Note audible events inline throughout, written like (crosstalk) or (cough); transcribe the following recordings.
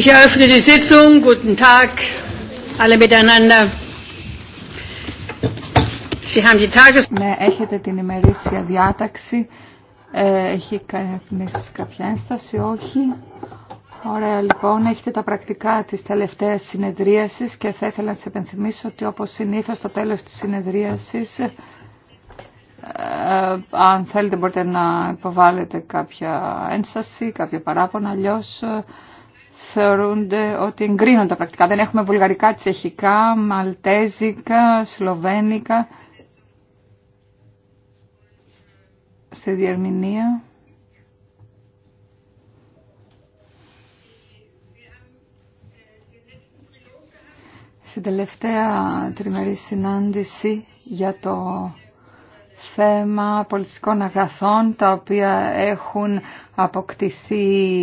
Ich eröffne die Sitzung. Guten Tag, alle miteinander. Sie haben die Tages ναι, έχετε την ημερήσια διάταξη. Ε, έχει κανείς κάποια ένσταση, όχι. Ωραία, λοιπόν, έχετε τα πρακτικά της τελευταίας συνεδρίασης και θα ήθελα να σας επενθυμίσω ότι όπως συνήθως το τέλος της συνεδρίασης ε, αν θέλετε μπορείτε να υποβάλλετε κάποια ένσταση, κάποια παράπονα, αλλιώς ε, θεωρούνται ότι εγκρίνονται πρακτικά. Δεν έχουμε βουλγαρικά, τσεχικά, μαλτέζικα, σλοβένικα. Στη διερμηνία. Στην τελευταία τριμερή συνάντηση για το θέμα πολιτιστικών αγαθών τα οποία έχουν αποκτηθεί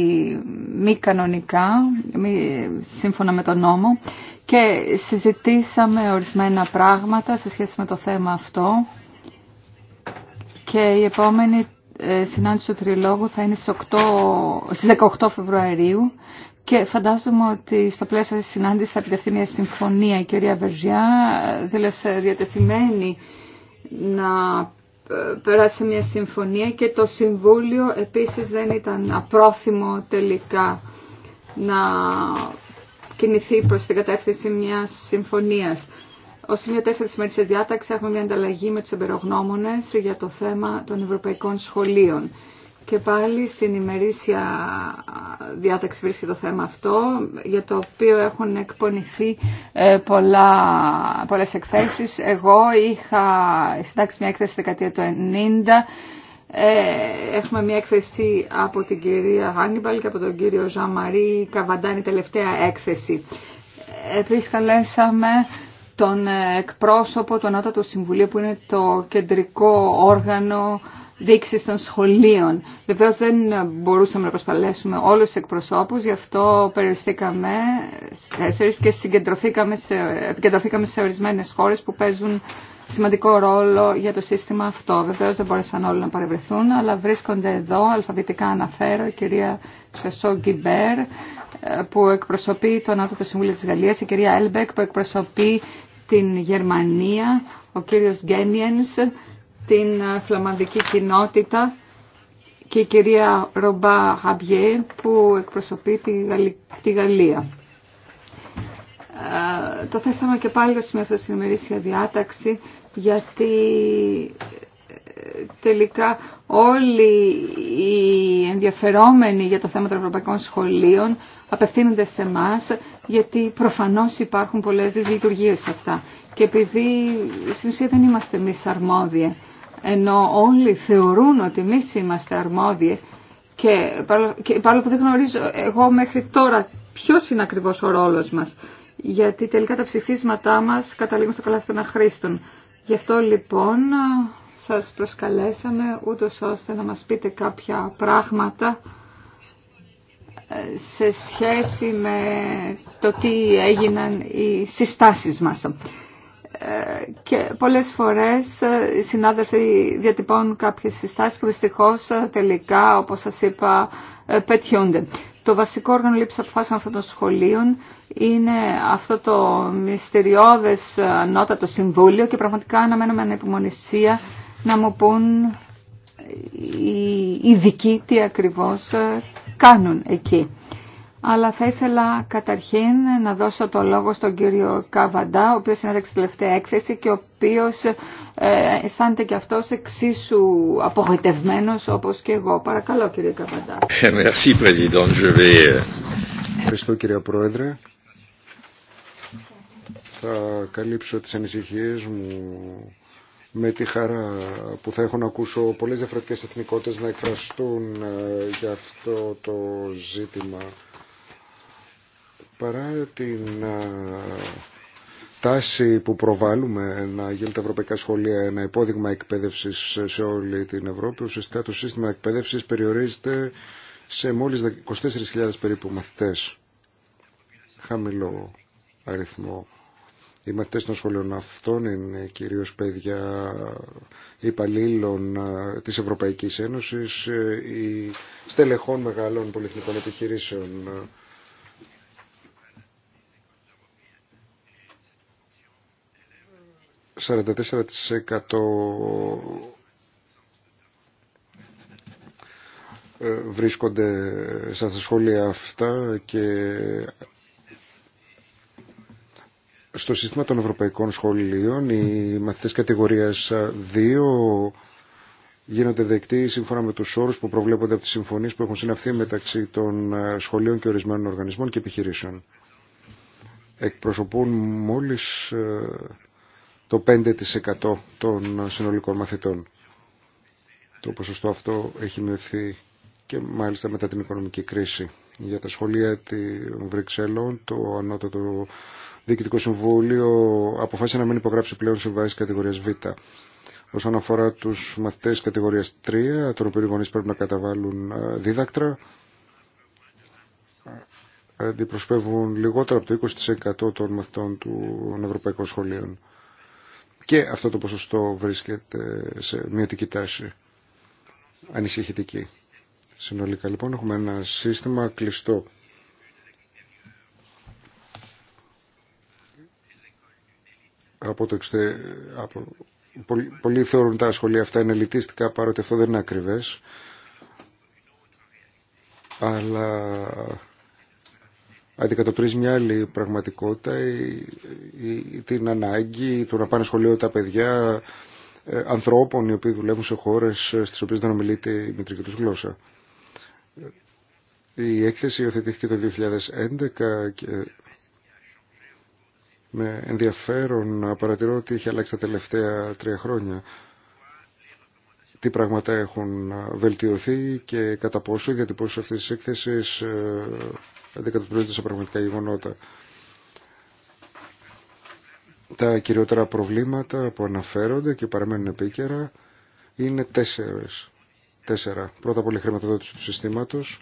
μη κανονικά, μη, σύμφωνα με τον νόμο και συζητήσαμε ορισμένα πράγματα σε σχέση με το θέμα αυτό και η επόμενη ε, συνάντηση του Τριλόγου θα είναι στις, 8, στις 18 Φεβρουαρίου και φαντάζομαι ότι στο πλαίσιο της συνάντησης θα επιτευχθεί μια συμφωνία. Η κυρία Βεργιά ε, δήλωσε διατεθειμένη να περάσει μια συμφωνία και το Συμβούλιο επίσης δεν ήταν απρόθυμο τελικά να κινηθεί προς την κατεύθυνση μιας συμφωνίας. Ω σημείο 4 της ημερήσιας διάταξης έχουμε μια ανταλλαγή με τους εμπερογνώμονες για το θέμα των ευρωπαϊκών σχολείων. Και πάλι στην ημερήσια διάταξη βρίσκεται το θέμα αυτό, για το οποίο έχουν εκπονηθεί ε, πολλά, πολλές εκθέσεις. Εγώ είχα συντάξει μια έκθεση δεκαετία του 90, ε, έχουμε μια έκθεση από την κυρία Χάνιμπαλ και από τον κύριο Ζαμαρί Καβαντάνη, τελευταία έκθεση. Επίσης καλέσαμε τον εκπρόσωπο του Ανώτατου Συμβουλίου που είναι το κεντρικό όργανο δείξει των σχολείων. Βεβαίω δεν μπορούσαμε να προσπαλέσουμε όλου του εκπροσώπου, γι' αυτό περιοριστήκαμε τέσσερι και συγκεντρωθήκαμε σε, σε ορισμένες χώρες που παίζουν σημαντικό ρόλο για το σύστημα αυτό. Βεβαίω δεν μπόρεσαν όλοι να παρευρεθούν, αλλά βρίσκονται εδώ, αλφαβητικά αναφέρω, η κυρία Σεσό Γκιμπέρ, που εκπροσωπεί το Ανώτατο Συμβούλιο τη Γαλλία, η κυρία Έλμπεκ που εκπροσωπεί την Γερμανία, ο κύριος Γκένιενς, την ε, φλαμανδική κοινότητα και η κυρία Ρομπά Χαμπιέ που εκπροσωπεί τη Γαλλία. Ε, το θέσαμε και πάλι ως μια ημερήσια διάταξη γιατί ε, τελικά όλοι οι ενδιαφερόμενοι για το θέμα των ευρωπαϊκών σχολείων απευθύνονται σε εμά γιατί προφανώς υπάρχουν πολλές δυσλειτουργίες σε αυτά. Και επειδή στην ουσία δεν είμαστε εμεί αρμόδιοι ενώ όλοι θεωρούν ότι εμεί είμαστε αρμόδιοι και, και παρόλο που δεν γνωρίζω εγώ μέχρι τώρα ποιο είναι ακριβώς ο ρόλος μας, γιατί τελικά τα ψηφίσματά μας καταλήγουν στο καλάθι των αχρήστων. Γι' αυτό λοιπόν σας προσκαλέσαμε ούτω ώστε να μας πείτε κάποια πράγματα ε, σε σχέση με το τι έγιναν οι συστάσεις μας και πολλές φορές ε, οι συνάδελφοι διατυπώνουν κάποιες συστάσεις που δυστυχώς ε, τελικά, όπως σας είπα, ε, πετιούνται. Το βασικό όργανο λήψης αποφάσεων αυτών των σχολείων είναι αυτό το μυστηριώδες ανώτατο συμβούλιο και πραγματικά αναμένω με ανεπιμονησία να μου πούν οι ειδικοί τι ακριβώς κάνουν εκεί αλλά θα ήθελα καταρχήν να δώσω το λόγο στον κύριο Καβαντά, ο οποίος συνέδεξε τη τελευταία έκθεση και ο οποίος ε, αισθάνεται και αυτός εξίσου απογοητευμένος όπως και εγώ. Παρακαλώ κύριε Καβαντά. Ε, Ευχαριστώ κύριε Πρόεδρε. Θα καλύψω τις ανησυχίες μου με τη χαρά που θα έχω να ακούσω πολλές διαφορετικές εθνικότητες να εκφραστούν ε, για αυτό το ζήτημα Παρά την τάση που προβάλλουμε να γίνουν τα ευρωπαϊκά σχολεία ένα υπόδειγμα εκπαίδευσης σε όλη την Ευρώπη, ουσιαστικά το σύστημα εκπαίδευσης περιορίζεται σε μόλις 24.000 περίπου μαθητές. Χαμηλό αριθμό. Οι μαθητές των σχολείων αυτών είναι κυρίως παιδιά υπαλλήλων της Ευρωπαϊκής Ένωσης ή ε, στελεχών μεγάλων πολυεθνικών επιχειρήσεων 44% ε, βρίσκονται στα σχόλια αυτά και στο σύστημα των ευρωπαϊκών σχολείων οι μαθητές κατηγορίας 2 γίνονται δεκτοί σύμφωνα με τους όρους που προβλέπονται από τις συμφωνίες που έχουν συναυθεί μεταξύ των ε, σχολείων και ορισμένων οργανισμών και επιχειρήσεων. Εκπροσωπούν μόλις ε, το 5% των συνολικών μαθητών. Το ποσοστό αυτό έχει μειωθεί και μάλιστα μετά την οικονομική κρίση. Για τα σχολεία των Βρυξέλλων, το ανώτατο Διοικητικό Συμβούλιο αποφάσισε να μην υπογράψει πλέον συμβάσει κατηγορία Β. Όσον αφορά του μαθητέ κατηγορία 3, των οποίων οι γονεί πρέπει να καταβάλουν δίδακτρα, αντιπροσωπεύουν λιγότερο από το 20% των μαθητών των ευρωπαϊκών σχολείων και αυτό το ποσοστό βρίσκεται σε μειωτική τάση ανησυχητική. Συνολικά λοιπόν έχουμε ένα σύστημα κλειστό. Από το από... Πολλοί θεωρούν τα σχολεία αυτά είναι ελιτίστικα παρότι αυτό δεν είναι ακριβές. Αλλά αντικατοπτρίζει μια άλλη πραγματικότητα, η, η, την ανάγκη του να πάνε σχολείο τα παιδιά ε, ανθρώπων οι οποίοι δουλεύουν σε χώρες ε, στις οποίες δεν ομιλείται η μητρική τους γλώσσα. Η έκθεση υιοθετήθηκε το 2011 και με ενδιαφέρον παρατηρώ ότι έχει αλλάξει τα τελευταία τρία χρόνια. Τι πράγματα έχουν βελτιωθεί και κατά πόσο οι διατυπώσεις αυτής της έκθεσης ε, αντικατοπτρίζονται σε πραγματικά γεγονότα. Τα κυριότερα προβλήματα που αναφέρονται και παραμένουν επίκαιρα είναι τέσσερες. τέσσερα. Πρώτα απ' όλα η χρηματοδότηση του συστήματος,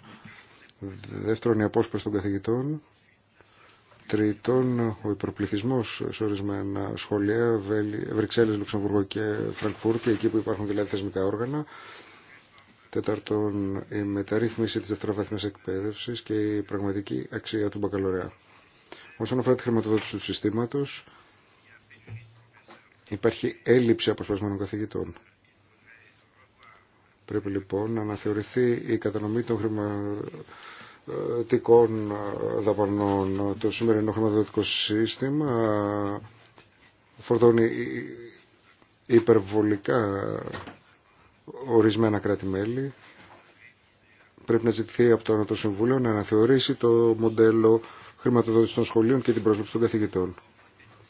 δεύτερον η απόσπαση των καθηγητών, τρίτον ο υπερπληθισμός σε ορισμένα σχολεία, Βρυξέλλες, Λουξεμβουργό και Φραγκφούρτη, εκεί που υπάρχουν δηλαδή θεσμικά όργανα, Τέταρτον, η μεταρρύθμιση της δευτεροβαθμίας εκπαίδευσης και η πραγματική αξία του μπακαλωρέα. Όσον αφορά τη χρηματοδότηση του συστήματος, υπάρχει έλλειψη αποσπασμένων καθηγητών. Πρέπει λοιπόν να αναθεωρηθεί η κατανομή των χρηματικών δαπανών. Το σημερινό χρηματοδοτικό σύστημα φορτώνει υπερβολικά ορισμένα κράτη-μέλη πρέπει να ζητηθεί από το Ανατολικό Συμβούλιο να αναθεωρήσει το μοντέλο χρηματοδότηση των σχολείων και την πρόσληψη των καθηγητών.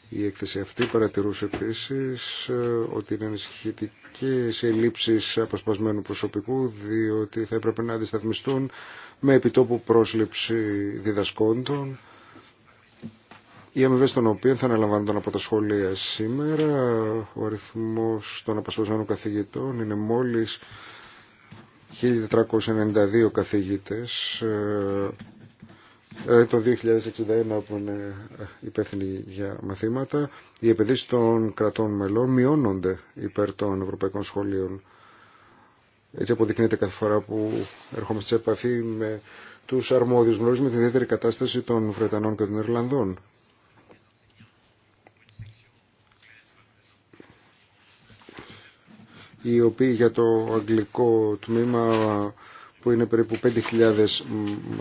Η έκθεση αυτή παρατηρούσε επίση ε, ότι είναι ανησυχητική σε λήψει αποσπασμένου προσωπικού, διότι θα έπρεπε να αντισταθμιστούν με επιτόπου πρόσληψη διδασκόντων οι αμοιβέ των οποίων θα αναλαμβάνονταν από τα σχολεία. Σήμερα ο αριθμό των απασχολημένων καθηγητών είναι μόλι 1492 καθηγητές ε, ε, το 2061 που είναι υπεύθυνοι για μαθήματα οι επενδύσει των κρατών μελών μειώνονται υπέρ των ευρωπαϊκών σχολείων έτσι αποδεικνύεται κάθε φορά που ερχόμαστε σε επαφή με του αρμόδιου γνωρίζουμε την ιδιαίτερη κατάσταση των Βρετανών και των Ιρλανδών οι οποίοι για το αγγλικό τμήμα που είναι περίπου 5.000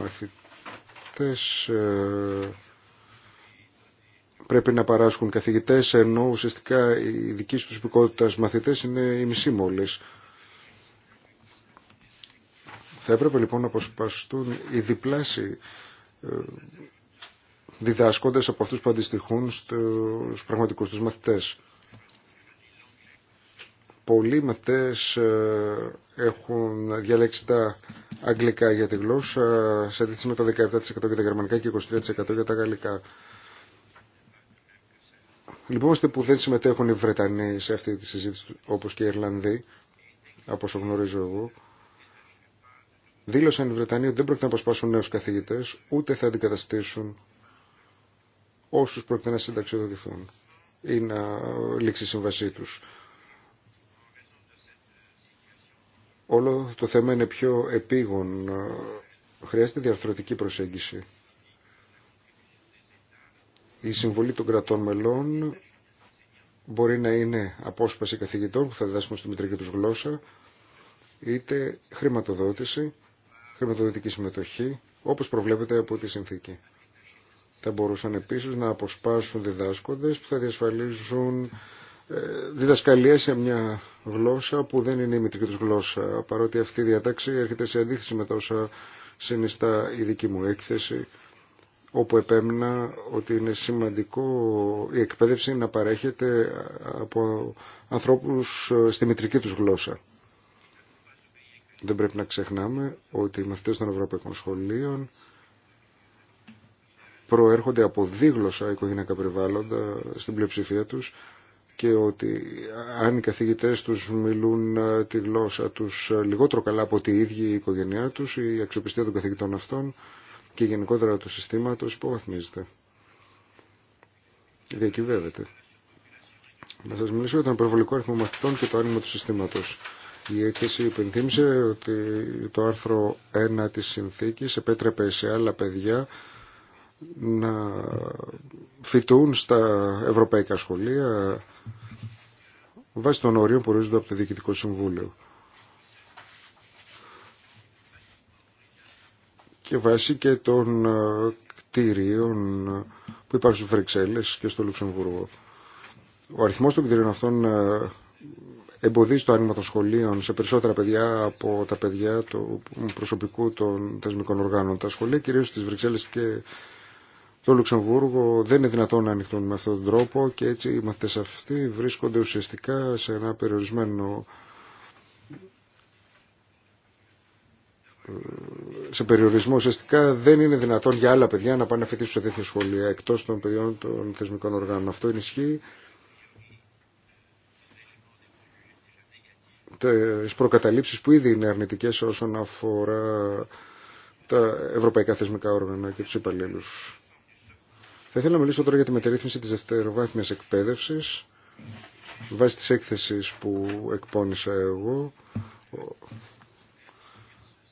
μαθητές ε, πρέπει να παράσχουν καθηγητές ενώ ουσιαστικά οι δική τους υπηκότητας μαθητές είναι οι μισή μόλις. Θα έπρεπε λοιπόν να αποσπαστούν οι διπλάσιοι ε, διδάσκοντες από αυτούς που αντιστοιχούν στους πραγματικούς τους μαθητές πολλοί μαθητές ε, έχουν διαλέξει τα αγγλικά για τη γλώσσα σε αντίθεση με το 17% για τα γερμανικά και 23% για τα γαλλικά. Λυπούμαστε λοιπόν, που δεν συμμετέχουν οι Βρετανοί σε αυτή τη συζήτηση όπως και οι Ιρλανδοί, από όσο γνωρίζω εγώ. Δήλωσαν οι Βρετανοί ότι δεν πρόκειται να αποσπάσουν νέους καθηγητές, ούτε θα αντικαταστήσουν όσους πρόκειται να συνταξιοδοτηθούν ή να λήξει η σύμβασή τους. όλο το θέμα είναι πιο επίγον. Χρειάζεται διαρθρωτική προσέγγιση. Η συμβολή των κρατών μελών μπορεί να είναι απόσπαση καθηγητών που θα διδάσκουν στη μητρική τους γλώσσα, είτε χρηματοδότηση, χρηματοδοτική συμμετοχή, όπως προβλέπεται από τη συνθήκη. Θα μπορούσαν επίσης να αποσπάσουν διδάσκοντες που θα διασφαλίζουν ε, διδασκαλία σε μια γλώσσα που δεν είναι η μητρική τους γλώσσα παρότι αυτή η διατάξη έρχεται σε αντίθεση με τα όσα συνιστά η δική μου έκθεση όπου επέμνα ότι είναι σημαντικό η εκπαίδευση να παρέχεται από ανθρώπους ε, στη μητρική τους γλώσσα. Δεν πρέπει να ξεχνάμε ότι οι μαθητές των Ευρωπαϊκών Σχολείων προέρχονται από δίγλωσσα οικογενειακά περιβάλλοντα στην πλειοψηφία τους και ότι αν οι καθηγητές τους μιλούν ε, τη γλώσσα τους ε, λιγότερο καλά από τη ίδια η οικογένειά τους, η αξιοπιστία των καθηγητών αυτών και γενικότερα του συστήματος υποβαθμίζεται. Διακυβεύεται. Να σας μιλήσω για τον προβολικό αριθμό μαθητών και το άνοιγμα του συστήματος. Η έκθεση υπενθύμησε ότι το άρθρο 1 της συνθήκης επέτρεπε σε άλλα παιδιά να φοιτούν στα ευρωπαϊκά σχολεία βάσει των όριων που ορίζονται από το Διοικητικό Συμβούλιο. Και βάσει και των ε, κτίριων που υπάρχουν στις Βρυξέλλες και στο Λουξεμβούργο. Ο αριθμός των κτηρίων αυτών ε, εμποδίζει το άνοιγμα των σχολείων σε περισσότερα παιδιά από τα παιδιά του προσωπικού των θεσμικών οργάνων. Τα σχολεία κυρίως στις Βρυξέλλες και το Λουξεμβούργο δεν είναι δυνατόν να ανοιχτούν με αυτόν τον τρόπο και έτσι οι μαθητές αυτοί βρίσκονται ουσιαστικά σε ένα περιορισμένο ε, σε περιορισμό ουσιαστικά δεν είναι δυνατόν για άλλα παιδιά να πάνε να φοιτήσουν σε τέτοια σχολεία εκτός των παιδιών των θεσμικών οργάνων. Αυτό ενισχύει τις προκαταλήψεις που ήδη είναι αρνητικές όσον αφορά τα ευρωπαϊκά θεσμικά όργανα και τους υπαλλήλους. Θα ήθελα να μιλήσω τώρα για τη μετερρύθμιση της δευτεροβάθμιας εκπαίδευσης βάσει της έκθεσης που εκπώνησα εγώ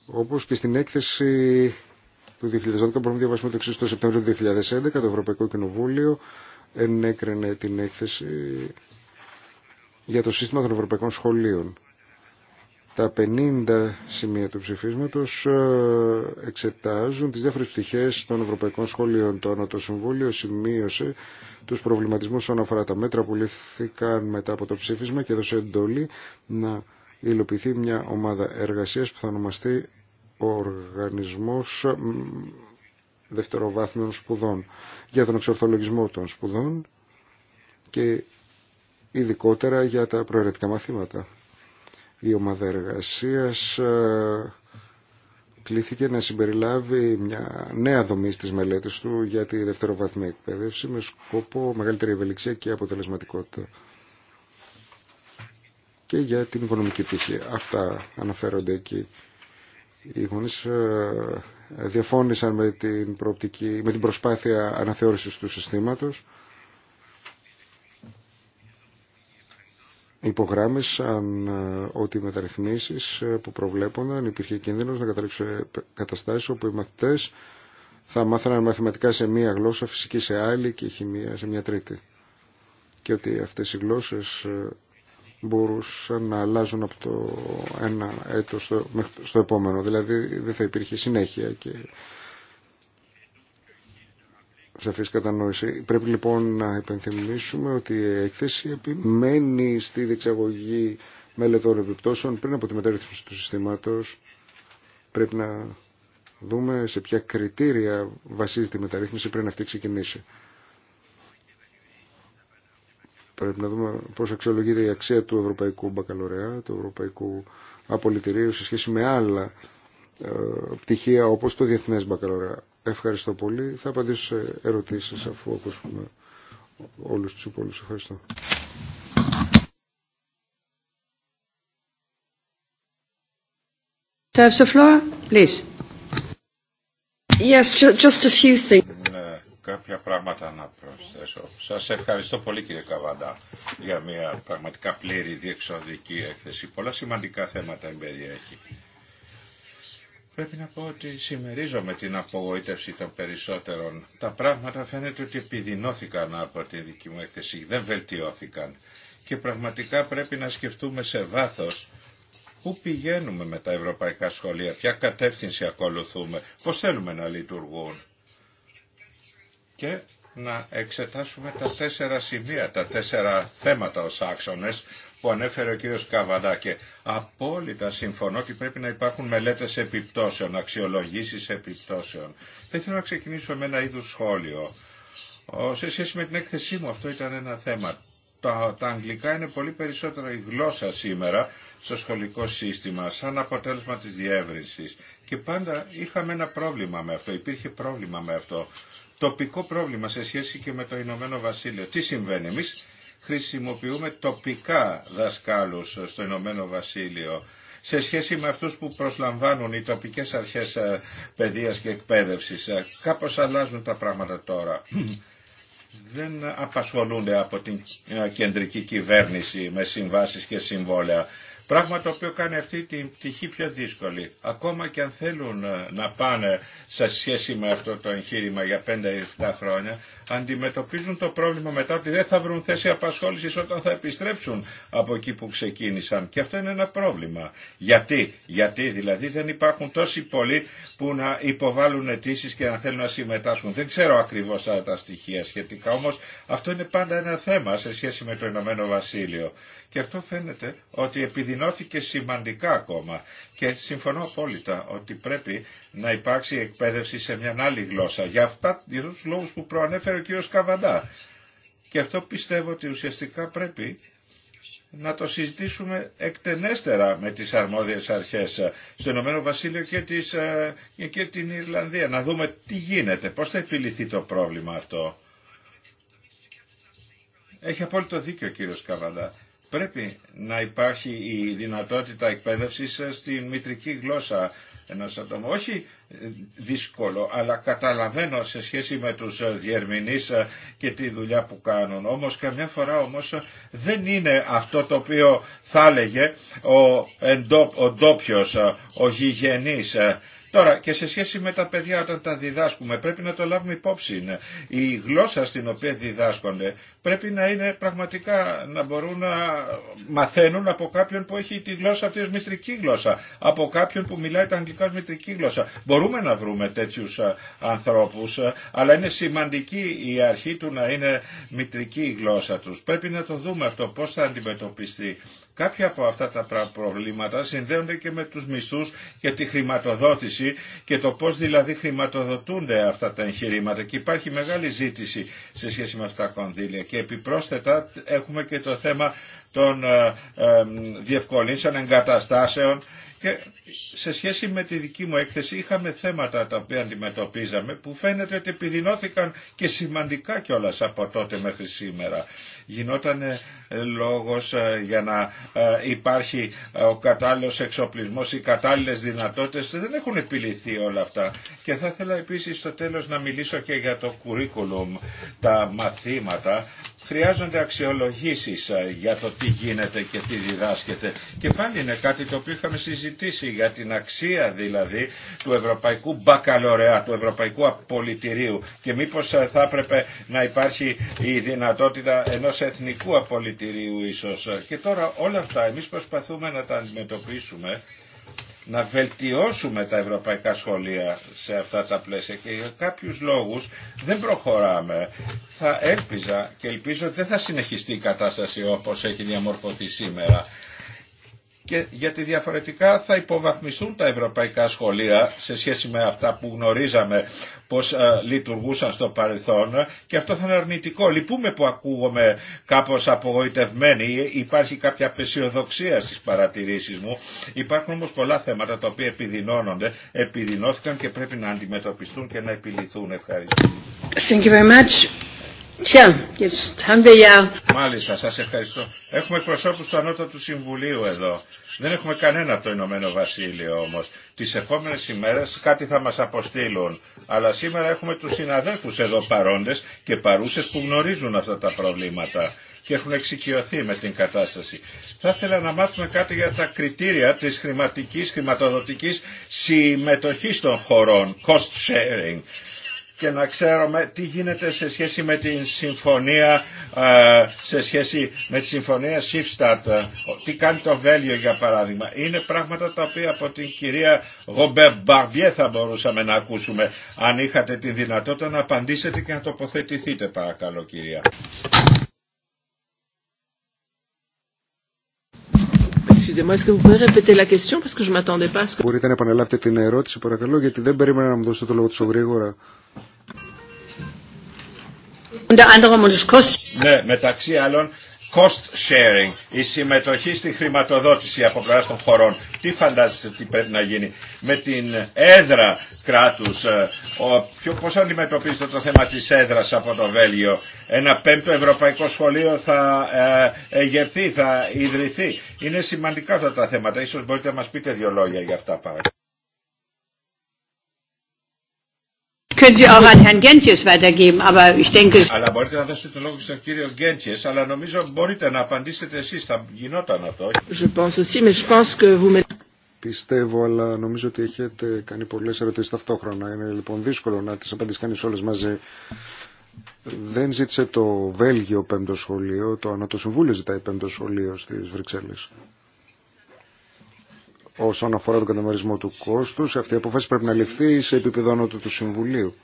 όπως και στην έκθεση του 2012 μπορούμε να διαβάσουμε το εξής το Σεπτέμβριο του 2011 το Ευρωπαϊκό Κοινοβούλιο ενέκρινε την έκθεση για το σύστημα των Ευρωπαϊκών Σχολείων τα 50 σημεία του ψηφίσματος ε, εξετάζουν τις διάφορες πτυχές των Ευρωπαϊκών Σχολείων. Το το Συμβούλιο σημείωσε τους προβληματισμούς όσον αφορά τα μέτρα που λήφθηκαν μετά από το ψήφισμα και έδωσε εντολή να υλοποιηθεί μια ομάδα εργασίας που θα ονομαστεί Οργανισμός Δευτεροβάθμιων Σπουδών για τον εξορθολογισμό των σπουδών και ειδικότερα για τα προαιρετικά μαθήματα. Η ομάδα εργασίας ε, κλήθηκε να συμπεριλάβει μια νέα δομή στις μελέτες του για τη δευτεροβαθμία εκπαίδευση με σκοπό μεγαλύτερη ευελιξία και αποτελεσματικότητα και για την οικονομική τύχη. Αυτά αναφέρονται εκεί. Οι γονείς ε, διαφώνησαν με την, προοπτική, με την προσπάθεια αναθεώρησης του συστήματος υπογράμμισαν ε, ότι οι μεταρρυθμίσεις ε, που προβλέπονταν υπήρχε κίνδυνος να καταλήξουν καταστάσεις όπου οι μαθητές θα μάθαιναν μαθηματικά σε μία γλώσσα, φυσική σε άλλη και χημεία σε μία τρίτη. Και ότι αυτές οι γλώσσες ε, μπορούσαν να αλλάζουν από το ένα έτος στο, στο επόμενο. Δηλαδή δεν θα υπήρχε συνέχεια και σαφής κατανόηση. Πρέπει λοιπόν να υπενθυμίσουμε ότι η έκθεση επιμένει στη διεξαγωγή μελετών επιπτώσεων πριν από τη μεταρρύθμιση του συστήματος. Πρέπει να δούμε σε ποια κριτήρια βασίζεται η μεταρρύθμιση πριν αυτή ξεκινήσει. Πρέπει να δούμε πώς αξιολογείται η αξία του Ευρωπαϊκού Μπακαλωρέα, του Ευρωπαϊκού Απολυτηρίου σε σχέση με άλλα ε, πτυχία όπως το Διεθνές Μπακαλωρέα. Ευχαριστώ πολύ. Θα απαντήσω σε ερωτήσεις αφού ακούσουμε όλους τους υπόλοιπους. Ευχαριστώ. Κάποια πράγματα να προσθέσω. Σας ευχαριστώ πολύ κύριε Καβάντα για μια πραγματικά πλήρη διεξοδική έκθεση. Πολλά σημαντικά θέματα εμπεριέχει Πρέπει να πω ότι συμμερίζομαι την απογοήτευση των περισσότερων. Τα πράγματα φαίνεται ότι επιδεινώθηκαν από τη δική μου έκθεση, δεν βελτιώθηκαν. Και πραγματικά πρέπει να σκεφτούμε σε βάθος πού πηγαίνουμε με τα ευρωπαϊκά σχολεία, ποια κατεύθυνση ακολουθούμε, πώς θέλουμε να λειτουργούν. Και να εξετάσουμε τα τέσσερα σημεία, τα τέσσερα θέματα ως άξονες που ανέφερε ο κύριος Καβαντά και απόλυτα συμφωνώ ότι πρέπει να υπάρχουν μελέτες επιπτώσεων, αξιολογήσεις επιπτώσεων. Θα ήθελα να ξεκινήσω με ένα είδους σχόλιο. Σε σχέση με την έκθεσή μου αυτό ήταν ένα θέμα. Τα, τα αγγλικά είναι πολύ περισσότερο η γλώσσα σήμερα στο σχολικό σύστημα σαν αποτέλεσμα της διεύρυνσης. Και πάντα είχαμε ένα πρόβλημα με αυτό, υπήρχε πρόβλημα με αυτό τοπικό πρόβλημα σε σχέση και με το Ηνωμένο Βασίλειο. Τι συμβαίνει, εμεί χρησιμοποιούμε τοπικά δασκάλους στο Ηνωμένο Βασίλειο σε σχέση με αυτούς που προσλαμβάνουν οι τοπικές αρχές ε, παιδείας και εκπαίδευσης. Ε, κάπως αλλάζουν τα πράγματα τώρα. (clears throat) Δεν απασχολούνται από την ε, κεντρική κυβέρνηση με συμβάσεις και συμβόλαια. Πράγμα το οποίο κάνει αυτή την πτυχή πιο δύσκολη. Ακόμα και αν θέλουν ε, να πάνε σε σχέση με αυτό το εγχείρημα για 5 ή 7 χρόνια, αντιμετωπίζουν το πρόβλημα μετά ότι δεν θα βρουν θέση απασχόλησης όταν θα επιστρέψουν από εκεί που ξεκίνησαν. Και αυτό είναι ένα πρόβλημα. Γιατί, γιατί δηλαδή δεν υπάρχουν τόσοι πολλοί που να υποβάλουν αιτήσει και να θέλουν να συμμετάσχουν. Δεν ξέρω ακριβώς τα στοιχεία σχετικά, όμως αυτό είναι πάντα ένα θέμα σε σχέση με το Ηνωμένο Βασίλειο. Και αυτό φαίνεται ότι επειδή Ενώθηκε σημαντικά ακόμα και συμφωνώ απόλυτα ότι πρέπει να υπάρξει εκπαίδευση σε μια άλλη γλώσσα. Για, αυτά, για τους λόγους που προανέφερε ο κ. Καβαντά. Και αυτό πιστεύω ότι ουσιαστικά πρέπει να το συζητήσουμε εκτενέστερα με τις αρμόδιες αρχές στο Ηνωμένο Βασίλειο και, ε, και την Ιρλανδία. Να δούμε τι γίνεται, πώς θα επιληθεί το πρόβλημα αυτό. Έχει απόλυτο δίκιο ο κύριος Καβαντά. Πρέπει να υπάρχει η δυνατότητα εκπαίδευσης στην μητρική γλώσσα ενός ατόμου. Όχι ε, δύσκολο, αλλά καταλαβαίνω σε σχέση με τους ε, διερμηνείς ε, και τη δουλειά που κάνουν. Όμως καμιά φορά όμως δεν είναι αυτό το οποίο θα έλεγε ο, ο ντόπιο, ο γηγενή. Τώρα και σε σχέση με τα παιδιά όταν τα διδάσκουμε πρέπει να το λάβουμε υπόψη. Η γλώσσα στην οποία διδάσκονται πρέπει να είναι πραγματικά να μπορούν να μαθαίνουν από κάποιον που έχει τη γλώσσα αυτή ως μητρική γλώσσα, από κάποιον που μιλάει τα αγγλικά ως μητρική γλώσσα. Μπορούμε να βρούμε τέτοιους ε, ανθρώπους, ε, αλλά είναι σημαντική η αρχή του να είναι μητρική η γλώσσα τους. Πρέπει να το δούμε αυτό, πώς θα αντιμετωπιστεί Κάποια από αυτά τα προβλήματα συνδέονται και με τους μισθούς και τη χρηματοδότηση και το πώς δηλαδή χρηματοδοτούνται αυτά τα εγχειρήματα και υπάρχει μεγάλη ζήτηση σε σχέση με αυτά τα κονδύλια και επιπρόσθετα έχουμε και το θέμα των ε, ε, διευκολύνσεων εγκαταστάσεων και ε, σε σχέση με τη δική μου έκθεση είχαμε θέματα τα οποία αντιμετωπίζαμε που φαίνεται ότι επιδεινώθηκαν και σημαντικά κιόλας από τότε μέχρι σήμερα. Γινόταν ε, λόγος ε, για να υπάρχει ο κατάλληλος εξοπλισμός, οι κατάλληλες δυνατότητες. Δεν έχουν επιληθεί όλα αυτά. Και θα ήθελα επίσης στο τέλος να μιλήσω και για το curriculum, τα μαθήματα χρειάζονται αξιολογήσεις ε, για το τι γίνεται και τι διδάσκεται. Και πάλι είναι κάτι το οποίο είχαμε συζητήσει για την αξία δηλαδή του ευρωπαϊκού μπακαλωρεά, του ευρωπαϊκού απολυτηρίου και μήπως ε, θα έπρεπε να υπάρχει η δυνατότητα ενός εθνικού απολυτηρίου ίσως. Και τώρα όλα αυτά εμεί προσπαθούμε να τα αντιμετωπίσουμε να βελτιώσουμε τα ευρωπαϊκά σχολεία σε αυτά τα πλαίσια και για κάποιους λόγους δεν προχωράμε. Θα έλπιζα και ελπίζω ότι δεν θα συνεχιστεί η κατάσταση όπως έχει διαμορφωθεί σήμερα και γιατί διαφορετικά θα υποβαθμιστούν τα ευρωπαϊκά σχολεία σε σχέση με αυτά που γνωρίζαμε πως ε, λειτουργούσαν στο παρελθόν και αυτό θα είναι αρνητικό. Λυπούμε που ακούγομαι κάπως απογοητευμένοι, υπάρχει κάποια απεσιοδοξία στις παρατηρήσεις μου. Υπάρχουν όμως πολλά θέματα τα οποία επιδεινώνονται, επιδεινώθηκαν και πρέπει να αντιμετωπιστούν και να επιληθούν. Ευχαριστώ. Tja, jetzt haben wir Μάλιστα, σας ευχαριστώ. Έχουμε του Ανώτατου Συμβουλίου εδώ. Δεν έχουμε κανένα από το Ηνωμένο Βασίλειο όμως. Τις επόμενε ημέρες κάτι θα μας αποστείλουν. Αλλά σήμερα έχουμε του συναδέλφους εδώ παρόντες και παρούσες που γνωρίζουν αυτά τα προβλήματα και έχουν εξοικειωθεί με την κατάσταση. Θα ήθελα να μάθουμε κάτι για τα κριτήρια της χρηματικής, χρηματοδοτικής συμμετοχή των χωρών, cost sharing και να ξέρουμε τι γίνεται σε σχέση με την συμφωνία ε, σε σχέση με τη συμφωνία Σίφστατ ε, τι κάνει το Βέλγιο για παράδειγμα είναι πράγματα τα οποία από την κυρία Ρομπερ Μπαρμπιέ θα μπορούσαμε να ακούσουμε αν είχατε τη δυνατότητα να απαντήσετε και να τοποθετηθείτε παρακαλώ κυρία Μπορείτε να επαναλάβετε την ερώτηση, παρακαλώ, γιατί δεν περίμενα να μου δώσετε το λόγο τόσο γρήγορα. Ναι, μεταξύ άλλων cost sharing, η συμμετοχή στη χρηματοδότηση από πλευρά των χωρών. Τι φαντάζεστε τι πρέπει να γίνει με την έδρα κράτους. Ε, πώ αντιμετωπίζετε το θέμα της έδρα από το Βέλγιο. Ένα πέμπτο ευρωπαϊκό σχολείο θα ε, εγερθεί, θα ιδρυθεί. Είναι σημαντικά αυτά τα θέματα. Ίσως μπορείτε να μας πείτε δύο λόγια για αυτά παρακαλώ. können Sie auch an Herrn Gentjes weitergeben, aber ich denke... Αλλά μπορείτε να δώσετε το λόγο στον κύριο Γκέντζιες, αλλά νομίζω μπορείτε να απαντήσετε εσείς, θα γινόταν αυτό. Je pense aussi, mais je pense que vous... Πιστεύω, αλλά νομίζω ότι έχετε κάνει πολλές ερωτήσεις ταυτόχρονα. Είναι λοιπόν δύσκολο να τις απαντήσει κανείς όλες μαζί. Δεν ζήτησε το Βέλγιο πέμπτο σχολείο, το Ανώτο Συμβούλιο ζητάει πέμπτο σχολείο στις Βρυξέλλες όσον αφορά τον καταμερισμό του κόστου, Αυτή η απόφαση πρέπει να ληφθεί σε επίπεδο ανώτου του Συμβουλίου.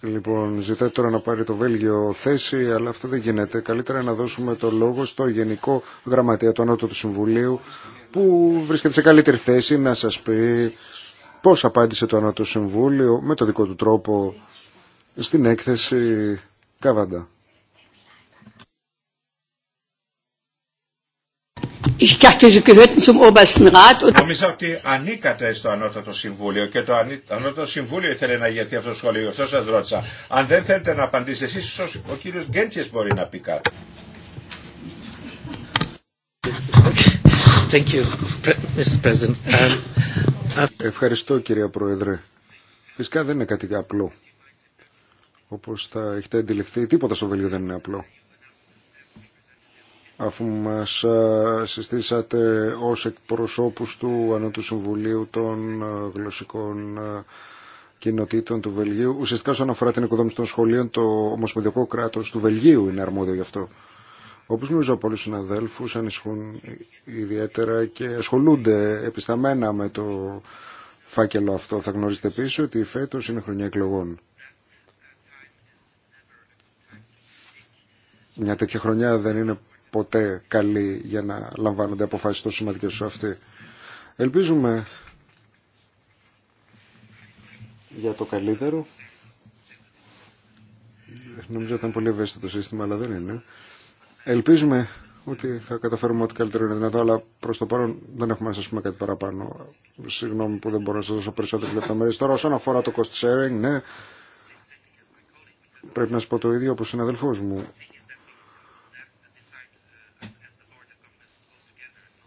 Λοιπόν, ζητάτε τώρα να πάρει το Βέλγιο θέση, αλλά αυτό δεν γίνεται. Καλύτερα να δώσουμε το λόγο στο Γενικό γραμματεία του Ανώτου του Συμβουλίου, που βρίσκεται σε καλύτερη θέση να σας πει πώς απάντησε το Ανώτο Συμβούλιο με το δικό του τρόπο στην έκθεση Καβάντα. Νομίζω ότι ανήκατε στο Ανώτατο Συμβούλιο και το Ανώτατο Συμβούλιο ήθελε να ηγεθεί αυτό το σχολείο. Αυτό σα ρώτησα. Αν δεν θέλετε να απαντήσετε εσεί, ο κύριο Γκέντσιε μπορεί να πει κάτι. Um, uh, Ευχαριστώ κύριε Πρόεδρε. Φυσικά δεν είναι κάτι απλό. Όπως θα έχετε αντιληφθεί, τίποτα στο βελίο δεν είναι απλό αφού μας ε, συστήσατε ως εκπροσώπους του Ανώτου Συμβουλίου των ε, Γλωσσικών ε, Κοινοτήτων του Βελγίου. Ουσιαστικά όσον αφορά την οικοδόμηση των σχολείων, το Ομοσπονδιακό κράτος του Βελγίου είναι αρμόδιο γι' αυτό. Όπως νομίζω, από πολλούς συναδέλφους, ανησυχούν ιδιαίτερα και ασχολούνται επισταμένα με το φάκελο αυτό. Θα γνωρίζετε επίση ότι φέτο είναι χρονιά εκλογών. Μια τέτοια χρονιά δεν είναι ποτέ καλή για να λαμβάνονται αποφάσεις τόσο σημαντικές όσο αυτή. Ελπίζουμε για το καλύτερο. Νομίζω ότι ήταν πολύ ευαίσθητο το σύστημα, αλλά δεν είναι. Ελπίζουμε ότι θα καταφέρουμε ό,τι καλύτερο είναι δυνατό, αλλά προ το παρόν δεν έχουμε να σα πούμε κάτι παραπάνω. Συγγνώμη που δεν μπορώ να σα δώσω περισσότερε λεπτομέρειε. Τώρα, όσον αφορά το cost sharing, ναι, πρέπει να σα πω το ίδιο όπω ο συναδελφό μου.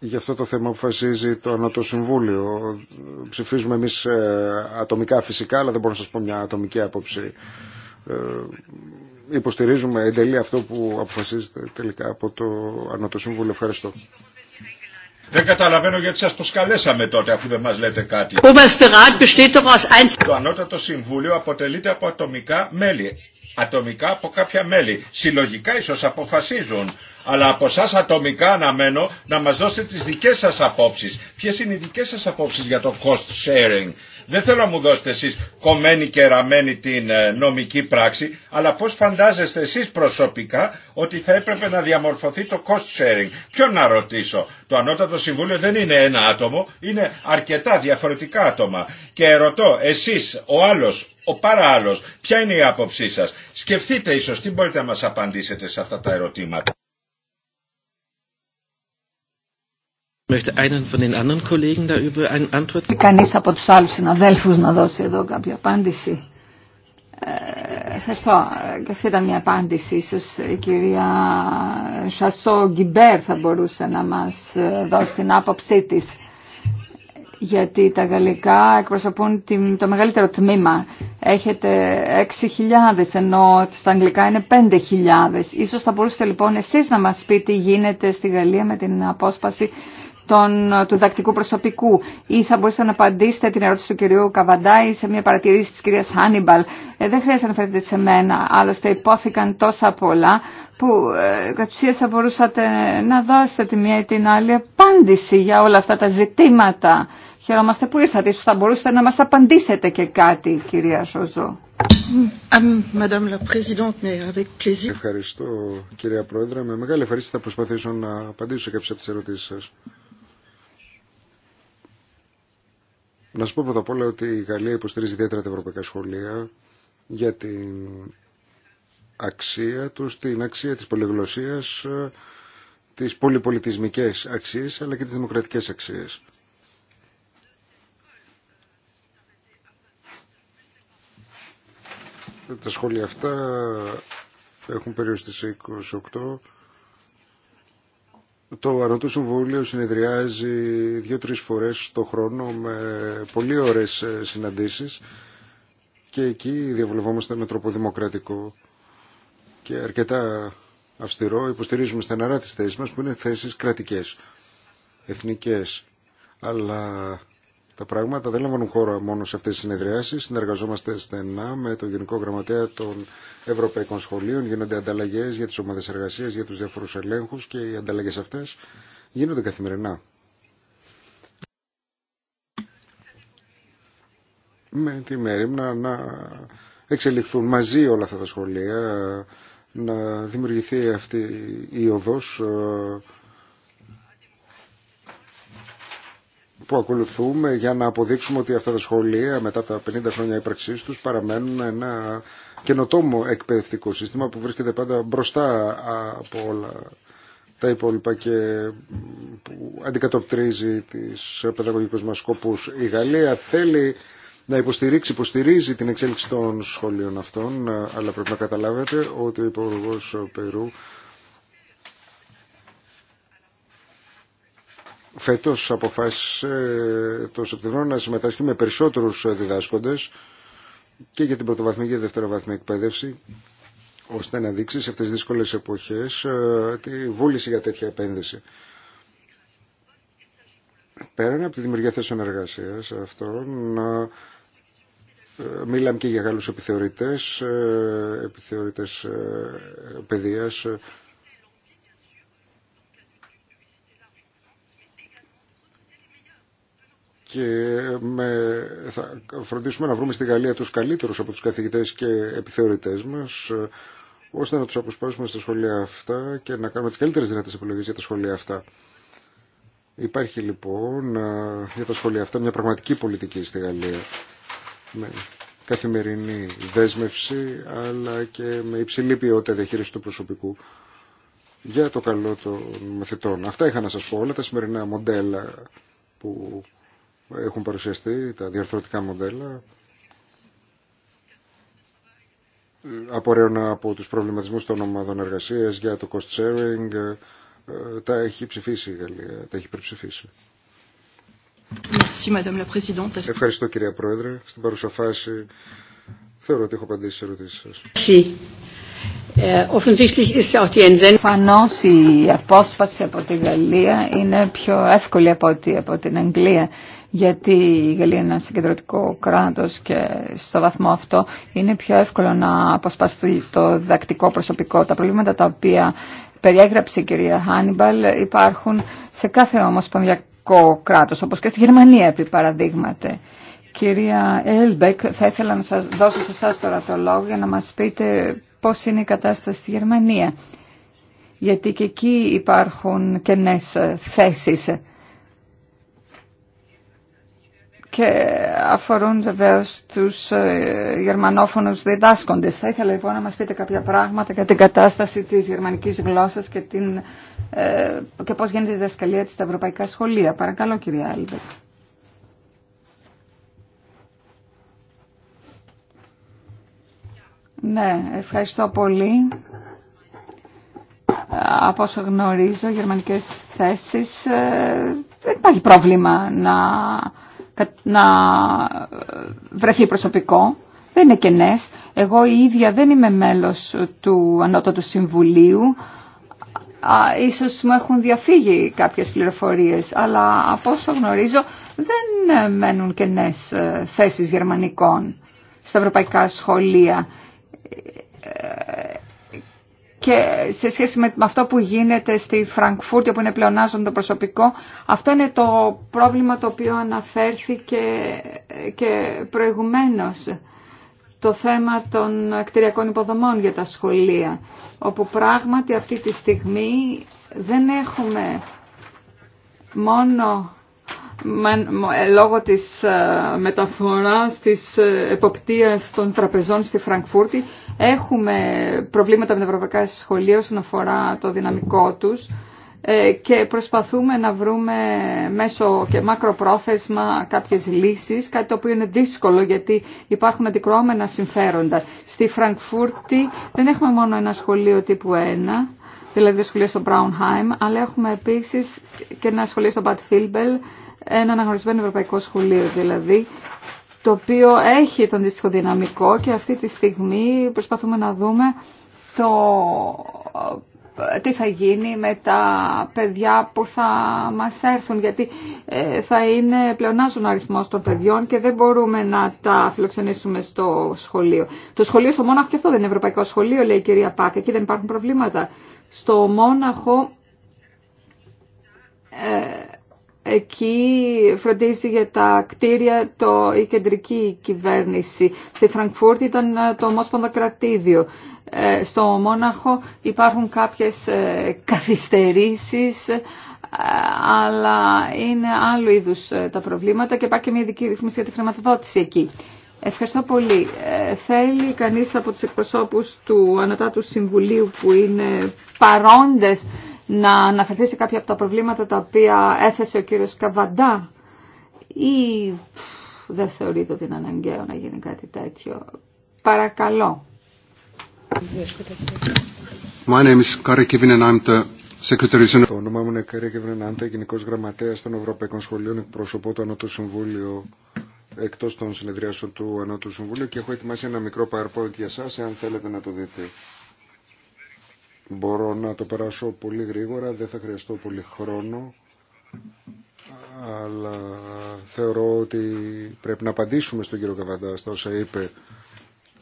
για αυτό το θέμα αποφασίζει το Ανώτο Συμβούλιο. Ψηφίζουμε εμείς ε, ατομικά φυσικά, αλλά δεν μπορώ να σας πω μια ατομική άποψη. Ε, υποστηρίζουμε εντελεί αυτό που αποφασίζεται τελικά από το Ανώτο Συμβούλιο. Ευχαριστώ. Δεν καταλαβαίνω γιατί σας προσκαλέσαμε τότε αφού δεν μας λέτε κάτι. Το Ανώτατο Συμβούλιο αποτελείται από ατομικά μέλη. Ατομικά από κάποια μέλη. Συλλογικά ίσως αποφασίζουν αλλά από εσά ατομικά αναμένω να μας δώσετε τις δικές σας απόψεις. Ποιες είναι οι δικές σας απόψεις για το cost sharing. Δεν θέλω να μου δώσετε εσείς κομμένη και ραμμένη την ε, νομική πράξη, αλλά πώς φαντάζεστε εσείς προσωπικά ότι θα έπρεπε να διαμορφωθεί το cost sharing. Ποιον να ρωτήσω. Το Ανώτατο Συμβούλιο δεν είναι ένα άτομο, είναι αρκετά διαφορετικά άτομα. Και ρωτώ εσείς, ο άλλος, ο παρά ποια είναι η άποψή σας. Σκεφτείτε ίσως τι μπορείτε να μας απαντήσετε σε αυτά τα ερωτήματα. Κανείς από τους άλλους συναδέλφους να δώσει εδώ κάποια απάντηση. Ε, ευχαριστώ. Ε, και αυτή ήταν μια απάντηση. Ίσως η κυρία Σασό Γκιμπέρ θα μπορούσε να μας ε, δώσει την άποψή της. Γιατί τα γαλλικά εκπροσωπούν το μεγαλύτερο τμήμα. Έχετε 6.000 ενώ στα αγγλικά είναι 5.000. Ίσως θα μπορούσατε λοιπόν εσείς να μας πείτε τι γίνεται στη Γαλλία με την απόσπαση τον του δακτικού προσωπικού ή θα μπορούσατε να απαντήσετε την ερώτηση του κυρίου Καβαντάη σε μια παρατηρήση της κυρίας Χάνιμπαλ. Ε, δεν χρειάζεται να φέρετε σε μένα, άλλωστε υπόθηκαν τόσα πολλά που ε, κατ' θα μπορούσατε να δώσετε τη μία ή την άλλη απάντηση για όλα αυτά τα ζητήματα. Χαιρόμαστε που ήρθατε, ίσως θα μπορούσατε να μας απαντήσετε και κάτι κυρία Σοζό. Mm, um, Ευχαριστώ κυρία Πρόεδρε. Με μεγάλη ευχαρίστηση θα προσπαθήσω να απαντήσω σε κάποιες από τις ερωτήσεις σας. Να σου πω πρώτα απ' όλα ότι η Γαλλία υποστηρίζει ιδιαίτερα τα ευρωπαϊκά σχολεία για την αξία του την αξία της πολυγλωσσίας, τι πολυπολιτισμικές αξίες αλλά και τι δημοκρατικές αξίες. Τα σχόλια αυτά έχουν περιοριστεί στις 28 το Ανωτού Συμβούλιο συνεδριάζει δύο-τρεις φορές το χρόνο με πολύ ωραίες ε, συναντήσεις και εκεί διαβουλευόμαστε με τρόπο δημοκρατικό και αρκετά αυστηρό. Υποστηρίζουμε στεναρά τις θέσεις μας που είναι θέσεις κρατικές, εθνικές, αλλά τα πράγματα δεν λαμβάνουν χώρα μόνο σε αυτές τις συνεδριάσεις. Συνεργαζόμαστε στενά με το Γενικό Γραμματέα των Ευρωπαϊκών Σχολείων. Γίνονται ανταλλαγές για τις ομάδε εργασία, για τους διάφορου ελέγχους και οι ανταλλαγές αυτές γίνονται καθημερινά. Με τη μέρη να, να εξελιχθούν μαζί όλα αυτά τα σχολεία, να δημιουργηθεί αυτή η οδός που ακολουθούμε για να αποδείξουμε ότι αυτά τα σχολεία μετά τα 50 χρόνια ύπαρξή τους παραμένουν ένα καινοτόμο εκπαιδευτικό σύστημα που βρίσκεται πάντα μπροστά από όλα τα υπόλοιπα και που αντικατοπτρίζει τις παιδαγωγικούς μας σκοπούς. Η Γαλλία θέλει να υποστηρίξει, υποστηρίζει την εξέλιξη των σχολείων αυτών, αλλά πρέπει να καταλάβετε ότι ο Υπουργό Περού φέτος αποφάσισε το Σεπτεμβρίο να συμμετάσχει με περισσότερους διδάσκοντες και για την πρωτοβαθμία και δευτεροβαθμία εκπαίδευση ώστε να δείξει σε αυτές τις δύσκολες εποχές ε, τη βούληση για τέτοια επένδυση. Πέραν από τη δημιουργία θέσεων εργασίας αυτών, ε, μίλαμε και για Γάλλους επιθεωρητές, ε, επιθεωρητές παιδείας, και με, θα φροντίσουμε να βρούμε στη Γαλλία τους καλύτερους από τους καθηγητές και επιθεωρητές μας ώστε να τους αποσπάσουμε στα σχολεία αυτά και να κάνουμε τις καλύτερες δυνατές επιλογές για τα σχολεία αυτά. Υπάρχει λοιπόν για τα σχολεία αυτά μια πραγματική πολιτική στη Γαλλία με καθημερινή δέσμευση αλλά και με υψηλή ποιότητα διαχείριση του προσωπικού για το καλό των μαθητών. Αυτά είχα να σας πω όλα τα σημερινά μοντέλα που έχουν παρουσιαστεί τα διορθωτικά μοντέλα Απορρέωνα από τους προβληματισμούς των ομάδων εργασίας για το cost sharing ε, τα έχει ψηφίσει η Γαλλία, τα έχει υπερψηφίσει. Ευχαριστώ κυρία Πρόεδρε. Στην παρουσιαφάση φάση θεωρώ ότι έχω απαντήσει σε ερωτήσεις σας. Ε, Φανώς η απόσπαση από τη Γαλλία είναι πιο εύκολη από την Αγγλία γιατί η Γαλλία είναι ένα συγκεντρωτικό κράτο και στο βαθμό αυτό είναι πιο εύκολο να αποσπαστεί το διδακτικό προσωπικό. Τα προβλήματα τα οποία περιέγραψε η κυρία Χάνιμπαλ υπάρχουν σε κάθε ομοσπονδιακό κράτο, όπω και στη Γερμανία επί παραδείγματα. Κυρία Έλμπεκ, θα ήθελα να σας δώσω σε εσά τώρα το λόγο για να μας πείτε πώς είναι η κατάσταση στη Γερμανία. Γιατί και εκεί υπάρχουν κενές θέσεις και αφορούν βεβαίως τους ε, γερμανόφωνους διδάσκοντες. Θα ήθελα λοιπόν να μας πείτε κάποια πράγματα για την κατάσταση της γερμανικής γλώσσας και, την, ε, και πώς γίνεται η διδασκαλία της στα ευρωπαϊκά σχολεία. Παρακαλώ κυρία Άλβερ. Ναι, ευχαριστώ πολύ. Από όσο γνωρίζω, γερμανικές θέσεις, ε, δεν υπάρχει πρόβλημα να να βρεθεί προσωπικό. Δεν είναι κενές. Εγώ η ίδια δεν είμαι μέλος του Ανώτατου Συμβουλίου. Ίσως μου έχουν διαφύγει κάποιες πληροφορίες, αλλά από όσο γνωρίζω δεν μένουν κενές ε, θέσεις γερμανικών στα ευρωπαϊκά σχολεία ε, και σε σχέση με αυτό που γίνεται στη Φραγκφούρτη όπου είναι πλεονάζον το προσωπικό, αυτό είναι το πρόβλημα το οποίο αναφέρθηκε και προηγουμένως το θέμα των κτηριακών υποδομών για τα σχολεία, όπου πράγματι αυτή τη στιγμή δεν έχουμε μόνο ε, λόγω της ε, μεταφοράς της ε, εποπτείας των τραπεζών στη Φραγκφούρτη Έχουμε προβλήματα με τα ευρωπαϊκά σχολεία όσον αφορά το δυναμικό τους ε, και προσπαθούμε να βρούμε μέσω και μακροπρόθεσμα κάποιες λύσεις, κάτι το οποίο είναι δύσκολο γιατί υπάρχουν αντικρώμενα συμφέροντα. Στη Φραγκφούρτη δεν έχουμε μόνο ένα σχολείο τύπου 1, δηλαδή το σχολείο στο Μπράουνχάιμ, αλλά έχουμε επίσης και ένα σχολείο στο Μπατ Φίλμπελ, ένα αναγνωρισμένο ευρωπαϊκό σχολείο δηλαδή, το οποίο έχει τον αντίστοιχο δυναμικό και αυτή τη στιγμή προσπαθούμε να δούμε το ε, τι θα γίνει με τα παιδιά που θα μας έρθουν γιατί ε, θα είναι πλεονάζουν ο αριθμός των παιδιών και δεν μπορούμε να τα φιλοξενήσουμε στο σχολείο. Το σχολείο στο Μόναχο και αυτό δεν είναι ευρωπαϊκό σχολείο λέει η κυρία Πάκα, εκεί δεν υπάρχουν προβλήματα. Στο Μόναχο ε, Εκεί φροντίζει για τα κτίρια το, η κεντρική κυβέρνηση. Στη Φραγκφούρτη ήταν ε, το Ομόσπονδο Κρατήδιο. Ε, στο Μόναχο υπάρχουν κάποιες ε, καθυστερήσεις, ε, αλλά είναι άλλου είδους ε, τα προβλήματα και υπάρχει και μια ειδική ρυθμίση για τη χρηματοδότηση εκεί. Ευχαριστώ πολύ. θέλει κανείς από τους εκπροσώπους του Ανατάτου Συμβουλίου που είναι παρόντες να αναφερθεί σε κάποια από τα προβλήματα τα οποία έθεσε ο κύριος Καβαντά ή δεν θεωρείτε ότι είναι αναγκαίο να γίνει κάτι τέτοιο. Παρακαλώ. My name is Kari Kivinen, I'm the Secretary General. Το όνομά μου είναι I'm the Γενικός Γραμματέας των Ευρωπαϊκών Σχολείων, εκπροσωπώ το Ανώτο Συμβούλιο εκτός των συνεδριάσεων του Ανώτου Συμβούλιο και έχω ετοιμάσει ένα μικρό PowerPoint για σας, εάν θέλετε να το δείτε. Μπορώ να το περάσω πολύ γρήγορα, δεν θα χρειαστώ πολύ χρόνο, αλλά θεωρώ ότι πρέπει να απαντήσουμε στον κύριο Καβαντά στα όσα είπε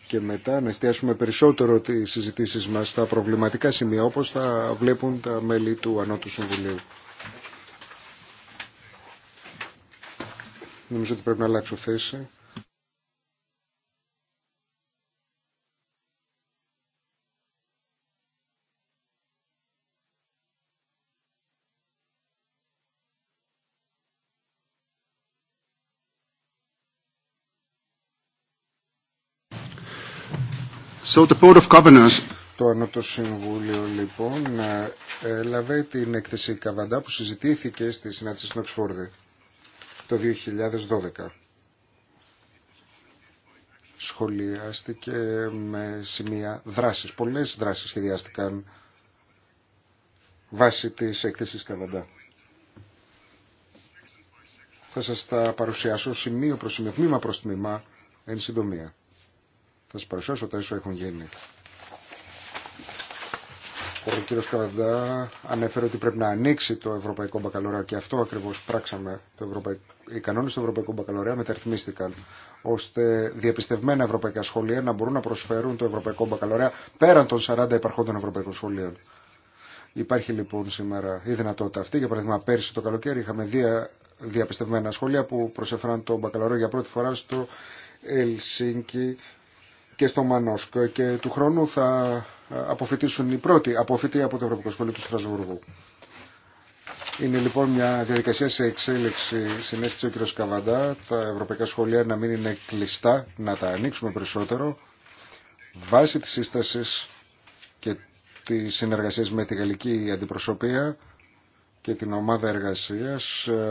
και μετά να εστιάσουμε περισσότερο τι συζητήσεις μας στα προβληματικά σημεία όπως τα βλέπουν τα μέλη του Ανώτου Συμβουλίου. Νομίζω ότι πρέπει να αλλάξω θέση. Το Ανώτο Συμβούλιο λοιπόν έλαβε την έκθεση Καβαντά που συζητήθηκε στη συνάντηση στην Οξφόρδη το 2012. Σχολιάστηκε με σημεία δράσης. Πολλές δράσεις σχεδιάστηκαν βάσει της έκθεσης Καβαντά. Θα σας τα παρουσιάσω σημείο προς σημείο, τμήμα προς τμήμα, εν συντομία. Θα σας παρουσιάσω τα ίσω έχουν γίνει. Ο κύριος Καβαντά ανέφερε ότι πρέπει να ανοίξει το Ευρωπαϊκό Μπακαλωρέα και αυτό ακριβώς πράξαμε. Το Ευρωπαϊκ... Οι κανόνες του Ευρωπαϊκού Μπακαλωρέα μεταρρυθμίστηκαν ώστε διαπιστευμένα ευρωπαϊκά σχολεία να μπορούν να προσφέρουν το Ευρωπαϊκό Μπακαλωρέα πέραν των 40 υπαρχόντων ευρωπαϊκών σχολείων. Υπάρχει λοιπόν σήμερα η δυνατότητα αυτή. Για παράδειγμα, πέρσι το καλοκαίρι είχαμε δύο διαπιστευμένα σχολεία που προσέφεραν το Μπακαλωρέα για πρώτη φορά στο Ελσίνκι και στο Μανόσκ και του χρόνου θα αποφυτίσουν οι πρώτοι αποφυτοί από το Ευρωπαϊκό Σχολείο του Στρασβούργου. Είναι λοιπόν μια διαδικασία σε εξέλιξη, συνέστησε ο κ. Καβαντά, τα ευρωπαϊκά σχολεία να μην είναι κλειστά, να τα ανοίξουμε περισσότερο, βάσει της σύσταση και της συνεργασίας με τη γαλλική αντιπροσωπεία και την ομάδα εργασίας ε,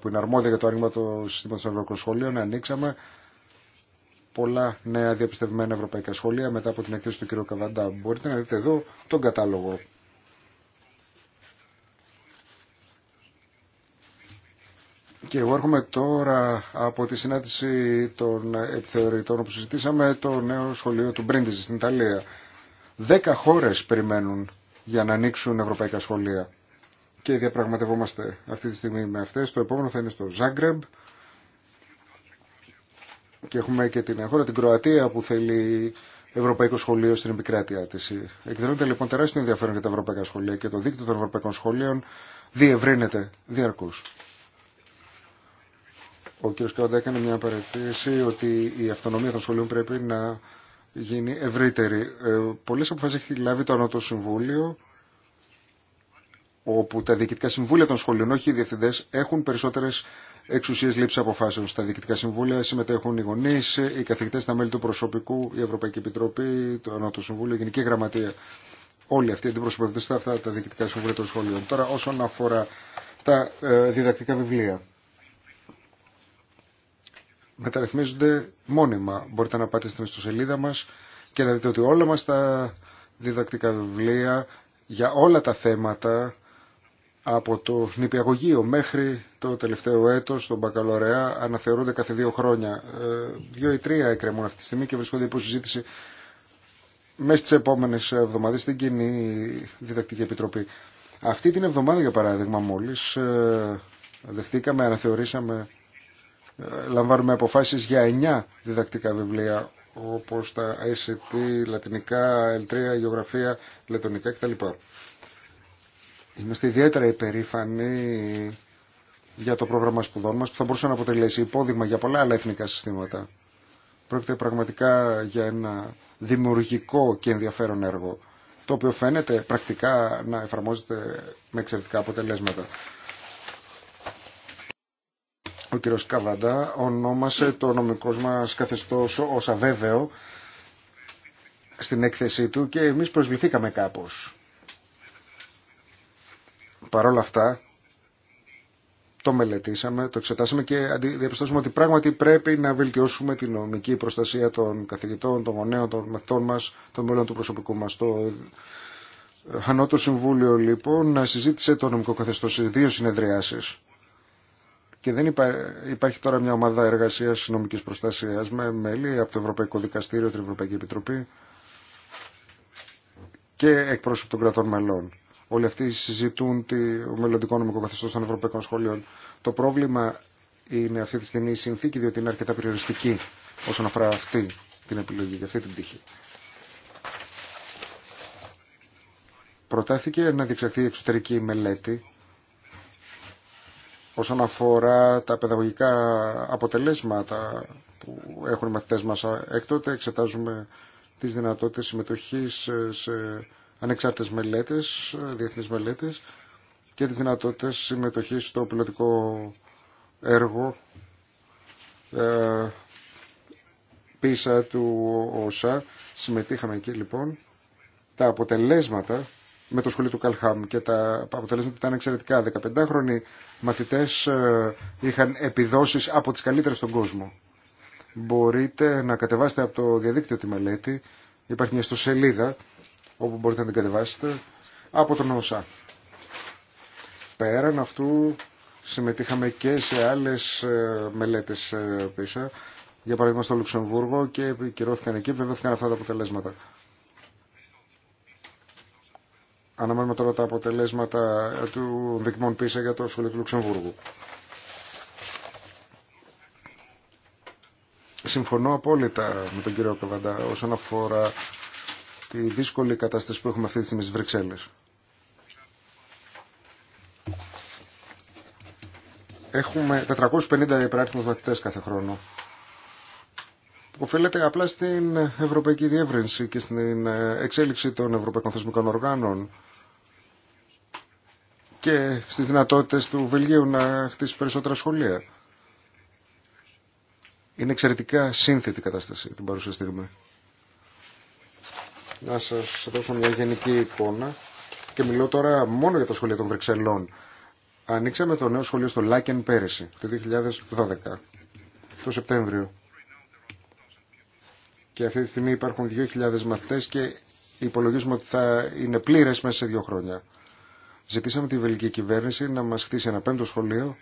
που είναι αρμόδια για το άνοιγμα του συστήματος των ευρωπαϊκών σχολείων, ανοίξαμε πολλά νέα διαπιστευμένα ευρωπαϊκά σχολεία μετά από την εκθέση του κ. Καβαντά. Μπορείτε να δείτε εδώ τον κατάλογο. Και εγώ έρχομαι τώρα από τη συνάντηση των επιθεωρητών που συζητήσαμε το νέο σχολείο του Μπρίντιζη στην Ιταλία. Δέκα χώρες περιμένουν για να ανοίξουν ευρωπαϊκά σχολεία. Και διαπραγματευόμαστε αυτή τη στιγμή με αυτές. Το επόμενο θα είναι στο Ζάγκρεμπ. Και έχουμε και την χώρα, την Κροατία, που θέλει Ευρωπαϊκό Σχολείο στην επικράτειά τη. Εκδηλώνεται λοιπόν τεράστιο ενδιαφέρον για τα ευρωπαϊκά σχολεία και το δίκτυο των ευρωπαϊκών σχολείων διευρύνεται διαρκώ. Ο κ. Καόντα έκανε μια παρατήρηση ότι η αυτονομία των σχολείων πρέπει να γίνει ευρύτερη. Ε, Πολλέ αποφάσει έχει λάβει το Ανώτο Συμβούλιο όπου τα διοικητικά συμβούλια των σχολείων, όχι οι διευθυντέ, έχουν περισσότερε εξουσίε λήψη αποφάσεων. Στα διοικητικά συμβούλια συμμετέχουν οι γονεί, οι καθηγητέ, τα μέλη του προσωπικού, η Ευρωπαϊκή Επιτροπή, το Ανώτο Συμβούλιο, η Γενική Γραμματεία. Όλοι αυτοί αντιπροσωπεύονται στα αυτά τα διοικητικά συμβούλια των σχολείων. Τώρα, όσον αφορά τα ε, διδακτικά βιβλία. Μεταρρυθμίζονται μόνιμα. Μπορείτε να πάτε στην ιστοσελίδα μα και να δείτε ότι όλα μα τα διδακτικά βιβλία για όλα τα θέματα από το νηπιαγωγείο μέχρι το τελευταίο έτος στον Μπακαλωρεά αναθεωρούνται κάθε δύο χρόνια. Ε, δύο ή τρία εκκρεμούν αυτή τη στιγμή και βρισκόνται υπό συζήτηση μέσα στις επόμενες εβδομάδες στην κοινή διδακτική επιτροπή. Αυτή την εβδομάδα για παράδειγμα μόλις ε, δεχτήκαμε, αναθεωρήσαμε, ε, λαμβάνουμε αποφάσεις για εννιά διδακτικά βιβλία όπως τα ICT, λατινικά, ελτρία, γεωγραφία, λετωνικά κτλ. Είμαστε ιδιαίτερα υπερήφανοι για το πρόγραμμα σπουδών μας που θα μπορούσε να αποτελέσει υπόδειγμα για πολλά άλλα εθνικά συστήματα. Πρόκειται πραγματικά για ένα δημιουργικό και ενδιαφέρον έργο το οποίο φαίνεται πρακτικά να εφαρμόζεται με εξαιρετικά αποτελέσματα. Ο κ. Καβαντά ονόμασε το νομικό μας καθεστώς ως αβέβαιο στην έκθεσή του και εμείς προσβληθήκαμε κάπως Παρ' όλα αυτά, το μελετήσαμε, το εξετάσαμε και διαπιστώσαμε ότι πράγματι πρέπει να βελτιώσουμε την νομική προστασία των καθηγητών, των γονέων, των μαθητών μας, των μελών του προσωπικού μας. Το Ανώτο Συμβούλιο λοιπόν να συζήτησε το νομικό καθεστώς σε δύο συνεδριάσεις και δεν υπάρχει τώρα μια ομάδα εργασίας νομικής προστασίας με μέλη από το Ευρωπαϊκό Δικαστήριο, την Ευρωπαϊκή Επιτροπή και εκπρόσωπο των κρατών μελών. Όλοι αυτοί συζητούν το μελλοντικό νομικό καθεστώ των Ευρωπαϊκών Σχολείων. Το πρόβλημα είναι αυτή τη στιγμή η συνθήκη, διότι είναι αρκετά περιοριστική όσον αφορά αυτή την επιλογή και αυτή την τύχη. Προτάθηκε να διεξαχθεί εξωτερική μελέτη όσον αφορά τα παιδαγωγικά αποτελέσματα που έχουν οι μαθητές μας. Έκτοτε εξετάζουμε τις δυνατότητες συμμετοχής σε ανεξάρτητες μελέτες, διεθνείς μελέτες και τις δυνατότητες συμμετοχής στο πιλωτικό έργο ε, πίσα του ΟΣΑ. Συμμετείχαμε εκεί λοιπόν. Τα αποτελέσματα με το σχολείο του Καλχάμ και τα αποτελέσματα ήταν εξαιρετικά. 15χρονοι μαθητές ε, είχαν επιδόσεις από τις καλύτερες στον κόσμο. Μπορείτε να κατεβάσετε από το διαδίκτυο τη μελέτη. Υπάρχει μια στοσελίδα όπου μπορείτε να την κατεβάσετε από τον ΩΣΑ. Πέραν αυτού συμμετείχαμε και σε άλλες ε, μελέτες ε, πίσω, για παράδειγμα στο Λουξεμβούργο και επικυρώθηκαν εκεί, βεβαιώθηκαν αυτά τα αποτελέσματα. Αναμένουμε τώρα τα αποτελέσματα ε, του δεκμών πίσω για το σχολείο του Λουξεμβούργου. Συμφωνώ απόλυτα με τον κύριο Καβαντά όσον αφορά τη δύσκολη κατάσταση που έχουμε αυτή τη στιγμή στις Βρυξέλλες. Έχουμε 450 υπεράριθμους μαθητές κάθε χρόνο. Που οφείλεται απλά στην ευρωπαϊκή διεύρυνση και στην ε, εξέλιξη των ευρωπαϊκών θεσμικών οργάνων και στις δυνατότητες του Βελγίου να χτίσει περισσότερα σχολεία. Είναι εξαιρετικά σύνθετη κατάσταση την παρουσία να σας δώσω μια γενική εικόνα και μιλώ τώρα μόνο για τα σχολεία των Βρυξελών. Ανοίξαμε το νέο σχολείο στο Λάκεν πέρυσι, το 2012, το Σεπτέμβριο. Και αυτή τη στιγμή υπάρχουν 2.000 μαθητές και υπολογίζουμε ότι θα είναι πλήρες μέσα σε δύο χρόνια. Ζητήσαμε τη βελική κυβέρνηση να μας χτίσει ένα πέμπτο σχολείο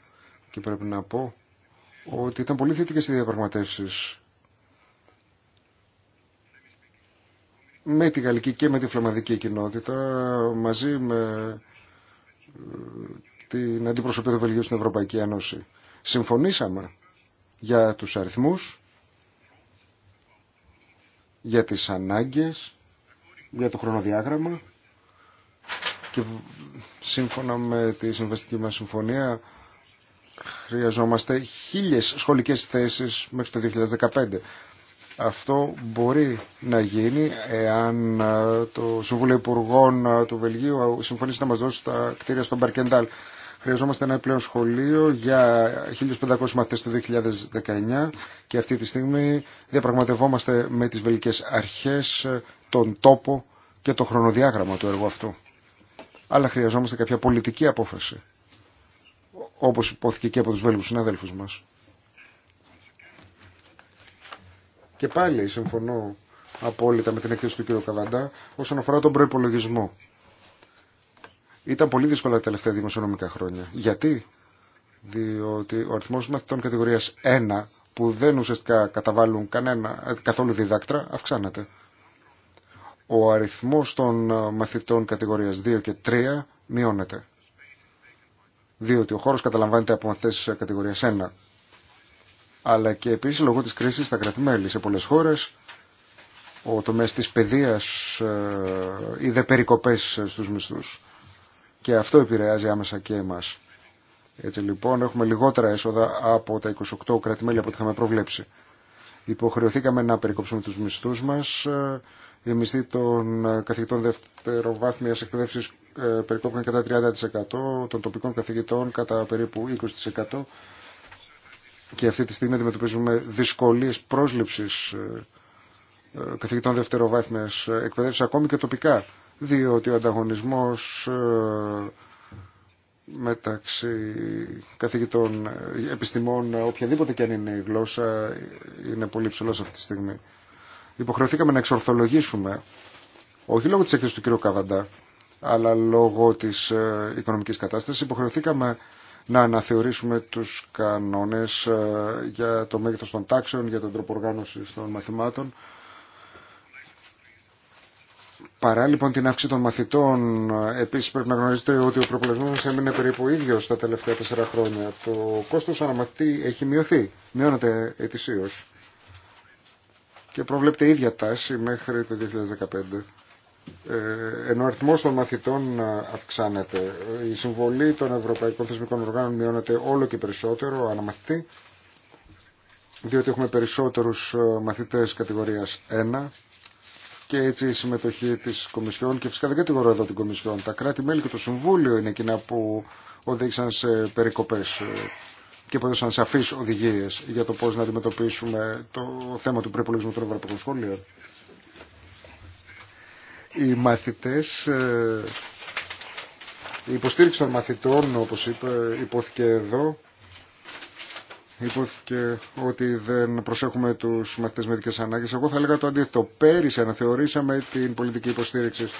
και πρέπει να πω ότι ήταν πολύ θετικέ οι διαπραγματεύσεις με τη γαλλική και με τη φλαμανδική κοινότητα μαζί με ε, την αντιπροσωπή του Βελγίου στην Ευρωπαϊκή Ένωση. Συμφωνήσαμε για τους αριθμούς, για τις ανάγκες, για το χρονοδιάγραμμα και σύμφωνα με τη συμβαστική μας συμφωνία χρειαζόμαστε χίλιες σχολικές θέσεις μέχρι το 2015. Αυτό μπορεί να γίνει εάν ε, το Συμβούλιο Υπουργών ε, του Βελγίου συμφωνήσει να μας δώσει τα κτίρια στον Μπαρκεντάλ. Χρειαζόμαστε ένα πλέον σχολείο για 1.500 μαθητές το 2019 και αυτή τη στιγμή διαπραγματευόμαστε με τις βελικές αρχές ε, τον τόπο και το χρονοδιάγραμμα του έργου αυτού. Αλλά χρειαζόμαστε κάποια πολιτική απόφαση, όπως υπόθηκε και από τους Βέλγους συναδέλφους μας. Και πάλι συμφωνώ απόλυτα με την έκθεση του κ. Καβαντά όσον αφορά τον προπολογισμό. Ήταν πολύ δύσκολα τα τελευταία δημοσιονομικά χρόνια. Γιατί? Διότι ο αριθμό μαθητών κατηγορία 1 που δεν ουσιαστικά καταβάλουν κανένα, καθόλου διδάκτρα αυξάνεται. Ο αριθμό των ε, μαθητών κατηγορία 2 και 3 μειώνεται. Διότι ο χώρο καταλαμβάνεται από μαθητέ κατηγορία 1 αλλά και επίσης λόγω της κρίσης στα κρατημέλη. Σε πολλές χώρες ο τομέας της παιδείας είδε περικοπές στους μισθούς και αυτό επηρεάζει άμεσα και εμάς. Έτσι λοιπόν έχουμε λιγότερα έσοδα από τα 28 κρατημέλη από ό,τι είχαμε προβλέψει. Υποχρεωθήκαμε να περικόψουμε τους μισθούς μας. Ε, οι μισθοί των ε, καθηγητών δευτεροβάθμιας εκπαίδευσης ε, περικόπηκαν κατά 30%, των τοπικών καθηγητών κατά περίπου 20%, και αυτή τη στιγμή αντιμετωπίζουμε δυσκολίες πρόσληψης ε, ε, καθηγητών δευτεροβάθμιας ε, εκπαιδεύσης ακόμη και τοπικά διότι ο ανταγωνισμός μεταξύ καθηγητών επιστημών οποιαδήποτε και αν είναι η γλώσσα είναι πολύ ψηλό αυτή τη στιγμή. Υποχρεωθήκαμε να εξορθολογήσουμε όχι λόγω της έκθεσης του κ. Καβαντά αλλά λόγω της οικονομικής κατάστασης υποχρεωθήκαμε να αναθεωρήσουμε τους κανόνες ε, για το μέγεθος των τάξεων, για τον τρόπο οργάνωσης των μαθημάτων. Παρά λοιπόν την αύξηση των μαθητών, ε, επίσης πρέπει να γνωρίζετε ότι ο προπολογισμό μας έμεινε περίπου ίδιος στα τελευταία τέσσερα χρόνια. Το κόστος αναμαθητή έχει μειωθεί, μειώνεται ετησίως και προβλέπεται ίδια τάση μέχρι το 2015. Ε, ενώ ο αριθμό των μαθητών ε, αυξάνεται. Η συμβολή των ευρωπαϊκών θεσμικών οργάνων μειώνεται όλο και περισσότερο αναμαθητή, διότι έχουμε περισσότερους ε, μαθητές κατηγορίας 1 και έτσι η συμμετοχή της Κομισιόν και φυσικά δεν κατηγορώ εδώ την Κομισιόν. Τα κράτη-μέλη και το Συμβούλιο είναι εκείνα που οδήγησαν σε περικοπές και που έδωσαν σαφείς οδηγίες για το πώς να αντιμετωπίσουμε το θέμα του προπολογισμού των Ευρωπαϊκών Σχολείων οι μαθητές, ε, η υποστήριξη των μαθητών, όπως είπε, υπόθηκε εδώ, υπόθηκε ότι δεν προσέχουμε τους μαθητές με δικές ανάγκες. Εγώ θα έλεγα το αντίθετο. Πέρυσι αναθεωρήσαμε την πολιτική υποστήριξη.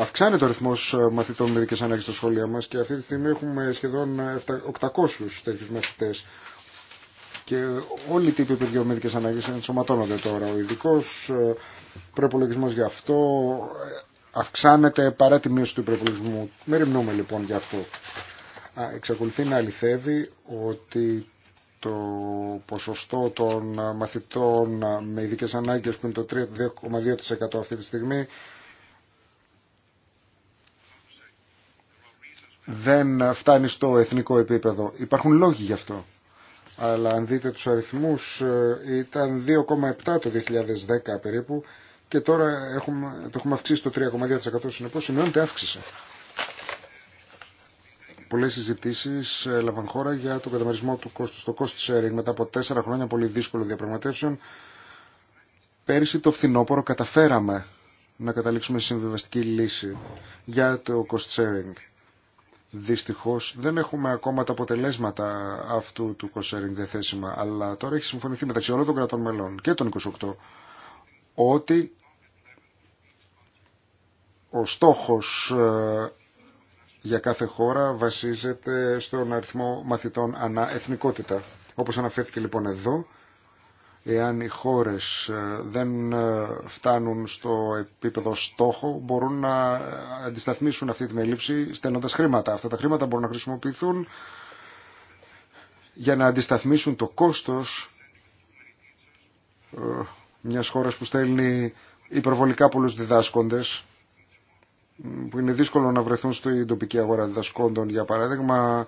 Αυξάνεται ο ρυθμός ε, μαθητών με δικές ανάγκες στα σχολεία μας και αυτή τη στιγμή έχουμε σχεδόν 800 τέτοιους μαθητές και όλοι οι τύποι παιδιομήδικες ανάγκες ενσωματώνονται τώρα. Ο ειδικό ε, προπολογισμό γι' αυτό ε, αυξάνεται παρά τη μείωση του προπολογισμού. ρημνούμε λοιπόν γι' αυτό. Εξακολουθεί να αληθεύει ότι το ποσοστό των ε, μαθητών με ειδικές ανάγκες που είναι το 3,2% αυτή τη στιγμή δεν φτάνει στο εθνικό επίπεδο. Υπάρχουν λόγοι γι' αυτό αλλά αν δείτε τους αριθμούς ε, ήταν 2,7 το 2010 περίπου και τώρα έχουμε, το έχουμε αυξήσει το 3,2% συνεπώς σημειώνεται αύξηση. Πολλές συζητήσει ε, έλαβαν χώρα για τον καταμερισμό του κόστου στο cost sharing μετά από τέσσερα χρόνια πολύ δύσκολο διαπραγματεύσεων. Πέρυσι το φθινόπωρο καταφέραμε να καταλήξουμε συμβιβαστική λύση για το cost sharing Δυστυχώς δεν έχουμε ακόμα τα αποτελέσματα αυτού του κοσέρινγκ διαθέσιμα, αλλά τώρα έχει συμφωνηθεί μεταξύ όλων των κρατών μελών και των 28 ότι ο στόχος ε, για κάθε χώρα βασίζεται στον αριθμό μαθητών ανά εθνικότητα. Όπως αναφέρθηκε λοιπόν εδώ, Εάν οι χώρες ε, δεν ε, φτάνουν στο επίπεδο στόχο, μπορούν να ε, αντισταθμίσουν αυτή την έλλειψη στέλνοντας χρήματα. Αυτά τα χρήματα μπορούν να χρησιμοποιηθούν για να αντισταθμίσουν το κόστος μιας χώρας που στέλνει υπερβολικά πολλούς διδάσκοντες που είναι δύσκολο να βρεθούν στην τοπική αγορά διδασκόντων, για παράδειγμα,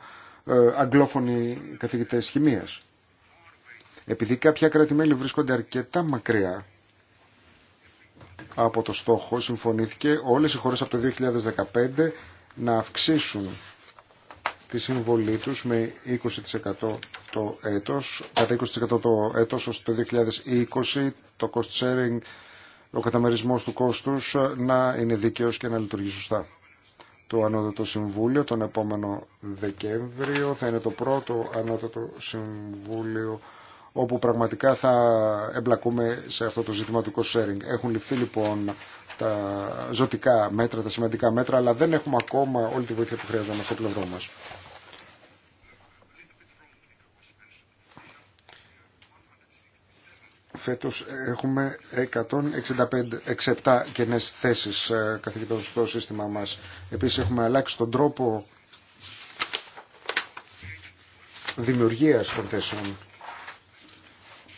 αγγλόφωνοι καθηγητές χημίας επειδή κάποια κράτη-μέλη βρίσκονται αρκετά μακριά από το στόχο, συμφωνήθηκε όλες οι χώρες από το 2015 να αυξήσουν τη συμβολή τους με 20% το έτος, κατά 20% το έτος ως το 2020, το cost sharing, ο καταμερισμός του κόστους να είναι δίκαιος και να λειτουργεί σωστά. Το Ανώτατο Συμβούλιο τον επόμενο Δεκέμβριο θα είναι το πρώτο Ανώτατο Συμβούλιο όπου πραγματικά θα εμπλακούμε σε αυτό το ζήτημα του cost sharing. Έχουν ληφθεί λοιπόν τα ζωτικά μέτρα, τα σημαντικά μέτρα, αλλά δεν έχουμε ακόμα όλη τη βοήθεια που χρειαζόμαστε στο πλευρό μας. Φέτος έχουμε 165, 67 κενές θέσεις ε, καθηγητών στο σύστημά μας. Επίσης έχουμε αλλάξει τον τρόπο δημιουργίας των θέσεων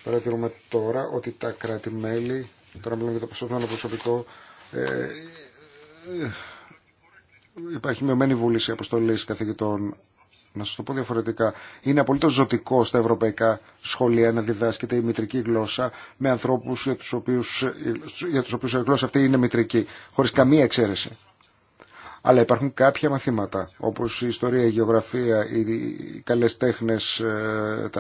Παρατηρούμε τώρα ότι τα κράτη-μέλη, τώρα μιλάμε για το προσωπικό προσωπικό, ε, ε, υπάρχει μειωμένη βούληση αποστολή καθηγητών. Να σα το πω διαφορετικά. Είναι απολύτω ζωτικό στα ευρωπαϊκά σχολεία να διδάσκεται η μητρική γλώσσα με ανθρώπου για του οποίου η γλώσσα αυτή είναι μητρική, χωρί καμία εξαίρεση αλλά υπάρχουν κάποια μαθήματα όπως η ιστορία, η γεωγραφία, οι καλές τέχνες, ε,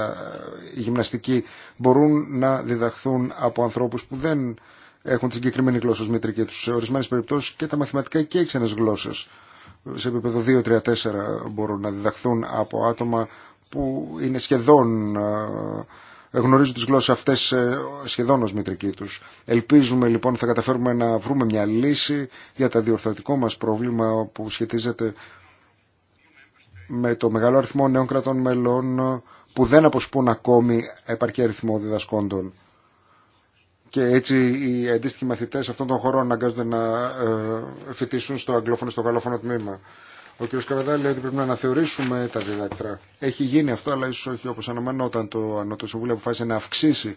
η γυμναστική μπορούν να διδαχθούν από ανθρώπους που δεν έχουν τη συγκεκριμένη γλώσσα ως μητρική τους. Σε ορισμένες περιπτώσεις και τα μαθηματικά και οι ξένες γλώσσες σε επίπεδο 2-3-4 μπορούν να διδαχθούν από άτομα που είναι σχεδόν ε, γνωρίζουν τις γλώσσες αυτές ε, σχεδόν ως μητρική τους. Ελπίζουμε λοιπόν θα καταφέρουμε να βρούμε μια λύση για τα διορθωτικό μας πρόβλημα που σχετίζεται με το μεγάλο αριθμό νέων κρατών μελών που δεν αποσπούν ακόμη επαρκή αριθμό διδασκόντων. Και έτσι οι αντίστοιχοι μαθητές αυτών των χωρών αναγκάζονται να ε, φοιτήσουν στο αγγλόφωνο, στο γαλλόφωνο τμήμα. Ο κ. Καβεδάλη λέει ότι πρέπει να αναθεωρήσουμε τα διδακτρά. Έχει γίνει αυτό, αλλά ίσω όχι όπω αναμενόταν το Ανώτο Συμβούλιο αποφάσισε να αυξήσει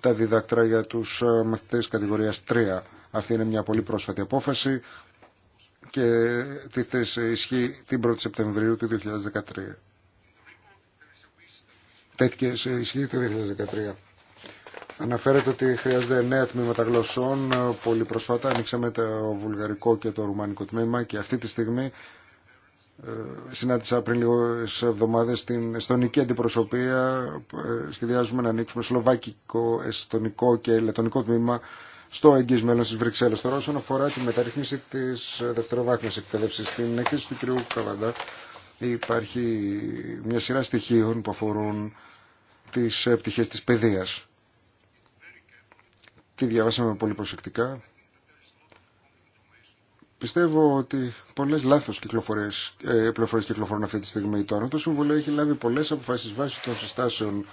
τα διδακτρά για του ε, μαθητέ κατηγορία 3. Αυτή είναι μια πολύ πρόσφατη απόφαση και τη σε ισχύει την 1η Σεπτεμβρίου του 2013. Τέθηκε ισχύει το 2013. Αναφέρεται ότι χρειάζονται νέα τμήματα γλωσσών. Ε, πολύ προσφατά ανοίξαμε το βουλγαρικό και το ρουμάνικο τμήμα και αυτή τη στιγμή ε, συνάντησα πριν λίγο σε εβδομάδες στην εστονική αντιπροσωπεία. Ε, σχεδιάζουμε να ανοίξουμε σλοβακικό, εστονικό και λετονικό τμήμα στο εγγύς μέλλον στις Βρυξέλλες. Τώρα όσον αφορά τη μεταρρύθμιση της δευτεροβάθμιας εκπαίδευσης στην έκθεση του κ. Καβαντά υπάρχει μια σειρά στοιχείων που αφορούν τις ε, πτυχές τη παιδείας. Τη διαβάσαμε πολύ προσεκτικά Πιστεύω ότι πολλέ λάθο ε, κυκλοφορούν αυτή τη στιγμή. Το Συμβουλίο έχει λάβει πολλέ αποφάσει βάσει των συστάσεων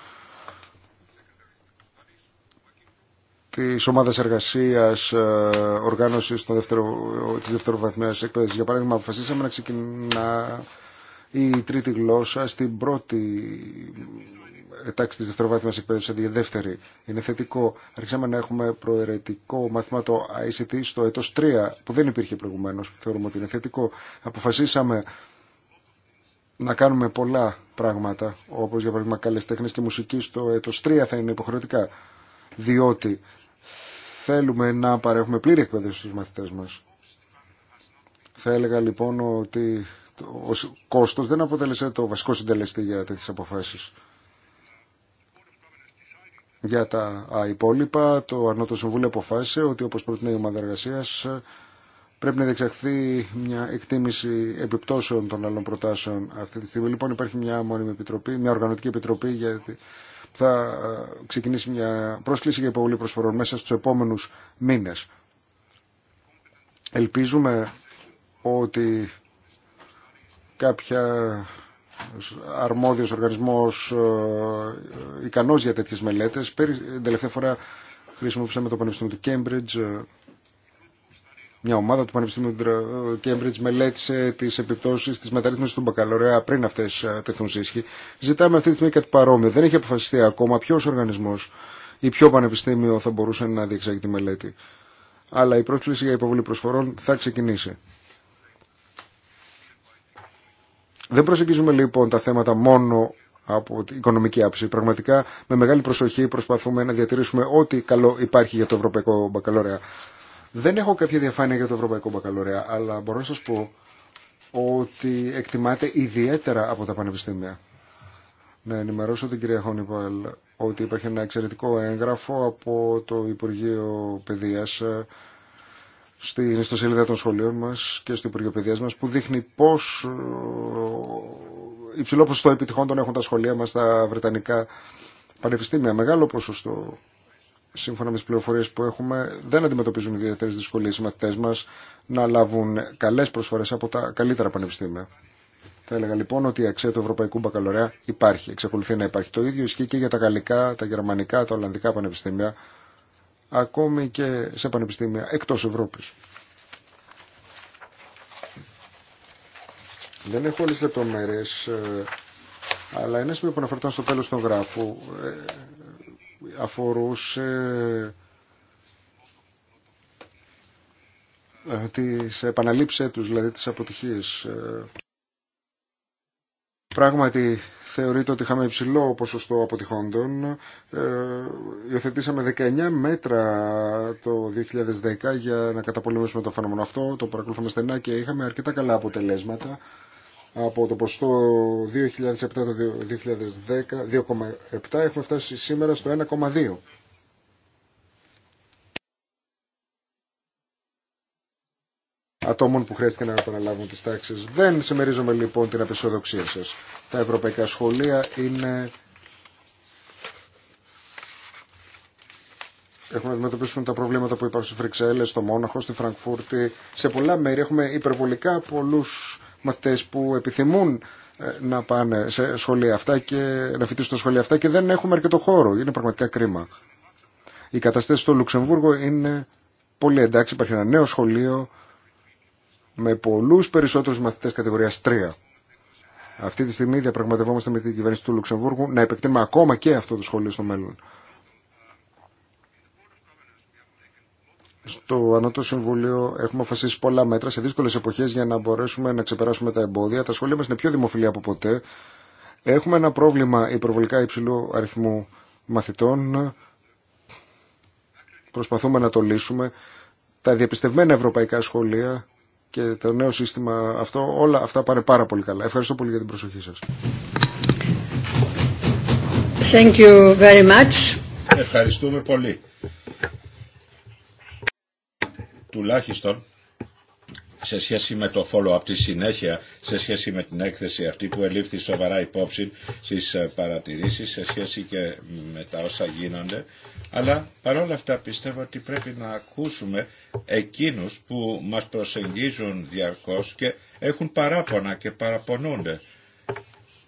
τη ομάδα εργασία ε, οργάνωση τη δευτεροβαθμία εκπαίδευση. Για παράδειγμα, αποφασίσαμε να ξεκινά η τρίτη γλώσσα στην πρώτη τάξη τη δευτεροβάθμια εκπαίδευση αντί δεύτερη. Είναι θετικό. Αρχίσαμε να έχουμε προαιρετικό μαθήμα το ICT στο ετο 3 που δεν υπήρχε προηγουμένως. Θεωρούμε ότι είναι θετικό. Αποφασίσαμε να κάνουμε πολλά πράγματα όπω για παράδειγμα καλές τέχνες και μουσική στο έτος 3 θα είναι υποχρεωτικά διότι θέλουμε να παρέχουμε πλήρη εκπαίδευση στους μαθητέ μα. Θα έλεγα λοιπόν ότι ο κόστος δεν αποτέλεσε το βασικό συντελεστή για τέτοιες αποφάσεις. Για τα υπόλοιπα, το Αρνότο Συμβούλιο αποφάσισε ότι όπως προτείνει η ομάδα εργασία πρέπει να διεξαχθεί μια εκτίμηση επιπτώσεων των άλλων προτάσεων. Αυτή τη στιγμή λοιπόν υπάρχει μια μόνιμη επιτροπή, μια οργανωτική επιτροπή γιατί θα ξεκινήσει μια πρόσκληση για υποβολή προσφορών μέσα στους επόμενους μήνες. Ελπίζουμε ότι κάποια αρμόδιος οργανισμός ε, ε, ικανός για τέτοιες μελέτες. Πέρι τελευταία φορά χρησιμοποιήσαμε το Πανεπιστήμιο του Κέμπριτζ. Ε, μια ομάδα του Πανεπιστήμιου του Κέμπριτζ μελέτησε τι επιπτώσει τη μεταρρύθμιση του Μπακαλωρέα πριν αυτέ τεθούν σε ίσχυ. Ζητάμε αυτή τη στιγμή κάτι παρόμοιο. Δεν έχει αποφασιστεί ακόμα ποιο οργανισμό ή ποιο πανεπιστήμιο θα μπορούσε να διεξάγει τη μελέτη. Αλλά η πρόσκληση για υποβολή προσφορών θα ξεκινήσει. Δεν προσεγγίζουμε λοιπόν τα θέματα μόνο από την οικονομική άψη. Πραγματικά με μεγάλη προσοχή προσπαθούμε να διατηρήσουμε ό,τι καλό υπάρχει για το Ευρωπαϊκό Μπακαλόρεα. Δεν έχω κάποια διαφάνεια για το Ευρωπαϊκό Μπακαλόρεα, αλλά μπορώ να σας πω ότι εκτιμάται ιδιαίτερα από τα πανεπιστήμια. Να ενημερώσω την κυρία Χόνιβαλ ότι υπάρχει ένα εξαιρετικό έγγραφο από το Υπουργείο Παιδείας στην ιστοσελίδα των σχολείων μας και στο Υπουργείο Παιδείας μας που δείχνει πώς ε, υψηλό ποσοστό επιτυχών των έχουν τα σχολεία μας στα Βρετανικά πανεπιστήμια. Μεγάλο ποσοστό σύμφωνα με τις πληροφορίες που έχουμε δεν αντιμετωπίζουν ιδιαίτερε δυσκολίες οι μαθητές μας να λάβουν καλές προσφορές από τα καλύτερα πανεπιστήμια. Θα έλεγα λοιπόν ότι η αξία του Ευρωπαϊκού Μπακαλωρέα υπάρχει, εξακολουθεί να υπάρχει. Το ίδιο ισχύει και για τα γαλλικά, τα γερμανικά, τα ολλανδικά πανεπιστήμια ακόμη και σε πανεπιστήμια εκτός Ευρώπης. Δεν έχω όλες τις λεπτομέρειες, ε, αλλά ένα σημείο που αναφερθώ στο τέλος του γράφου ε, αφορούσε ε, τις επαναλήψεις τους, δηλαδή τις αποτυχίες. Πράγματι θεωρείται ότι είχαμε υψηλό ποσοστό αποτυχόντων. Ε, υιοθετήσαμε 19 μέτρα το 2010 για να καταπολεμήσουμε το φαινόμενο αυτό. Το παρακολουθούμε στενά και είχαμε αρκετά καλά αποτελέσματα. Από το ποσοστό 2007 2010, 2,7 έχουμε φτάσει σήμερα στο 1,2. ατόμων που χρειάστηκε να επαναλάβουν τις τάξεις. Δεν συμμερίζομαι λοιπόν την απεσιοδοξία σας. Τα ευρωπαϊκά σχολεία είναι... Έχουμε να αντιμετωπίσουν τα προβλήματα που υπάρχουν στι Φρυξέλλες, στο Μόναχο, στη Φραγκφούρτη. Σε πολλά μέρη έχουμε υπερβολικά πολλούς μαθητές που επιθυμούν ε, να πάνε σε σχολεία αυτά και να φοιτήσουν τα σχολεία αυτά και δεν έχουμε αρκετό χώρο. Είναι πραγματικά κρίμα. Η καταστάση στο Λουξεμβούργο είναι πολύ εντάξει. Υπάρχει ένα νέο σχολείο με πολλούς περισσότερους μαθητές κατηγορίας 3. Αυτή τη στιγμή διαπραγματευόμαστε με την κυβέρνηση του Λουξεμβούργου να επεκτείνουμε ακόμα και αυτό το σχολείο στο μέλλον. Στο Ανώτο Συμβούλιο έχουμε αποφασίσει πολλά μέτρα σε δύσκολε εποχέ για να μπορέσουμε να ξεπεράσουμε τα εμπόδια. Τα σχολεία μα είναι πιο δημοφιλή από ποτέ. Έχουμε ένα πρόβλημα υπερβολικά υψηλού αριθμού μαθητών. Προσπαθούμε να το λύσουμε. Τα διαπιστευμένα ευρωπαϊκά σχολεία και το νέο σύστημα αυτό, όλα αυτά πάνε πάρα πολύ καλά. Ευχαριστώ πολύ για την προσοχή σας. Thank you very much. Ευχαριστούμε πολύ. Τουλάχιστον σε σχέση με το follow από τη συνέχεια, σε σχέση με την έκθεση αυτή που ελήφθη σοβαρά υπόψη στις ε, παρατηρήσεις, σε σχέση και με τα όσα γίνονται. Αλλά παρόλα αυτά πιστεύω ότι πρέπει να ακούσουμε εκείνους που μας προσεγγίζουν διαρκώς και έχουν παράπονα και παραπονούνται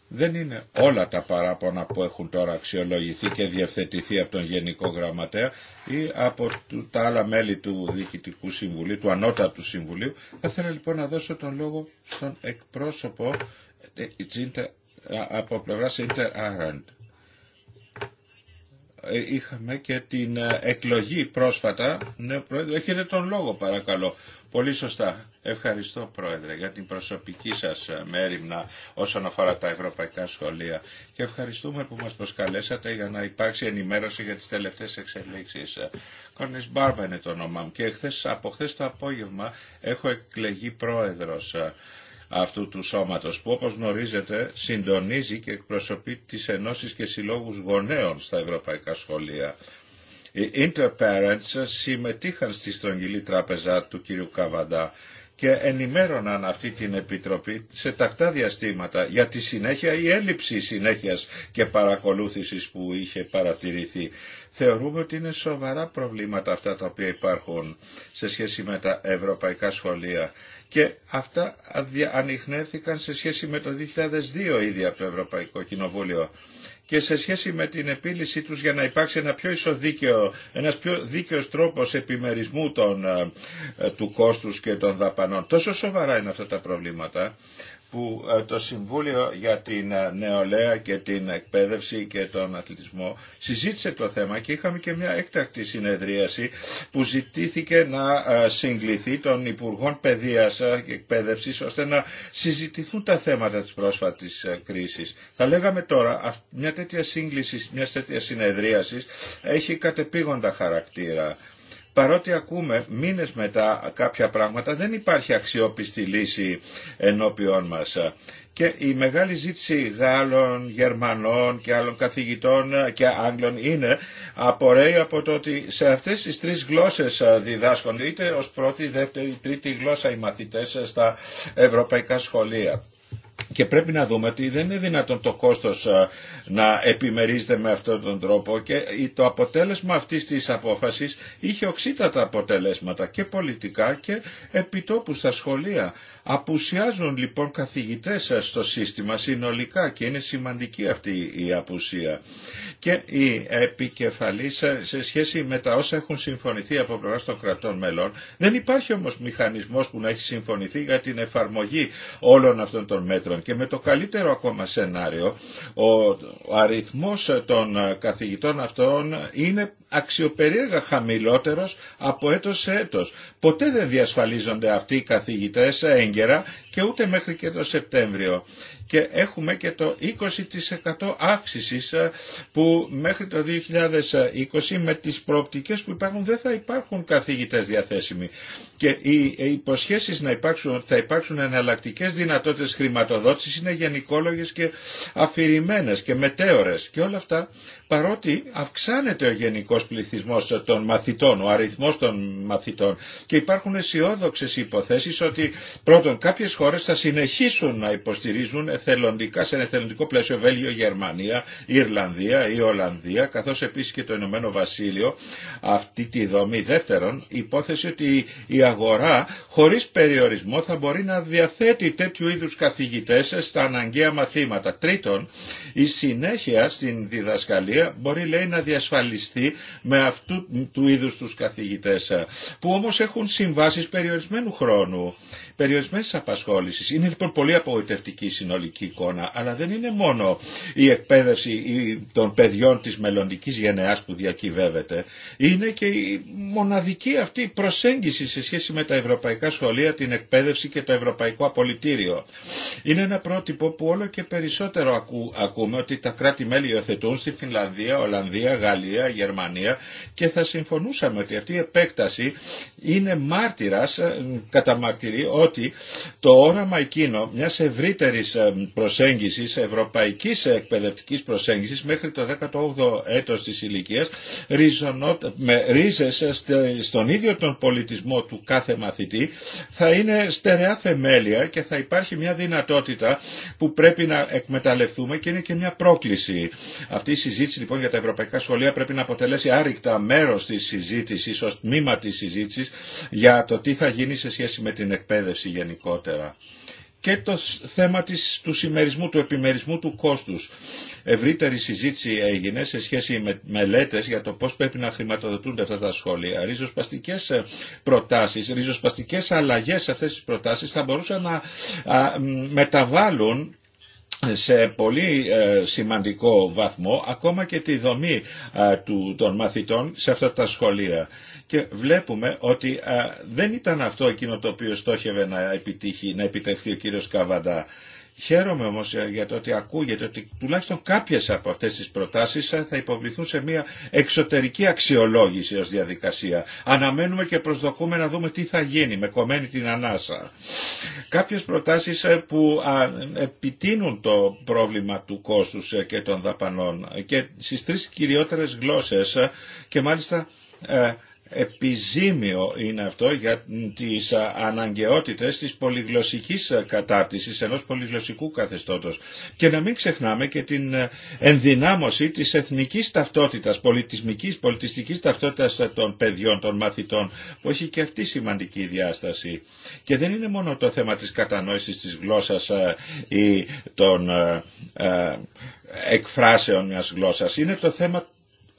δεν είναι όλα τα παράπονα που έχουν τώρα αξιολογηθεί και διευθετηθεί από τον Γενικό Γραμματέα ή από τα άλλα μέλη του Διοικητικού Συμβουλίου, του Ανώτατου Συμβουλίου. Θα ήθελα λοιπόν να δώσω τον λόγο στον εκπρόσωπο ε, ε, από πλευράς Inter Άραντ. Ε, είχαμε και την ε, εκλογή πρόσφατα. Ναι, Πρόεδρε, έχετε τον λόγο παρακαλώ. Πολύ σωστά. Ευχαριστώ Πρόεδρε για την προσωπική σας ε, μέρημνα όσον αφορά τα ευρωπαϊκά σχολεία και ευχαριστούμε που μας προσκαλέσατε για να υπάρξει ενημέρωση για τις τελευταίες εξελίξεις. Κόρνης Μπάρβα είναι το όνομά μου και έχθες από χθε το απόγευμα έχω εκλεγεί Πρόεδρος αυτού του σώματος που όπως γνωρίζετε συντονίζει και εκπροσωπεί τις ενώσεις και συλλόγους γονέων στα ευρωπαϊκά σχολεία. Οι Interparents συμμετείχαν στη στρογγυλή τράπεζα του κ. Καβαντά και ενημέρωναν αυτή την Επιτροπή σε τακτά διαστήματα για τη συνέχεια ή έλλειψη συνέχειας και παρακολούθησης που είχε παρατηρηθεί. Θεωρούμε ότι είναι σοβαρά προβλήματα αυτά τα οποία υπάρχουν σε σχέση με τα ευρωπαϊκά σχολεία και αυτά ανοιχνεύθηκαν σε σχέση με το 2002 ήδη από το Ευρωπαϊκό Κοινοβούλιο και σε σχέση με την επίλυση τους για να υπάρξει ένα πιο ισοδίκαιο, ένας πιο δίκαιος τρόπος επιμερισμού των, ε, ε, του κόστους και των δαπανών. Τόσο σοβαρά είναι αυτά τα προβλήματα που ε, το Συμβούλιο για την ε, Νεολαία και την Εκπαίδευση και τον Αθλητισμό συζήτησε το θέμα και είχαμε και μια έκτακτη συνεδρίαση που ζητήθηκε να ε, συγκληθεί των Υπουργών Παιδείας και Εκπαίδευσης ώστε να συζητηθούν τα θέματα της πρόσφατης κρίσης. Θα λέγαμε τώρα μια τέτοια σύγκληση, μια τέτοια συνεδρίασης έχει κατεπήγοντα χαρακτήρα παρότι ακούμε μήνες μετά κάποια πράγματα δεν υπάρχει αξιόπιστη λύση ενώπιόν μας. Και η μεγάλη ζήτηση Γάλλων, Γερμανών και άλλων καθηγητών και Άγγλων είναι απορρέει από το ότι σε αυτές τις τρεις γλώσσες διδάσκονται είτε ως πρώτη, δεύτερη, τρίτη γλώσσα οι μαθητές στα ευρωπαϊκά σχολεία. Και πρέπει να δούμε ότι δεν είναι δυνατόν το κόστος ε, να επιμερίζεται με αυτόν τον τρόπο και το αποτέλεσμα αυτής της απόφασης είχε οξύτατα αποτελέσματα και πολιτικά και επιτόπου στα σχολεία. Απουσιάζουν λοιπόν καθηγητές ε, στο σύστημα συνολικά και είναι σημαντική αυτή η απουσία. Και η επικεφαλής ε, σε σχέση με τα όσα έχουν συμφωνηθεί από πλευρά των κρατών μελών δεν υπάρχει όμως μηχανισμός που να έχει συμφωνηθεί για την εφαρμογή όλων αυτών των μέτρων και με το καλύτερο ακόμα σενάριο ο αριθμός των καθηγητών αυτών είναι αξιοπερίεργα χαμηλότερος από έτος σε έτος. Ποτέ δεν διασφαλίζονται αυτοί οι καθηγητές έγκαιρα και ούτε μέχρι και το Σεπτέμβριο και έχουμε και το 20% αύξησης ε, που μέχρι το 2020 με τις προοπτικές που υπάρχουν δεν θα υπάρχουν καθηγητές διαθέσιμοι. Και οι υποσχέσει να υπάρξουν, θα υπάρξουν εναλλακτικέ δυνατότητες χρηματοδότησης είναι γενικόλογε και αφηρημένε και μετέωρε Και όλα αυτά παρότι αυξάνεται ο γενικό πληθυσμό των μαθητών, ο αριθμό των μαθητών. Και υπάρχουν αισιόδοξε υποθέσει ότι πρώτον κάποιε χώρε θα συνεχίσουν να υποστηρίζουν εθελοντικά σε ένα εθελοντικό πλαίσιο Βέλγιο, Γερμανία, Ιρλανδία ή Ολλανδία, καθώ επίση και το Ηνωμένο Βασίλειο αυτή τη δομή. Δεύτερον, υπόθεση ότι η αγορά χωρίς περιορισμό θα μπορεί να διαθέτει τέτοιου είδους καθηγητές στα αναγκαία μαθήματα. Τρίτον, η συνέχεια στην διδασκαλία μπορεί λέει να διασφαλιστεί με αυτού του είδους τους καθηγητές που όμως έχουν συμβάσεις περιορισμένου χρόνου περιορισμένης απασχόληση Είναι λοιπόν πολύ απογοητευτική η συνολική εικόνα, αλλά δεν είναι μόνο η εκπαίδευση των παιδιών τη μελλοντική γενεά που διακυβεύεται, είναι και η μοναδική αυτή προσέγγιση σε σχέση με τα ευρωπαϊκά σχολεία, την εκπαίδευση και το ευρωπαϊκό απολυτήριο. Είναι ένα πρότυπο που όλο και περισσότερο ακού, ακούμε ότι τα κράτη-μέλη υιοθετούν στη Φινλανδία, Ολλανδία, Γαλλία, Γερμανία και θα συμφωνούσαμε ότι αυτή η επέκταση είναι μάρτυρας ε, κατά μαρτυρή ότι το όραμα εκείνο μιας ευρύτερης ε, προσέγγισης, ευρωπαϊκής εκπαιδευτικής προσέγγισης μέχρι το 18ο έτος της ηλικίας με ρίζες στον ίδιο τον πολιτισμό του κάθε μαθητή θα είναι στερεά θεμέλια και θα υπάρχει μια δυνατότητα που πρέπει να εκμεταλλευτούμε και είναι και μια πρόκληση. Αυτή η συζήτηση λοιπόν για τα ευρωπαϊκά σχολεία πρέπει να αποτελέσει άρρηκτα μέρος της συζήτηση, ως τμήμα της συζήτησης για το τι θα γίνει σε σχέση με την εκπαίδευση γενικότερα και το θέμα της, του συμμερισμού, του επιμερισμού του κόστους. Ευρύτερη συζήτηση έγινε σε σχέση με μελέτες για το πώς πρέπει να χρηματοδοτούνται αυτά τα σχόλια. Ριζοσπαστικές ε, προτάσεις, ριζοσπαστικές αλλαγές σε αυτές τις προτάσεις θα μπορούσαν να μεταβάλουν σε πολύ ε, σημαντικό βαθμό ακόμα και τη δομή ε, του, των μαθητών σε αυτά τα σχολεία και βλέπουμε ότι δεν ήταν αυτό εκείνο το οποίο στόχευε να επιτύχει, να επιτευχθεί ο κύριος Καβαντά. Χαίρομαι όμως ε, για το ότι ακούγεται ότι τουλάχιστον κάποιες από αυτές τις προτάσεις ε, θα υποβληθούν σε μια εξωτερική αξιολόγηση ως διαδικασία. Αναμένουμε και προσδοκούμε να δούμε τι θα γίνει με κομμένη την ανάσα. Κάποιες προτάσεις ε, που επιτείνουν το πρόβλημα του κόστους και των δαπανών και στις τρεις κυριότερες γλώσσες και μάλιστα επιζήμιο είναι αυτό για τις αναγκαιότητες της πολυγλωσσικής κατάρτισης ενός πολυγλωσσικού καθεστώτος. Και να μην ξεχνάμε και την ενδυνάμωση της εθνικής ταυτότητας, πολιτισμικής, πολιτιστικής ταυτότητας των παιδιών, των μαθητών, που έχει και αυτή σημαντική διάσταση. Και δεν είναι μόνο το θέμα της κατανόησης της γλώσσας ή των εκφράσεων μιας γλώσσας. Είναι το θέμα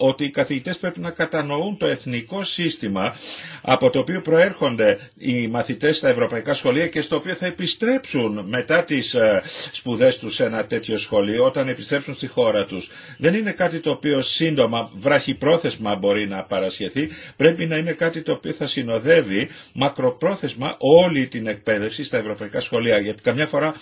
ότι οι καθηγητές πρέπει να κατανοούν το εθνικό σύστημα από το οποίο προέρχονται οι μαθητές στα ευρωπαϊκά σχολεία και στο οποίο θα επιστρέψουν μετά τις ε, σπουδές τους σε ένα τέτοιο σχολείο όταν επιστρέψουν στη χώρα τους. Δεν είναι κάτι το οποίο σύντομα βραχυπρόθεσμα μπορεί να παρασχεθεί, πρέπει να είναι κάτι το οποίο θα συνοδεύει μακροπρόθεσμα όλη την εκπαίδευση στα ευρωπαϊκά σχολεία. Γιατί καμιά φορά,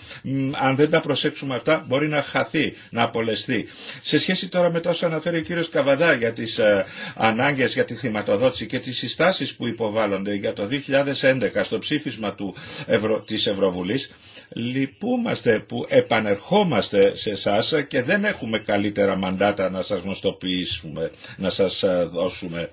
αν δεν τα προσέξουμε αυτά, μπορεί να χαθεί, να απολεστεί. Σε σχέση τώρα με τα αναφέρει ο κύριος Καβαδά, για τις ε, ανάγκες για τη χρηματοδότηση και τις συστάσεις που υποβάλλονται για το 2011 στο ψήφισμα του Ευρω... της Ευρωβουλής λυπούμαστε που επανερχόμαστε σε εσά και δεν έχουμε καλύτερα μαντάτα να σας γνωστοποιήσουμε, να σας ε, δώσουμε.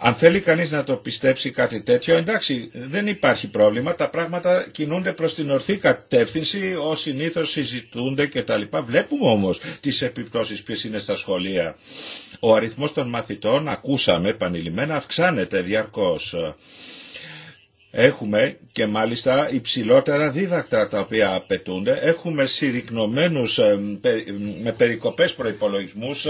Αν θέλει κανείς να το πιστέψει κάτι τέτοιο, εντάξει, δεν υπάρχει πρόβλημα, τα πράγματα κινούνται προς την ορθή κατεύθυνση, ω συνήθως συζητούνται κτλ. Βλέπουμε όμως τις επιπτώσεις ποιες είναι στα σχολεία. Ο αριθμός των μαθητών, ακούσαμε επανειλημμένα, αυξάνεται διαρκώς. Έχουμε και μάλιστα υψηλότερα δίδακτρα τα οποία απαιτούνται. Έχουμε συρρυκνωμένους ε, με περικοπές προϋπολογισμούς.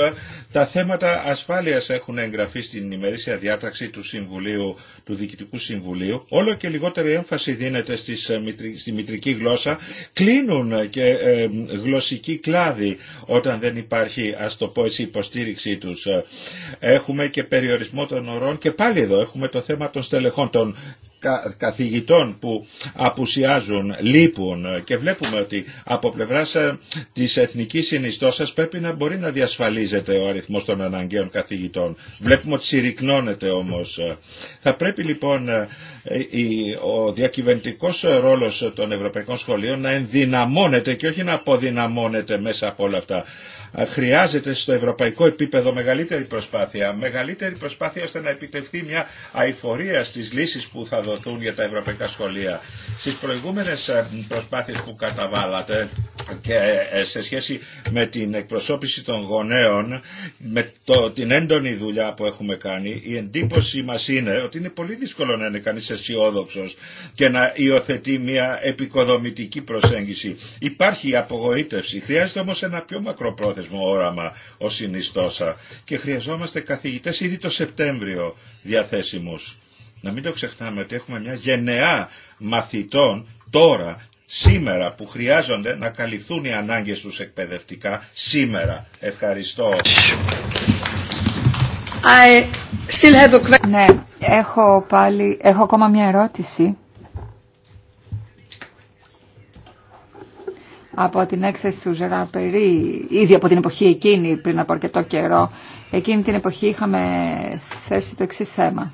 Τα θέματα ασφάλειας έχουν εγγραφεί στην ημερήσια διάταξη του, Συμβουλίου, του Διοικητικού Συμβουλίου. Όλο και λιγότερη έμφαση δίνεται στις, ε, στη μητρική γλώσσα. Κλείνουν και ε, γλωσσική κλάδη όταν δεν υπάρχει, ας το πω υποστήριξή τους. Ε, έχουμε και περιορισμό των ορών και πάλι εδώ έχουμε το θέμα των στελεχών, των καθηγητών που απουσιάζουν, λείπουν και βλέπουμε ότι από πλευράς ε, της εθνικής συνιστώσας πρέπει να μπορεί να διασφαλίζεται ο αριθμός των αναγκαίων καθηγητών. Βλέπουμε ότι συρρυκνώνεται όμως. Θα πρέπει λοιπόν ε, ο διακυβερνητικός ρόλος των ευρωπαϊκών σχολείων να ενδυναμώνεται και όχι να αποδυναμώνεται μέσα από όλα αυτά. Ε, χρειάζεται στο ευρωπαϊκό επίπεδο μεγαλύτερη προσπάθεια. Μεγαλύτερη προσπάθεια ώστε να επιτευχθεί μια αηφορία στις λύσεις που θα δοθούν για τα ευρωπαϊκά σχολεία. Στις προηγούμενες ε, προσπάθειες που καταβάλατε και ε, σε σχέση με την εκπροσώπηση των γονέων, με το, την έντονη δουλειά που έχουμε κάνει, η εντύπωση μας είναι ότι είναι πολύ δύσκολο να είναι κανείς αισιόδοξο και να υιοθετεί μια επικοδομητική προσέγγιση. Υπάρχει απογοήτευση, χρειάζεται όμω ένα πιο μακροπρόθεσμο όραμα ως συνιστόσα και χρειαζόμαστε καθηγητές ήδη το Σεπτέμβριο διαθέσιμους. Να μην το ξεχνάμε ότι έχουμε μια γενεά μαθητών τώρα, σήμερα που χρειάζονται να καλυφθούν οι ανάγκες τους εκπαιδευτικά σήμερα. Ευχαριστώ. I still have a... Ναι, έχω, πάλι, έχω ακόμα μια ερώτηση από την έκθεση του Ζεράρ Περί, ήδη από την εποχή εκείνη πριν από αρκετό καιρό. Εκείνη την εποχή είχαμε θέσει το εξή θέμα.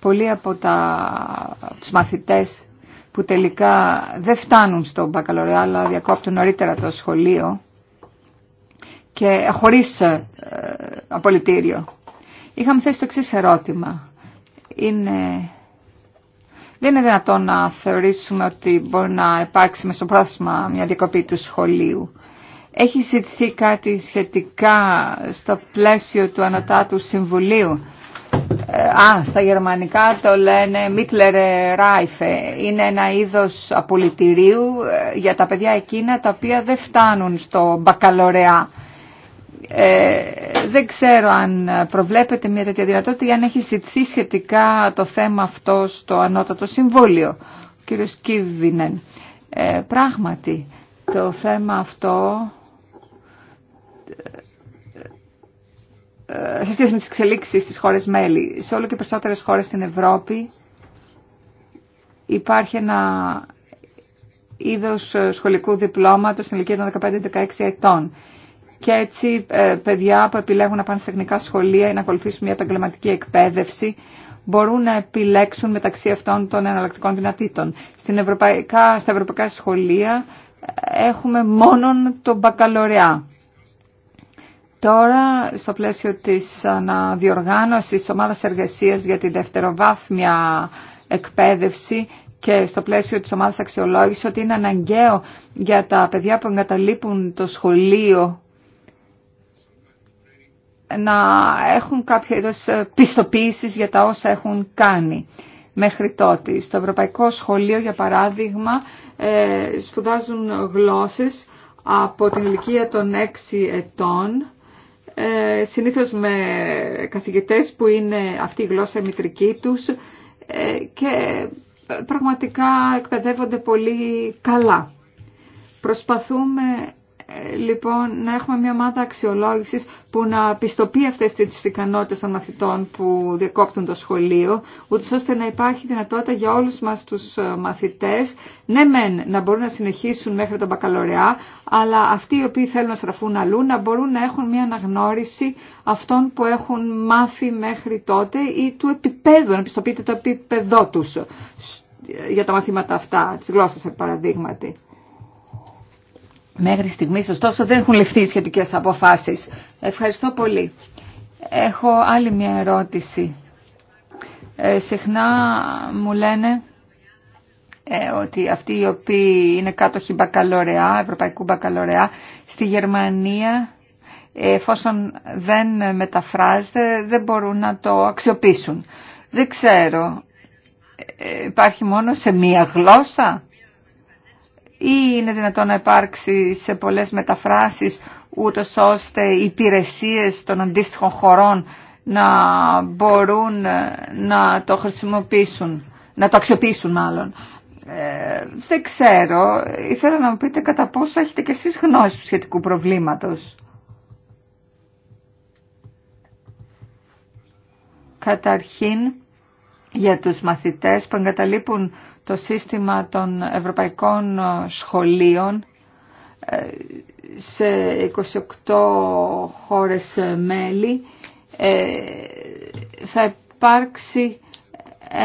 Πολλοί από τα, τους μαθητές που τελικά δεν φτάνουν στο μπακαλωριά αλλά διακόπτουν νωρίτερα το σχολείο και χωρίς ε, απολυτήριο. Είχαμε θέσει το εξή ερώτημα. Είναι δεν είναι δυνατόν να θεωρήσουμε ότι μπορεί να υπάρξει μεσοπρόθεσμα μια διακοπή του σχολείου. Έχει ζητηθεί κάτι σχετικά στο πλαίσιο του Ανωτάτου Συμβουλίου. Ε, α, στα γερμανικά το λένε Mittlere Reife. Είναι ένα είδος απολυτηρίου ε, για τα παιδιά εκείνα τα οποία δεν φτάνουν στο μπακαλωρεά. Ε, δεν ξέρω αν προβλέπετε μια τέτοια δυνατότητα ή αν έχει συζητηθεί σχετικά το θέμα αυτό στο Ανώτατο Συμβούλιο. Κύριος Κίβινεν, ε, πράγματι το θέμα αυτό ε, σε σχέση με τις εξελίξεις στις χώρες μέλη. Σε όλο και περισσότερες χώρες στην Ευρώπη υπάρχει ένα είδος σχολικού διπλώματος στην ηλικία των 15-16 ετών και έτσι ε, παιδιά που επιλέγουν να πάνε σε τεχνικά σχολεία ή να ακολουθήσουν μια επαγγελματική εκπαίδευση μπορούν να επιλέξουν μεταξύ αυτών των εναλλακτικών δυνατήτων. Στην ευρωπαϊκά, στα ευρωπαϊκά σχολεία ε, έχουμε μόνον τον μπακαλωριά. Τώρα, στο πλαίσιο της αναδιοργάνωσης της ομάδας εργασίας για την δευτεροβάθμια εκπαίδευση και στο πλαίσιο της ομάδας αξιολόγηση, ότι είναι αναγκαίο για τα παιδιά που εγκαταλείπουν το σχολείο να έχουν κάποιο είδος ε, πιστοποίησης για τα όσα έχουν κάνει μέχρι τότε. Στο Ευρωπαϊκό Σχολείο, για παράδειγμα, ε, σπουδάζουν γλώσσες από την ηλικία των 6 ετών, ε, συνήθως με καθηγητές που είναι αυτή η γλώσσα μητρική τους και πραγματικά εκπαιδεύονται πολύ καλά. Προσπαθούμε λοιπόν να έχουμε μια ομάδα αξιολόγησης που να πιστοποιεί αυτές τις ικανότητες των μαθητών που διακόπτουν το σχολείο, ούτω ώστε να υπάρχει δυνατότητα για όλους μας τους ε, μαθητές, ναι μεν να μπορούν να συνεχίσουν μέχρι τον μπακαλωρεά, αλλά αυτοί οι οποίοι θέλουν να στραφούν αλλού να μπορούν να έχουν μια αναγνώριση αυτών που έχουν μάθει μέχρι τότε ή του επίπεδου, να πιστοποιείται το επίπεδό τους ε, για τα μαθήματα αυτά, τις γλώσσες παραδείγματι. Μέχρι στιγμής, ωστόσο, δεν έχουν ληφθεί σχετικές αποφάσεις. Ευχαριστώ πολύ. Έχω άλλη μια ερώτηση. Ε, συχνά μου λένε ε, ότι αυτοί οι οποίοι είναι κάτοχοι μπακαλωρεά, ευρωπαϊκού μπακαλωρεά, στη Γερμανία, εφόσον δεν μεταφράζεται, δεν μπορούν να το αξιοποιήσουν. Δεν ξέρω, ε, υπάρχει μόνο σε μία γλώσσα ή είναι δυνατόν να υπάρξει σε πολλές μεταφράσεις ούτω ώστε οι υπηρεσίες των αντίστοιχων χωρών να μπορούν να το χρησιμοποιήσουν, να το αξιοποιήσουν μάλλον. Ε, δεν ξέρω, ήθελα να μου πείτε κατά πόσο έχετε και εσείς γνώση του σχετικού προβλήματος. Καταρχήν, για τους μαθητές που εγκαταλείπουν το σύστημα των ευρωπαϊκών σχολείων ε, σε 28 χώρες μέλη ε, θα υπάρξει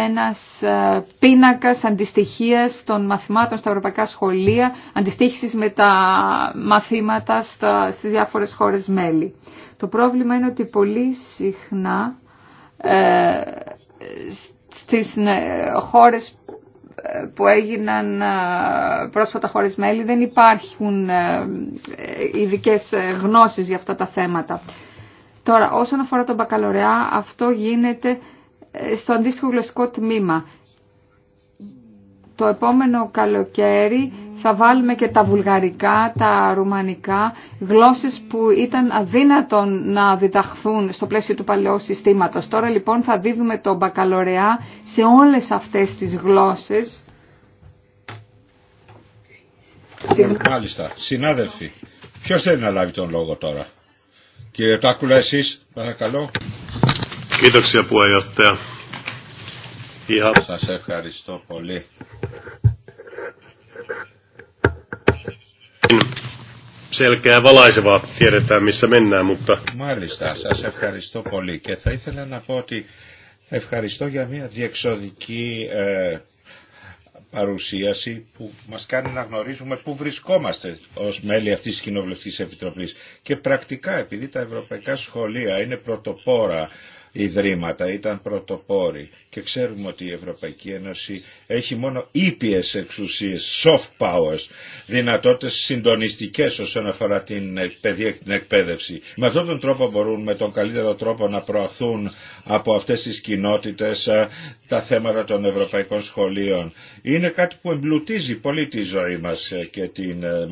ένας ε, πίνακας αντιστοιχίας των μαθημάτων στα ευρωπαϊκά σχολεία, αντιστοίχησης με τα μαθήματα στα, στις διάφορες χώρες μέλη. Το πρόβλημα είναι ότι πολύ συχνά ε, στις χώρες που έγιναν ε, πρόσφατα χωρίς μέλη δεν υπάρχουν ε, ειδικέ ε, γνώσεις για αυτά τα θέματα. Τώρα, όσον αφορά τον μπακαλωρεά, αυτό γίνεται στο αντίστοιχο γλωσσικό τμήμα. Το επόμενο καλοκαίρι θα βάλουμε και τα βουλγαρικά, τα ρουμανικά, γλώσσες που ήταν αδύνατον να διδαχθούν στο πλαίσιο του παλαιού συστήματος. Τώρα λοιπόν θα δίδουμε το μπακαλωρεά σε όλες αυτές τις γλώσσες. Ε, μάλιστα. Συνάδελφοι, ποιος θέλει να λάβει τον λόγο τώρα. Κύριε Τάκουλα, παρακαλώ. Κοίταξε που Σας ευχαριστώ πολύ. valaisevaa, tiedetään missä mennään, mutta... Μάλιστα, σας ευχαριστώ πολύ και θα ήθελα να πω ότι ευχαριστώ για μια διεξοδική ε, παρουσίαση που μας κάνει να γνωρίζουμε πού βρισκόμαστε ως μέλη αυτής της Κοινοβουλευτικής Επιτροπής. Και πρακτικά, επειδή τα ευρωπαϊκά σχολεία είναι πρωτοπόρα ιδρύματα, ήταν πρωτοπόροι και ξέρουμε ότι η Ευρωπαϊκή Ένωση έχει μόνο ήπιες εξουσίες, soft powers, δυνατότητες συντονιστικές όσον αφορά την εκπαίδευση. Με αυτόν τον τρόπο μπορούν με τον καλύτερο τρόπο να προαθούν από αυτές τις κοινότητες τα θέματα των ευρωπαϊκών σχολείων. Είναι κάτι που εμπλουτίζει πολύ τη ζωή μας ε, και, την, ε,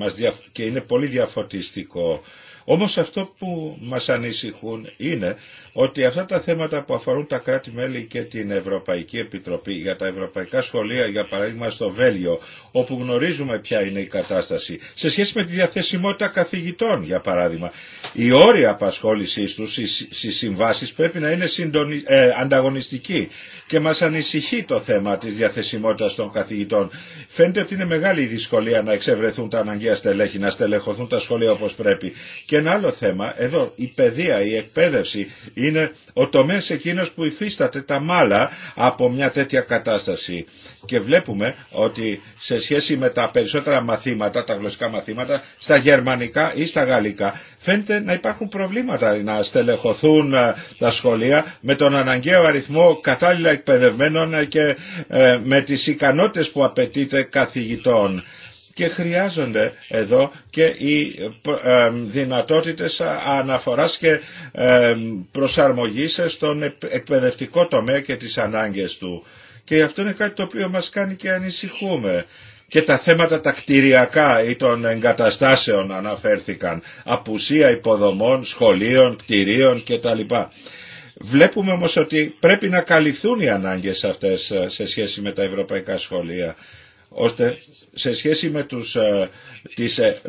και είναι πολύ διαφωτιστικό. Όμως αυτό που μας ανησυχούν είναι ότι αυτά τα θέματα που αφορούν τα κράτη-μέλη και την Ευρωπαϊκή Επιτροπή για τα ευρωπαϊκά σχολεία, για παράδειγμα στο Βέλγιο, όπου γνωρίζουμε ποια είναι η κατάσταση, σε σχέση με τη διαθεσιμότητα καθηγητών, για παράδειγμα, Η όρια απασχόλησή του στι συμβάσει πρέπει να είναι συντονι... Ε, και μας ανησυχεί το θέμα της διαθεσιμότητας των καθηγητών. Φαίνεται ότι είναι μεγάλη η δυσκολία να εξευρεθούν τα αναγκαία στελέχη, να στελεχωθούν τα σχολεία όπως πρέπει. Και ένα άλλο θέμα, εδώ η παιδεία, η εκπαίδευση είναι ο τομέας εκείνος που υφίσταται τα μάλα από μια τέτοια κατάσταση. Και βλέπουμε ότι σε σχέση με τα περισσότερα μαθήματα, τα γλωσσικά μαθήματα, στα γερμανικά ή στα γαλλικά, φαίνεται να υπάρχουν προβλήματα να στελεχωθούν ε, τα σχολεία με τον αναγκαίο αριθμό κατάλληλα εκπαιδευμένων και ε, με τις ικανότητες που απαιτείται καθηγητών και χρειάζονται εδώ και οι ε, ε, δυνατότητες αναφοράς και ε, προσαρμογής στον εκπαιδευτικό τομέα και τις ανάγκες του. Και αυτό είναι κάτι το οποίο μας κάνει και ανησυχούμε. Και τα θέματα τα κτηριακά ή των εγκαταστάσεων αναφέρθηκαν. Απουσία υποδομών, σχολείων, κτηρίων κτλ. Βλέπουμε όμως ότι πρέπει να καλυφθούν οι ανάγκες αυτές σε σχέση με τα ευρωπαϊκά σχολεία ώστε σε σχέση με τους, ε, τις ε,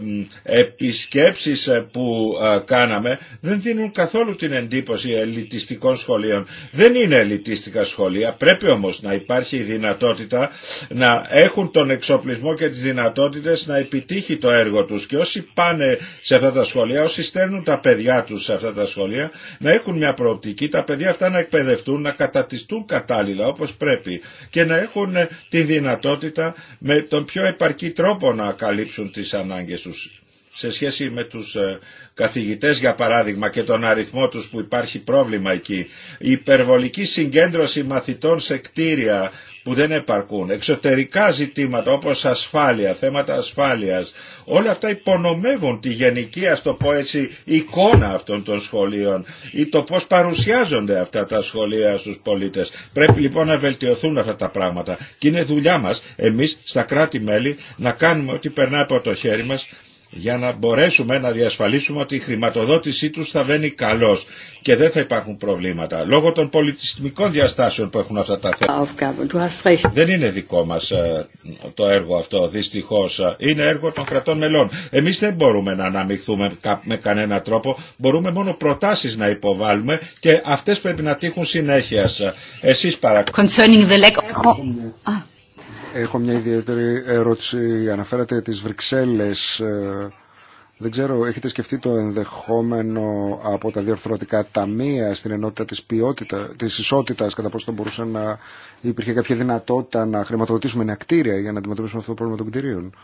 επισκέψεις ε, που κάναμε δεν δίνουν καθόλου την εντύπωση ελιτιστικών σχολείων. Δεν είναι ελιτιστικά σχολεία, πρέπει όμως να υπάρχει η δυνατότητα να έχουν τον εξοπλισμό και τις δυνατότητες να επιτύχει το έργο τους και όσοι πάνε σε αυτά τα σχολεία, όσοι στέλνουν τα παιδιά τους σε αυτά τα σχολεία να έχουν μια προοπτική, τα παιδιά αυτά να εκπαιδευτούν, να κατατιστούν κατάλληλα όπως πρέπει και να έχουν τη δυνατότητα με τον πιο επαρκή τρόπο να καλύψουν τις ανάγκες τους σε σχέση με τους ε, καθηγητές για παράδειγμα και τον αριθμό τους που υπάρχει πρόβλημα εκεί. Η υπερβολική συγκέντρωση μαθητών σε κτίρια που δεν επαρκούν, εξωτερικά ζητήματα όπως ασφάλεια, θέματα ασφάλειας, όλα αυτά υπονομεύουν τη γενική, ας το πω έτσι, εικόνα αυτών των σχολείων ή το πώς παρουσιάζονται αυτά τα σχολεία στους πολίτες. Πρέπει λοιπόν να βελτιωθούν αυτά τα πράγματα και είναι δουλειά μας εμείς στα κράτη-μέλη να κάνουμε ό,τι περνάει από το χέρι μας για να μπορέσουμε να διασφαλίσουμε ότι η χρηματοδότησή τους θα βαίνει καλώς και δεν θα υπάρχουν προβλήματα λόγω των πολιτισμικών διαστάσεων που έχουν αυτά τα θέματα. Δεν είναι δικό μας ε, το έργο αυτό δυστυχώς, είναι έργο των κρατών μελών. Εμείς δεν μπορούμε να αναμειχθούμε με κανένα τρόπο, μπορούμε μόνο προτάσεις να υποβάλουμε και αυτές πρέπει να τύχουν συνέχεια. Εσείς παρακολουθείτε. Έχω μια ιδιαίτερη ερώτηση. Αναφέρατε τις Βρυξέλλες. Ε, δεν ξέρω, έχετε σκεφτεί το ενδεχόμενο από τα διορθωτικά ταμεία στην ενότητα της, ποιότητα, της ισότητας, κατά πώς θα μπορούσε να υπήρχε κάποια δυνατότητα να χρηματοδοτήσουμε ένα κτίρια για να αντιμετωπίσουμε αυτό το πρόβλημα των κτίριων.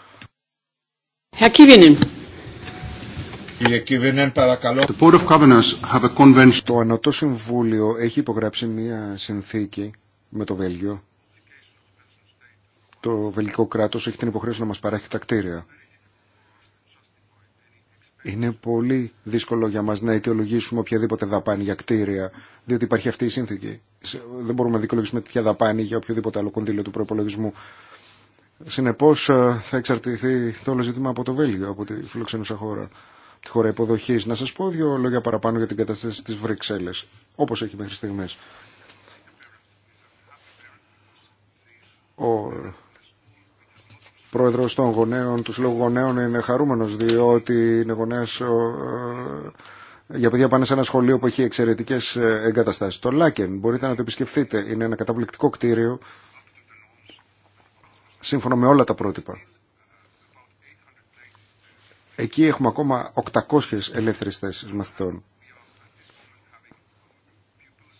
Το Ανωτό Συμβούλιο έχει υπογράψει μια συνθήκη με το Βέλγιο το βελγικό κράτος έχει την υποχρέωση να μας παράχει τα κτίρια. Είναι πολύ δύσκολο για μας να αιτιολογήσουμε οποιαδήποτε δαπάνη για κτίρια, διότι υπάρχει αυτή η σύνθηκη. Δεν μπορούμε να δικαιολογήσουμε τέτοια δαπάνη για οποιοδήποτε άλλο κονδύλιο του προπολογισμού. Συνεπώς ε, θα εξαρτηθεί το όλο ζήτημα από το Βέλγιο, από τη φιλοξενούσα χώρα, τη χώρα υποδοχής. Να σας πω δύο λόγια παραπάνω για την κατάσταση τη Βρυξέλλες, όπως έχει μέχρι στιγμές πρόεδρος των γονέων, του Συλλόγου Γονέων είναι χαρούμενος διότι είναι γονέας ε, για παιδιά πάνε σε ένα σχολείο που έχει εξαιρετικές ε, εγκαταστάσεις. Το Λάκεν μπορείτε να το επισκεφθείτε. Είναι ένα καταπληκτικό κτίριο σύμφωνα με όλα τα πρότυπα. Εκεί έχουμε ακόμα 800 ελεύθερες θέσεις μαθητών.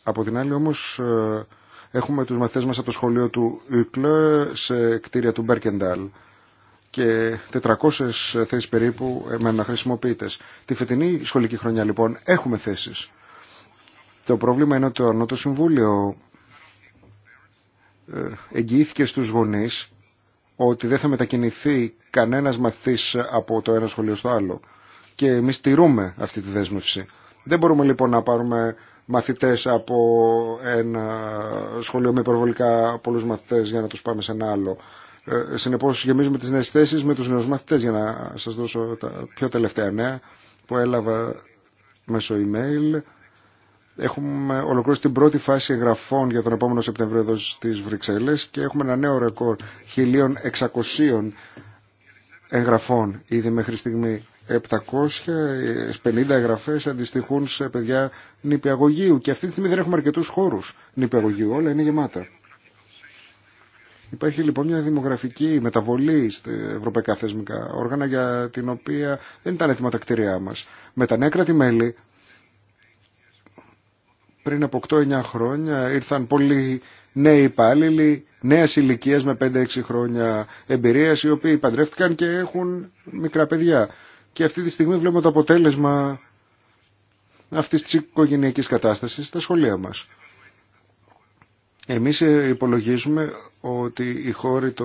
Από την άλλη όμως ε, Έχουμε τους μαθητές μας από το σχολείο του Ουκλε σε κτίρια του Μπέρκενταλ και 400 θέσεις περίπου με αναχρησιμοποιητές. Τη φετινή σχολική χρονιά λοιπόν έχουμε θέσεις. Το πρόβλημα είναι ότι το Ανώτο Συμβούλιο ε, εγγυήθηκε στους γονείς ότι δεν θα μετακινηθεί κανένας μαθητής από το ένα σχολείο στο άλλο. Και εμείς τηρούμε αυτή τη δέσμευση. Δεν μπορούμε λοιπόν να πάρουμε μαθητές από ένα σχολείο με υπερβολικά πολλούς μαθητές για να τους πάμε σε ένα άλλο. Ε, συνεπώς γεμίζουμε τις νέες θέσεις με τους νέους μαθητές για να σας δώσω τα πιο τελευταία νέα που έλαβα μέσω email. Έχουμε ολοκληρώσει την πρώτη φάση εγγραφών για τον επόμενο Σεπτεμβρίο εδώ στις Βρυξέλλες και έχουμε ένα νέο ρεκόρ 1600 εγγραφών ήδη μέχρι στιγμή 750 εγγραφέ αντιστοιχούν σε παιδιά νηπιαγωγείου και αυτή τη στιγμή δεν έχουμε αρκετού χώρου νηπιαγωγείου, όλα είναι γεμάτα. Υπάρχει λοιπόν μια δημογραφική μεταβολή στα ευρωπαϊκά θεσμικά όργανα για την οποία δεν ήταν έτοιμα τα κτίρια μα. Με τα νέα κράτη-μέλη πριν από 8-9 χρόνια ήρθαν πολλοί νέοι υπάλληλοι νέα ηλικία με 5-6 χρόνια εμπειρία οι οποίοι παντρεύτηκαν και έχουν μικρά παιδιά. Και αυτή τη στιγμή βλέπουμε το αποτέλεσμα αυτή τη οικογένειακή κατάσταση στα σχολεία μας. Εμείς ε, υπολογίζουμε ότι οι χώροι το,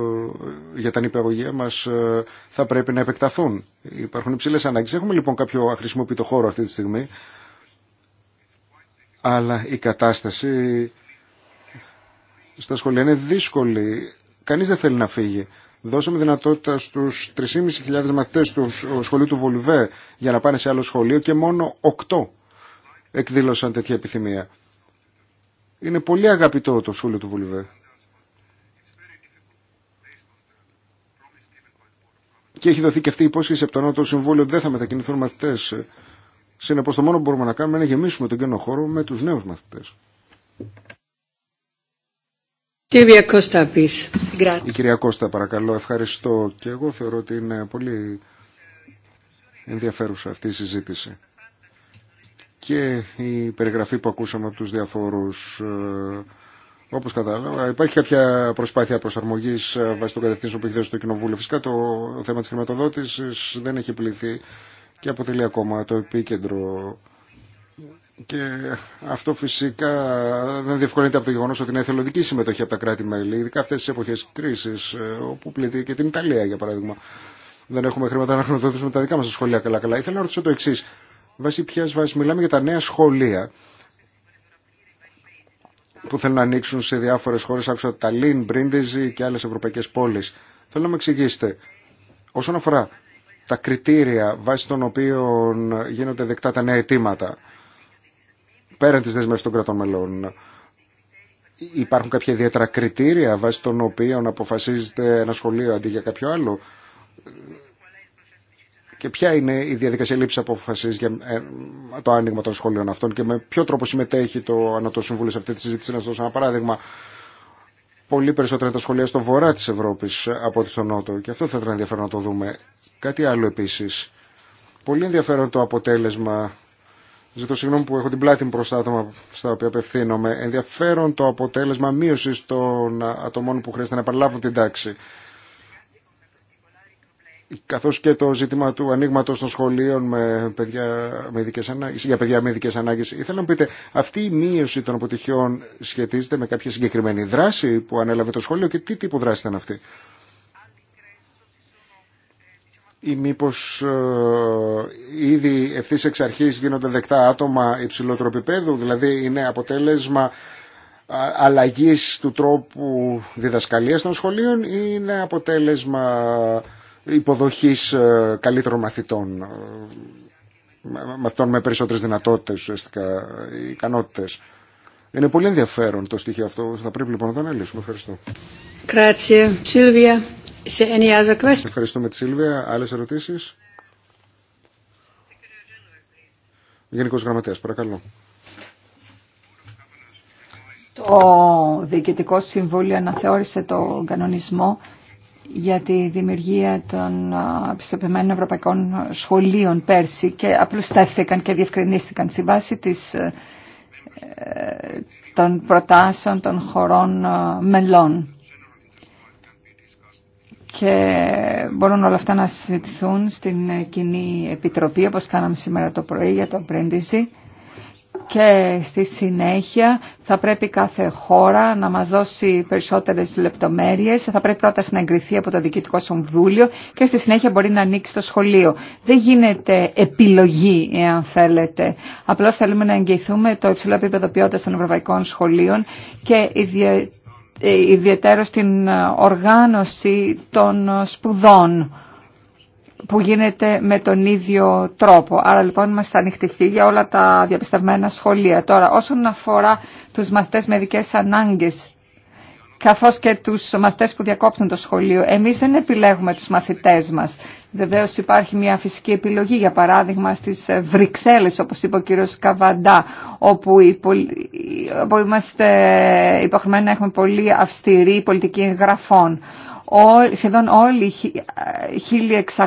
για τα νηπιαγωγεία μας ε, θα πρέπει να επεκταθούν. Υπάρχουν υψηλές ανάγκες. Έχουμε λοιπόν κάποιο αχρησιμοποιητό χώρο αυτή τη στιγμή. Αλλά η κατάσταση στα σχολεία είναι δύσκολη. Κανείς δεν θέλει να φύγει. Δώσαμε δυνατότητα στους 3.500 μαθητές του σχολείου του Βολιβέ για να πάνε σε άλλο σχολείο και μόνο 8 εκδήλωσαν τέτοια επιθυμία. Είναι πολύ αγαπητό το σχολείο του Βολιβέ. Και έχει δοθεί και αυτή η υπόσχεση από το Νότο Συμβούλιο ότι δεν θα μετακινηθούν μαθητέ. Συνεπώ, το μόνο που μπορούμε να κάνουμε είναι να γεμίσουμε τον κοινό χώρο με του νέου μαθητέ. Κυρία Κώστα, πεις. Η κυρία Κώστα, παρακαλώ, ευχαριστώ. Και εγώ θεωρώ ότι είναι πολύ ενδιαφέρουσα αυτή η συζήτηση. Και η περιγραφή που ακούσαμε από τους διαφόρους, ε, όπως κατάλαβα, υπάρχει κάποια προσπάθεια προσαρμογής ε, βάσει των κατευθύνσεων που έχει δώσει το Κοινοβούλιο. Φυσικά το θέμα της χρηματοδότησης δεν έχει πληθεί και αποτελεί ακόμα το επίκεντρο και αυτό φυσικά δεν διευκολύνεται από το γεγονό ότι είναι εθελοντική συμμετοχή από τα κράτη-μέλη, ειδικά αυτέ τι εποχέ κρίση, ε, όπου πληθεί και την Ιταλία, για παράδειγμα. Δεν έχουμε χρήματα να χρηματοδοτήσουμε τα δικά μα σχολεία καλά-καλά. Ήθελα να ρωτήσω το εξή. Βάσει ποια βάση μιλάμε για τα νέα σχολεία που θέλουν να ανοίξουν σε διάφορε χώρε, άκουσα τα Λίν, Μπρίντεζι και άλλε ευρωπαϊκέ πόλει. Θέλω να με εξηγήσετε, όσον αφορά τα κριτήρια βάσει των οποίων γίνονται δεκτά τα νέα αιτήματα, πέραν της δέσμευσης των κρατών μελών. Υπάρχουν κάποια ιδιαίτερα κριτήρια βάσει των οποίων αποφασίζεται ένα σχολείο αντί για κάποιο άλλο. Και ποια είναι η διαδικασία λήψη απόφαση για ε, το άνοιγμα των σχολείων αυτών και με ποιο τρόπο συμμετέχει το Ανατό σε αυτή τη συζήτηση. Να σα δώσω ένα παράδειγμα. Πολύ περισσότερα είναι τα σχολεία στο βορρά τη Ευρώπη από ότι στο νότο. Και αυτό θα ήταν ενδιαφέρον να το δούμε. Κάτι άλλο επίση. Πολύ ενδιαφέρον το αποτέλεσμα Ζητώ συγγνώμη που έχω την πλάτη μου προς τα άτομα στα οποία απευθύνομαι. Ενδιαφέρον το αποτέλεσμα μείωση των ατομών που χρειάζεται να επαναλάβουν την τάξη. Καθώς και το ζήτημα του ανοίγματο των σχολείων με παιδιά με ειδικές ανάγκες, για παιδιά με ειδικέ ανάγκες. Ήθελα να πείτε, αυτή η μείωση των αποτυχιών σχετίζεται με κάποια συγκεκριμένη δράση που ανέλαβε το σχολείο και τι τύπου δράση ήταν αυτή ή μήπως ε, ήδη ευθύ εξ αρχής γίνονται δεκτά άτομα υψηλότερου δηλαδή είναι αποτέλεσμα αλλαγής του τρόπου διδασκαλίας των σχολείων ή είναι αποτέλεσμα υποδοχής ε, καλύτερων μαθητών, ε, μαθητών με περισσότερες δυνατότητες, ουσιαστικά ικανότητες. Είναι πολύ ενδιαφέρον το στοιχείο αυτό. Θα πρέπει λοιπόν να το αναλύσουμε. Ευχαριστώ. Grazie. Ευχαριστούμε τη Σίλβια. Άλλες ερωτήσεις. Γενικό Γραμματέας, παρακαλώ. Το Διοικητικό Συμβούλιο αναθεώρησε το κανονισμό για τη δημιουργία των πιστοποιημένων ευρωπαϊκών σχολείων πέρσι και απλουστεύθηκαν και διευκρινίστηκαν στη βάση της, ε, ε, των προτάσεων των χωρών ε, μελών και μπορούν όλα αυτά να συζητηθούν στην κοινή επιτροπή όπως κάναμε σήμερα το πρωί για το πρέντιζι. και στη συνέχεια θα πρέπει κάθε χώρα να μας δώσει περισσότερες λεπτομέρειες. Θα πρέπει πρώτα να εγκριθεί από το Διοικητικό Συμβούλιο και στη συνέχεια μπορεί να ανοίξει το σχολείο. Δεν γίνεται επιλογή, εάν θέλετε. Απλώς θέλουμε να εγγυηθούμε το υψηλό επίπεδο ποιότητας των ευρωπαϊκών σχολείων και ε, ιδιαίτερα στην ε, οργάνωση των ε, σπουδών που γίνεται με τον ίδιο τρόπο. Άρα λοιπόν είμαστε ανοιχτοί για όλα τα διαπιστευμένα σχολεία. Τώρα όσον αφορά τους μαθητές με ειδικές ανάγκες, καθώς και τους μαθητές που διακόπτουν το σχολείο. Εμείς δεν επιλέγουμε τους μαθητές μας. Βεβαίω υπάρχει μια φυσική επιλογή, για παράδειγμα στις Βρυξέλλες, όπως είπε ο κύριος Καβαντά, όπου, είμαστε υποχρεωμένοι να έχουμε πολύ αυστηρή πολιτική εγγραφών σχεδόν όλοι 1600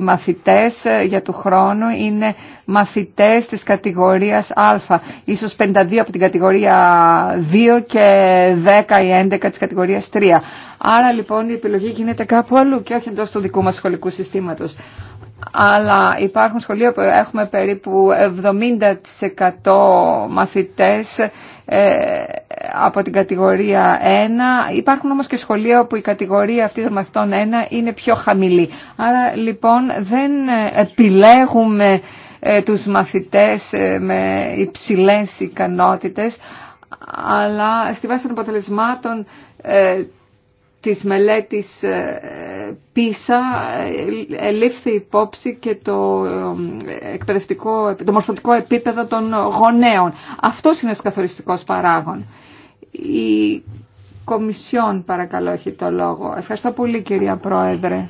μαθητές ε, για του χρόνου είναι μαθητές της κατηγορίας Α. Ίσως 52 από την κατηγορία 2 και 10 ή 11 της κατηγορίας 3. Άρα λοιπόν η επιλογή γίνεται κάπου αλλού και όχι εντός του δικού μας σχολικού συστήματος. Αλλά υπάρχουν σχολεία που έχουμε περίπου 70% μαθητές ε, από την κατηγορία 1. Υπάρχουν όμως και σχολεία όπου η κατηγορία αυτή των μαθητών 1 είναι πιο χαμηλή. Άρα λοιπόν δεν επιλέγουμε ε, τους μαθητές ε, με υψηλές ικανότητες αλλά στη βάση των αποτελεσμάτων της μελέτης ε, ΠΙΣΑ ε, ελήφθη υπόψη και το, ε, εκπαιδευτικό, το μορφωτικό επίπεδο των γονέων. Αυτό είναι ο καθοριστικός παράγων. Η Κομισιόν παρακαλώ έχει το λόγο. Ευχαριστώ πολύ κυρία Πρόεδρε.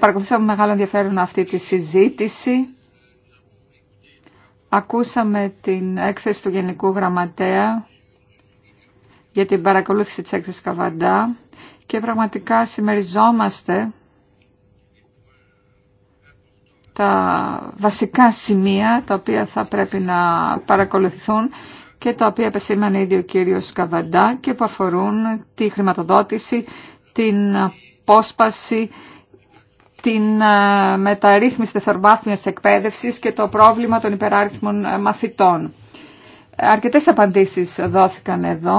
Παρακολουθήσαμε μεγάλο ενδιαφέρον αυτή τη συζήτηση. Ακούσαμε την έκθεση του Γενικού Γραμματέα για την παρακολούθηση της έκθεσης Καβαντά και πραγματικά συμμεριζόμαστε τα βασικά σημεία τα οποία θα πρέπει να παρακολουθηθούν και τα οποία επεσήμανε ήδη ο κύριος Καβαντά και που αφορούν τη χρηματοδότηση, την απόσπαση, την ε, μεταρρύθμιση της ορμάθμιας εκπαίδευσης και το πρόβλημα των υπεράριθμων μαθητών. Αρκετές απαντήσεις δόθηκαν εδώ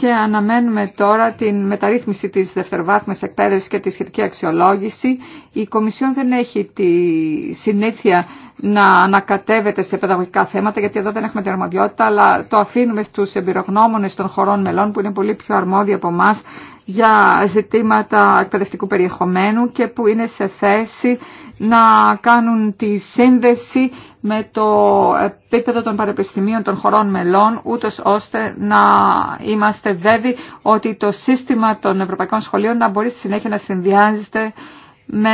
και αναμένουμε τώρα την μεταρρύθμιση της δευτεροβάθμιας εκπαίδευσης και τη σχετική αξιολόγηση. Η Κομισιόν δεν έχει τη συνήθεια να ανακατεύεται σε παιδαγωγικά θέματα, γιατί εδώ δεν έχουμε την αρμοδιότητα, αλλά το αφήνουμε στους εμπειρογνώμονες των χωρών μελών, που είναι πολύ πιο αρμόδιοι από εμά για ζητήματα εκπαιδευτικού περιεχομένου και που είναι σε θέση να κάνουν τη σύνδεση με το επίπεδο των πανεπιστημίων των χωρών μελών, ούτως ώστε να είμαστε βέβαιοι ότι το σύστημα των ευρωπαϊκών σχολείων να μπορεί στη συνέχεια να συνδυάζεται με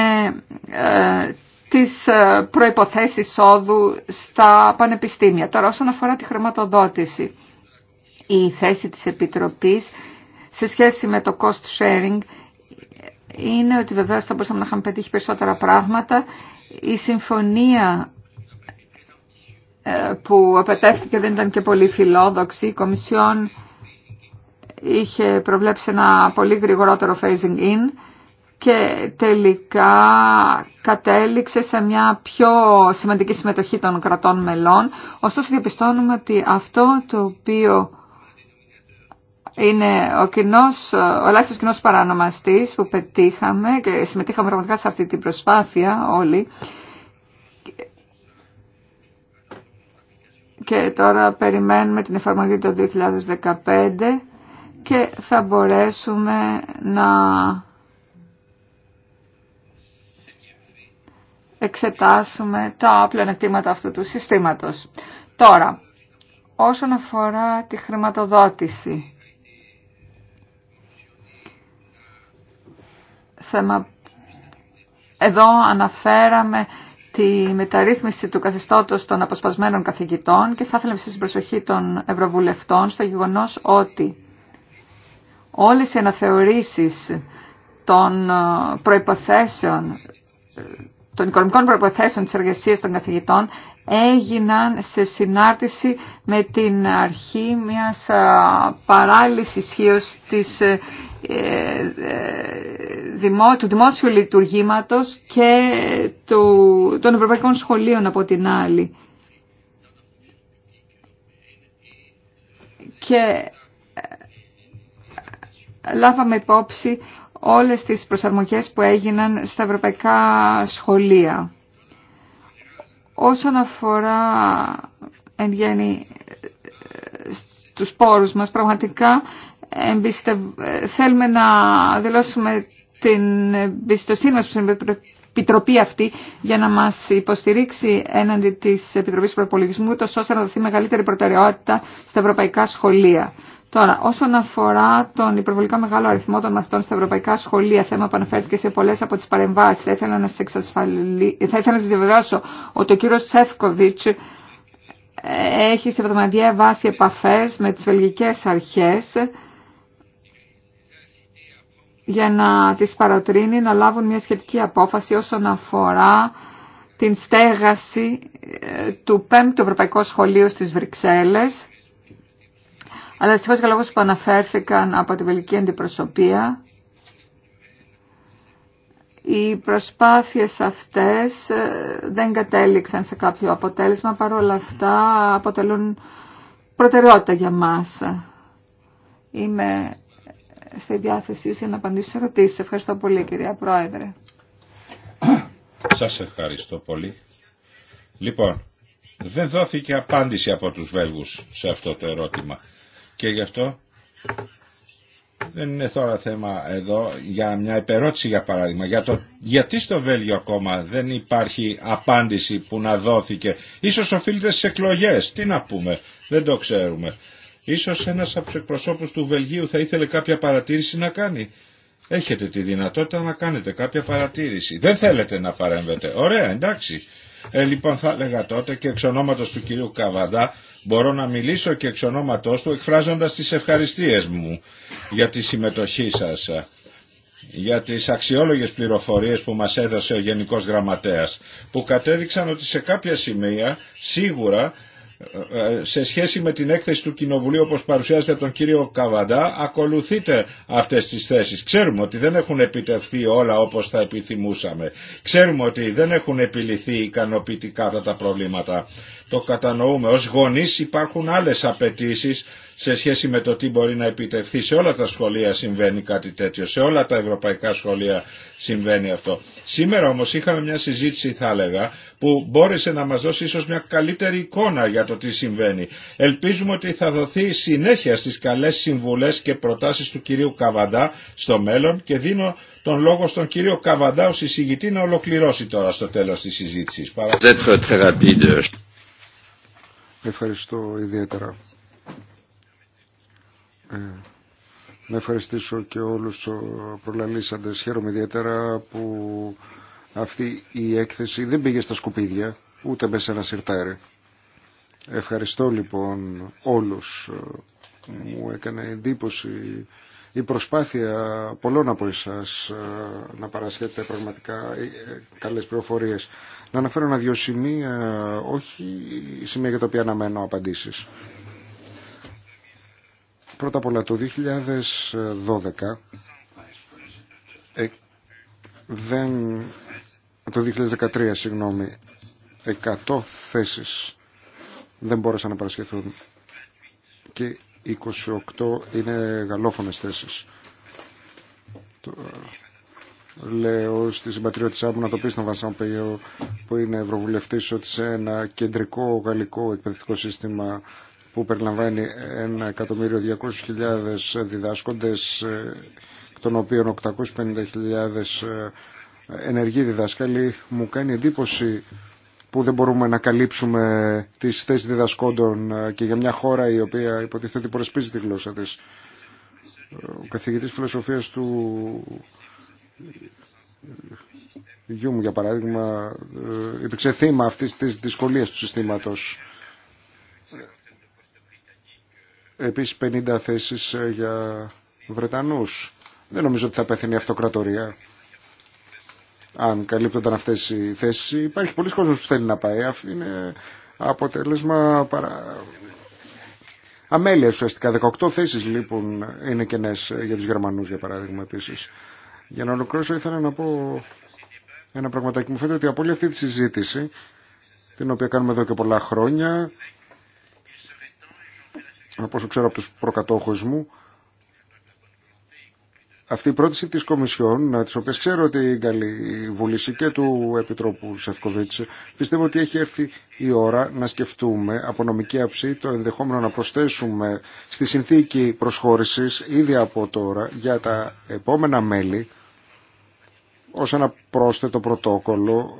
ε, τις ε, προϋποθέσεις όδου στα πανεπιστήμια. Τώρα όσον αφορά τη χρηματοδότηση, η θέση της Επιτροπής σε σχέση με το cost sharing είναι ότι βεβαίω θα μπορούσαμε να είχαμε πετύχει περισσότερα πράγματα. Η συμφωνία ε, που απαιτεύθηκε δεν ήταν και πολύ φιλόδοξη. Η Κομισιόν είχε προβλέψει ένα πολύ γρηγορότερο phasing in και τελικά κατέληξε σε μια πιο σημαντική συμμετοχή των κρατών μελών. Ωστόσο διαπιστώνουμε ότι αυτό το οποίο είναι ο κοινός, ο ελάχιστος κοινός παρανομαστής που πετύχαμε και συμμετείχαμε πραγματικά σε αυτή την προσπάθεια όλοι, και τώρα περιμένουμε την εφαρμογή το 2015 και θα μπορέσουμε να εξετάσουμε τα πλεονεκτήματα αυτού του συστήματος. Τώρα, όσον αφορά τη χρηματοδότηση, θέμα εδώ αναφέραμε τη μεταρρύθμιση του καθεστώτος των αποσπασμένων καθηγητών και θα ήθελα να την προσοχή των Ευρωβουλευτών στο γεγονός ότι όλες οι αναθεωρήσεις των ε, προϋποθέσεων ε, των οικονομικών προποθέσεων της εργασίας των καθηγητών έγιναν σε συνάρτηση με την αρχή μιας παράλληλης ισχύω της ε, ε, του δημόσιου λειτουργήματος και των ευρωπαϊκών σχολείων από την άλλη. Και ε, λάβαμε υπόψη όλες τις προσαρμογές που έγιναν στα ευρωπαϊκά σχολεία. Όσον αφορά εν γέννη στους πόρους μας, πραγματικά θέλουμε να δηλώσουμε την εμπιστοσύνη μας στην Επιτροπή αυτή για να μας υποστηρίξει έναντι της Επιτροπής Προπολογισμού, ώστε να δοθεί μεγαλύτερη προτεραιότητα στα ευρωπαϊκά σχολεία. Τώρα, όσον αφορά τον υπερβολικά μεγάλο αριθμό των μαθητών στα ευρωπαϊκά σχολεία, θέμα που αναφέρθηκε σε πολλέ από τι παρεμβάσει, θα ήθελα να σα εξασφαλί... διαβεβαιώσω ότι ο κύριο Σεφκοβιτ ε, έχει σε εβδομαδιαία βάση επαφέ με τι βελγικέ αρχέ για να τις παροτρύνει να λάβουν μια σχετική απόφαση όσον αφορά την στέγαση ε, του 5ου Ευρωπαϊκού Σχολείου στις Βρυξέλλες αλλά δυστυχώς για λόγους που αναφέρθηκαν από τη βελική αντιπροσωπεία, οι προσπάθειες αυτές ε, δεν κατέληξαν σε κάποιο αποτέλεσμα, παρόλα αυτά αποτελούν προτεραιότητα για μας. Είμαι στη διάθεσή για να απαντήσω σε ερωτήσεις. Ευχαριστώ πολύ κυρία Πρόεδρε. Σας ευχαριστώ πολύ. Λοιπόν, δεν δόθηκε απάντηση από τους Βέλγους σε αυτό το ερώτημα. Και γι' αυτό δεν είναι τώρα θέμα εδώ για μια υπερώτηση για παράδειγμα. γιατί στο Βέλγιο ακόμα δεν υπάρχει απάντηση που να δόθηκε. Ίσως οφείλεται στις εκλογές. Τι να πούμε. Δεν το ξέρουμε. Ίσως ένας από τους εκπροσώπους του Βελγίου θα ήθελε κάποια παρατήρηση να κάνει. Έχετε τη δυνατότητα να κάνετε κάποια παρατήρηση. Δεν θέλετε να παρέμβετε. Ωραία, εντάξει. Ε, λοιπόν θα έλεγα τότε και εξ ονόματος του κυρίου Καβαντά μπορώ να μιλήσω και εξ ονόματός του εκφράζοντας τις ευχαριστίες μου για τη συμμετοχή σας για τις αξιόλογες πληροφορίες που μας έδωσε ο Γενικός Γραμματέας που κατέδειξαν ότι σε κάποια σημεία σίγουρα σε σχέση με την έκθεση του Κοινοβουλίου όπως παρουσιάζεται από τον κύριο Καβαντά ακολουθείτε αυτές τις θέσεις. Ξέρουμε ότι δεν έχουν επιτευχθεί όλα όπως θα επιθυμούσαμε. Ξέρουμε ότι δεν έχουν επιληθεί ικανοποιητικά αυτά τα προβλήματα. Το κατανοούμε. Ως γονείς υπάρχουν άλλες απαιτήσει σε σχέση με το τι μπορεί να επιτευχθεί. Σε όλα τα σχολεία συμβαίνει κάτι τέτοιο, σε όλα τα ευρωπαϊκά σχολεία συμβαίνει αυτό. Σήμερα όμως είχαμε μια συζήτηση θα έλεγα που μπόρεσε να μας δώσει ίσως μια καλύτερη εικόνα για το τι συμβαίνει. Ελπίζουμε ότι θα δοθεί συνέχεια στις καλές συμβουλές και προτάσεις του κυρίου Καβαντά στο μέλλον και δίνω τον λόγο στον κύριο Καβαντά ως εισηγητή να ολοκληρώσει τώρα στο τέλος της συζήτησης. Ευχαριστώ ιδιαίτερα. Ε, να ευχαριστήσω και όλους τους προλαλήσαντες. Χαίρομαι ιδιαίτερα που αυτή η έκθεση δεν πήγε στα σκουπίδια, ούτε μέσα σε ένα σιρτάρι. Ευχαριστώ λοιπόν όλους. Μου έκανε εντύπωση η προσπάθεια πολλών από εσάς ε, να παρασχέτε πραγματικά ε, καλές πληροφορίες. Να αναφέρω ένα δύο σημεία, όχι σημεία για τα οποία αναμένω απαντήσεις. Πρώτα απ' όλα το 2012 ε, δεν, το 2013 συγγνώμη 100 θέσεις δεν μπόρεσαν να παρασχεθούν και 28 είναι γαλλόφωνες θέσεις. Το, λέω στη συμπατριώτησά μου να το πει στον Βασανπέιο που είναι ευρωβουλευτής ότι σε ένα κεντρικό γαλλικό εκπαιδευτικό σύστημα που περιλαμβάνει 1.200.000 διδάσκοντες, των οποίων 850.000 ε, ενεργοί διδάσκαλοι, μου κάνει εντύπωση που δεν μπορούμε να καλύψουμε τις θέσεις διδασκόντων ε, και για μια χώρα η οποία υποτίθεται ότι προσπίζει τη γλώσσα της. Ο καθηγητής φιλοσοφίας του γιου μου, για παράδειγμα, ε, υπήρξε θύμα αυτής της δυσκολίας του συστήματος Επίσης 50 θέσεις ε, για Βρετανούς. Δεν νομίζω ότι θα πέθαινε η αυτοκρατορία. Αν καλύπτονταν αυτές οι θέσεις υπάρχει πολλοί κόσμος που θέλει να πάει. Είναι αποτέλεσμα παρα... αμέλεια ουσιαστικά. 18 θέσεις λοιπόν είναι κενέ ε, για τους Γερμανούς για παράδειγμα επίσης. Για να ολοκληρώσω ήθελα να πω ένα πραγματάκι. Μου φαίνεται ότι από όλη αυτή τη συζήτηση την οποία κάνουμε εδώ και πολλά χρόνια από όσο ξέρω από τους προκατόχους μου, αυτή η πρόταση της Κομισιόν, της οποίας ξέρω ότι καλή βούληση και του Επιτρόπου Σευκοβίτση πιστεύω ότι έχει έρθει η ώρα να σκεφτούμε από νομική αψή το ενδεχόμενο να προσθέσουμε στη συνθήκη προσχώρησης ήδη από τώρα για τα επόμενα μέλη ως ένα πρόσθετο πρωτόκολλο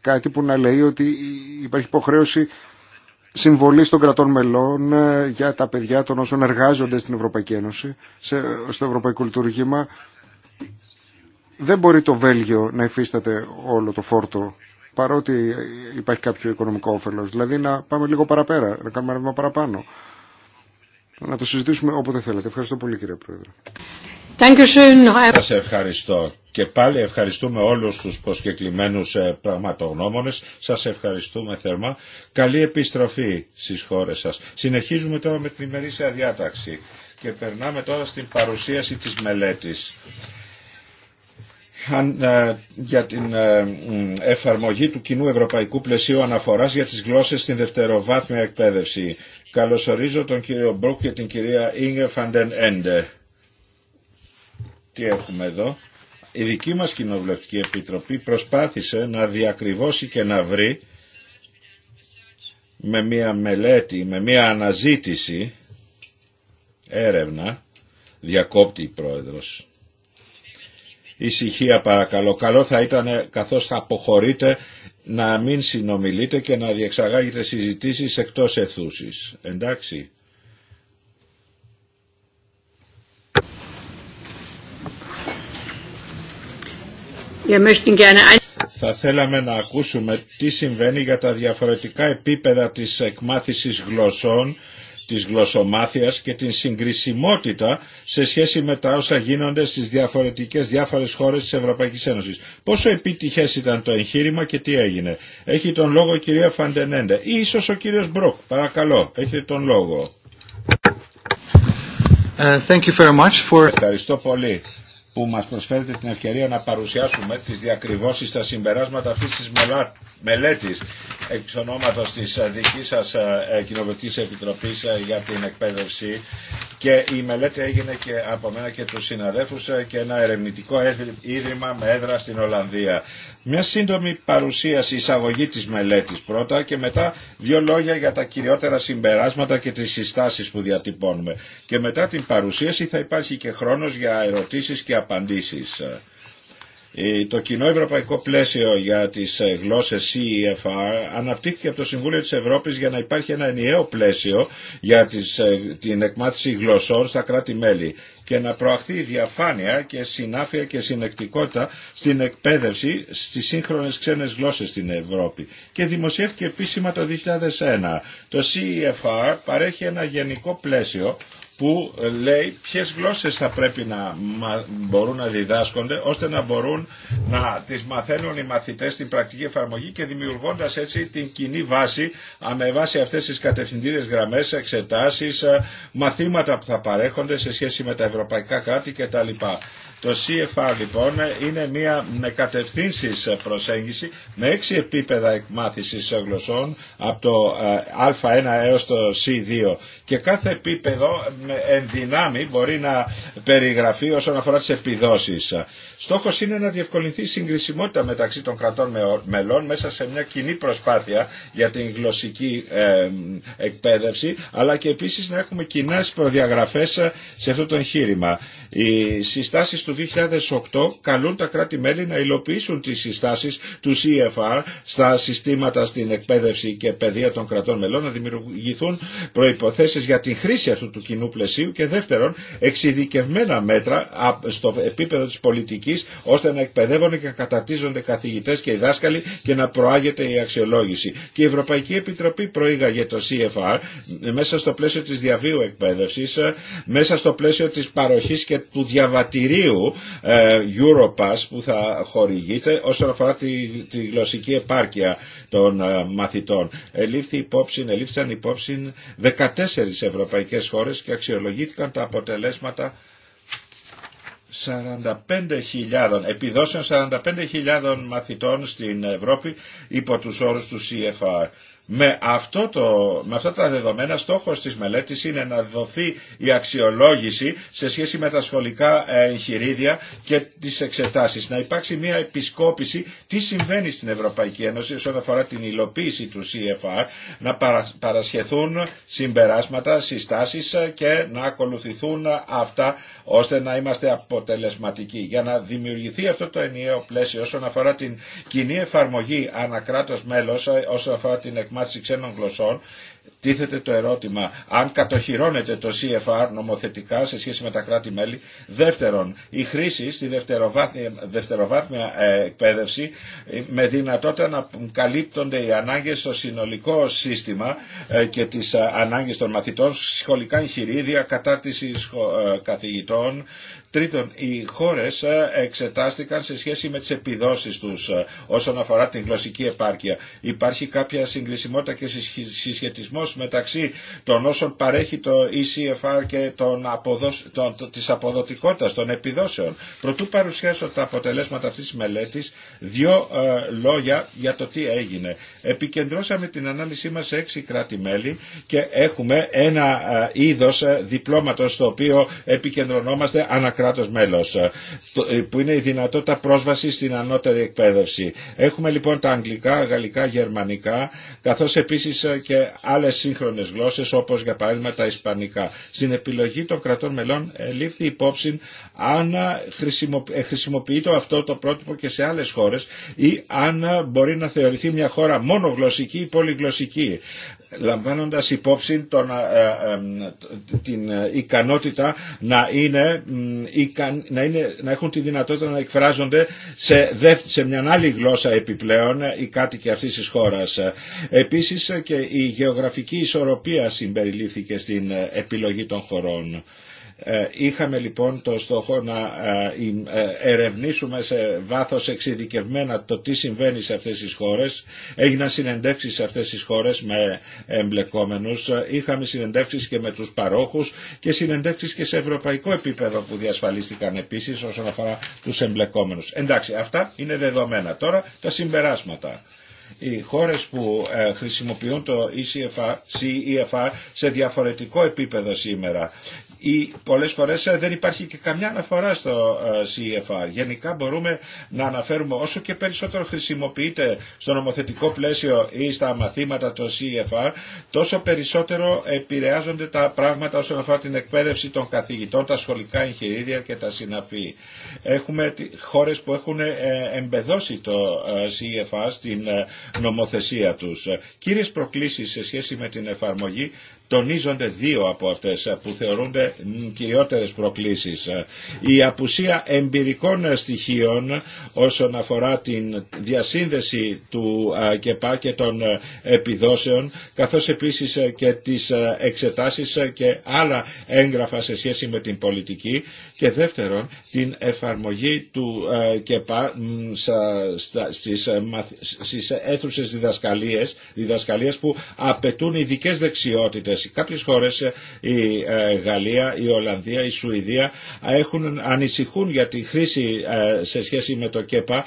κάτι που να λέει ότι υπάρχει υποχρέωση συμβολής των κρατών μελών ε, για τα παιδιά των όσων εργάζονται στην Ευρωπαϊκή Ένωση, στο Ευρωπαϊκό Λειτουργήμα. Δεν μπορεί το Βέλγιο να υφίσταται όλο το φόρτο, παρότι υπάρχει κάποιο οικονομικό όφελος. Δηλαδή να πάμε λίγο παραπέρα, να κάνουμε ένα βήμα παραπάνω να το συζητήσουμε όποτε θέλετε. Ευχαριστώ πολύ κύριε Πρόεδρε. Σας ευχαριστώ και πάλι ευχαριστούμε όλους τους προσκεκλημένους ε, πραγματογνώμονες. Σας ευχαριστούμε θερμά. Καλή επιστροφή στις χώρες σας. Συνεχίζουμε τώρα με την ημερήσια διάταξη και περνάμε τώρα στην παρουσίαση της μελέτης ε, για την ε, εφαρμογή του κοινού ευρωπαϊκού πλαισίου αναφοράς για τις γλώσσες στην δευτεροβάθμια εκπαίδευση. Καλωσορίζω τον κύριο Μπρουκ και την κυρία Ίνγε Φαντεν Έντε. Τι έχουμε εδώ. Η δική μας κοινοβουλευτική επιτροπή προσπάθησε να διακριβώσει και να βρει με μία μελέτη, με μία αναζήτηση, έρευνα, διακόπτη η πρόεδρος. Ησυχία παρακαλώ. Καλό θα ήταν καθώς θα αποχωρείτε να μην συνομιλείτε και να διεξαγάγετε συζητήσεις εκτός εθούσης. Εντάξει. Θα θέλαμε να ακούσουμε τι συμβαίνει για τα διαφορετικά επίπεδα της εκμάθησης γλωσσών της γλωσσομάθειας και την συγκρισιμότητα σε σχέση με τα όσα γίνονται στις διαφορετικές διάφορες χώρες της Ευρωπαϊκής Ένωσης. Πόσο επιτυχές ήταν το εγχείρημα και τι έγινε. Έχει τον λόγο η κυρία Φαντενέντε ή ίσως ο κύριος Μπροκ. Παρακαλώ, έχετε τον λόγο. Ε, thank you very much for... Ευχαριστώ πολύ που μας προσφέρετε την ευκαιρία να παρουσιάσουμε τις διακριβώσεις στα συμπεράσματα αυτής της μελέτης εξ ονόματος της ε, δικής σας ε, ε, Κοινοβουλευτικής Επιτροπής για την εκπαίδευση και η μελέτη έγινε και από μένα και τους συναδέλφους και ένα ερευνητικό ίδρυμα με έδρα στην Ολλανδία. Μια σύντομη παρουσίαση, εισαγωγή της μελέτης πρώτα και μετά δύο λόγια για τα κυριότερα συμπεράσματα και τις συστάσεις που διατυπώνουμε. Και μετά την παρουσίαση θα υπάρχει και χρόνος για ερωτήσεις και απαντήσεις. Ε, το κοινό ευρωπαϊκό πλαίσιο για τις ε, γλώσσες CEFR αναπτύχθηκε από το Συμβούλιο της Ευρώπης για να υπάρχει ένα ενιαίο πλαίσιο για ε, την εκμάθηση γλωσσών στα κράτη-μέλη και να προαχθεί διαφάνεια και συνάφεια και συνεκτικότητα στην εκπαίδευση στις σύγχρονες ξένες γλώσσες στην Ευρώπη. Και δημοσιεύτηκε επίσημα το 2001. Το CEFR παρέχει ένα γενικό πλαίσιο που ε, λέει ποιες γλώσσες θα πρέπει να μπορούν να διδάσκονται ώστε να μπορούν να τις μαθαίνουν οι μαθητές στην πρακτική εφαρμογή και δημιουργώντας έτσι την κοινή βάση με βάση αυτές τις κατευθυντήριες γραμμές, εξετάσεις, μαθήματα που θα παρέχονται σε σχέση με τα ευρωπαϊκά κράτη κτλ. Το CFR λοιπόν είναι μια με κατευθύνσεις προσέγγιση με έξι επίπεδα εκμάθησης γλωσσών από το α1 έως το C2 και κάθε επίπεδο εν δυνάμει μπορεί να περιγραφεί όσον αφορά τις επιδόσεις. Στόχος είναι να διευκολυνθεί η συγκρισιμότητα μεταξύ των κρατών μελών μέσα σε μια κοινή προσπάθεια για την γλωσσική ε, εκπαίδευση αλλά και επίσης να έχουμε κοινέ προδιαγραφές σε αυτό το εγχείρημα. Οι συστάσεις του 2008 καλούν τα κράτη-μέλη να υλοποιήσουν τις συστάσεις του CFR στα συστήματα στην εκπαίδευση και παιδεία των κρατών μελών να δημιουργηθούν προϋποθέσεις για την χρήση αυτού του κοινού πλαισίου και δεύτερον εξειδικευμένα μέτρα στο επίπεδο της πολιτικής ώστε να εκπαιδεύονται και να καταρτίζονται καθηγητές και δάσκαλοι και να προάγεται η αξιολόγηση. Και η Ευρωπαϊκή Επιτροπή προήγαγε το CFR μέσα στο πλαίσιο της διαβίου εκπαίδευσης, μέσα στο πλαίσιο της παροχής και του διαβατηρίου ε, Europass που θα χορηγείται όσον αφορά τη, τη γλωσσική επάρκεια των ε, μαθητών. Ελήφθη υπόψη, ελήφθησαν υπόψη 14 ευρωπαϊκές χώρες και αξιολογήθηκαν τα αποτελέσματα 45.000, επιδόσεων 45.000 μαθητών στην Ευρώπη υπό τους όρους του CFR. Με, αυτό το, με αυτά τα δεδομένα στόχος της μελέτης είναι να δοθεί η αξιολόγηση σε σχέση με τα σχολικά ε, εγχειρίδια και τις εξετάσεις. Να υπάρξει μια επισκόπηση τι συμβαίνει στην Ευρωπαϊκή Ένωση όσον αφορά την υλοποίηση του CFR, να παρασχεθούν συμπεράσματα, συστάσεις ε, και να ακολουθηθούν αυτά ώστε να είμαστε αποτελεσματικοί. Για να δημιουργηθεί αυτό το ενιαίο πλαίσιο όσον αφορά την κοινή εφαρμογή μέλος, ε, όσον αφορά την μάθηση ξένων γλωσσών τίθεται το ερώτημα αν κατοχυρώνεται το CFR νομοθετικά σε σχέση με τα κράτη-μέλη. Δεύτερον, η χρήση στη δευτεροβάθμια, δευτεροβάθμια ε, εκπαίδευση με δυνατότητα να καλύπτονται οι ανάγκες στο συνολικό σύστημα ε, και τις ε, ανάγκες των μαθητών, σχολικά εγχειρίδια, κατάρτιση καθηγητών Τρίτον, οι χώρες ε, εξετάστηκαν σε σχέση με τις επιδόσεις τους ε, όσον αφορά την γλωσσική επάρκεια. Υπάρχει κάποια συγκλησιμότητα και συσχετισμός μεταξύ των όσων παρέχει το ECFR και τη αποδοτικότητα, των... της αποδοτικότητας των επιδόσεων. Προτού παρουσιάσω τα αποτελέσματα αυτής της μελέτης, δύο ε, λόγια για το τι έγινε. Επικεντρώσαμε την ανάλυση μας σε έξι κράτη-μέλη και έχουμε ένα είδο είδος ε, διπλώματος στο οποίο επικεντρωνόμαστε ανακριβώς κράτος μέλος ε, ε, που είναι η δυνατότητα πρόσβαση στην ανώτερη εκπαίδευση. Έχουμε λοιπόν τα αγγλικά, γαλλικά, γερμανικά καθώς επίσης ε, και άλλες σύγχρονες γλώσσες όπως για παράδειγμα τα ισπανικά. Στην επιλογή των κρατών μελών λήφθη υπόψη αν χρησιμοποιεί το αυτό το πρότυπο και σε άλλες χώρες ή αν μπορεί να θεωρηθεί μια χώρα μόνο γλωσσική ή πολυγλωσσική λαμβάνοντας υπόψη τον, την ικανότητα να είναι να, έχουν τη δυνατότητα να εκφράζονται σε, σε μια άλλη γλώσσα επιπλέον οι κάτοικοι αυτής της χώρας. Επίσης και η γεωγραφική ισορροπία συμπεριλήφθηκε στην επιλογή των χωρών. Ε, είχαμε λοιπόν το στόχο να ε, ε, ερευνήσουμε σε βάθος εξειδικευμένα το τι συμβαίνει σε αυτές τις χώρες. Έγιναν συνεντεύξεις σε αυτές τις χώρες με εμπλεκόμενους. Είχαμε συνεντεύξεις και με τους παρόχους και συνεντεύξεις και σε ευρωπαϊκό επίπεδο που διασφαλίστηκαν επίσης όσον αφορά τους εμπλεκόμενους. Εντάξει, αυτά είναι δεδομένα. Τώρα τα συμπεράσματα οι χώρες που χρησιμοποιούν το ECFR, CEFR σε διαφορετικό επίπεδο σήμερα ή πολλές φορές ε, δεν υπάρχει και καμιά αναφορά στο ε, CFR. Γενικά μπορούμε να αναφέρουμε όσο και περισσότερο χρησιμοποιείται στο νομοθετικό πλαίσιο ή στα μαθήματα το CFR, τόσο περισσότερο επηρεάζονται τα πράγματα όσον αφορά την εκπαίδευση των καθηγητών, τα σχολικά εγχειρίδια και τα συναφή. Έχουμε χώρες που έχουν ε, εμπεδώσει το CFR στην νομοθεσία τους. Κύριες προκλήσεις σε σχέση με την εφαρμογή τονίζονται δύο από αυτές ε, που θεωρούνται κυριότερες προκλήσεις. Ε, η απουσία εμπειρικών στοιχείων όσον αφορά την διασύνδεση του ε, ΚΕΠΑ και των επιδόσεων καθώς επίσης και τις εξετάσεις και άλλα έγγραφα σε σχέση με την πολιτική και δεύτερον την εφαρμογή του ΚΕΠΑ στις αίθουσες διδασκαλίες, διδασκαλίες που απαιτούν ειδικέ δεξιότητες σε κάποιες χώρες ε, η ε, Γαλλία, η Ολλανδία, η Σουηδία ε, έχουν, ανησυχούν για τη χρήση σε σχέση με το ΚΕΠΑ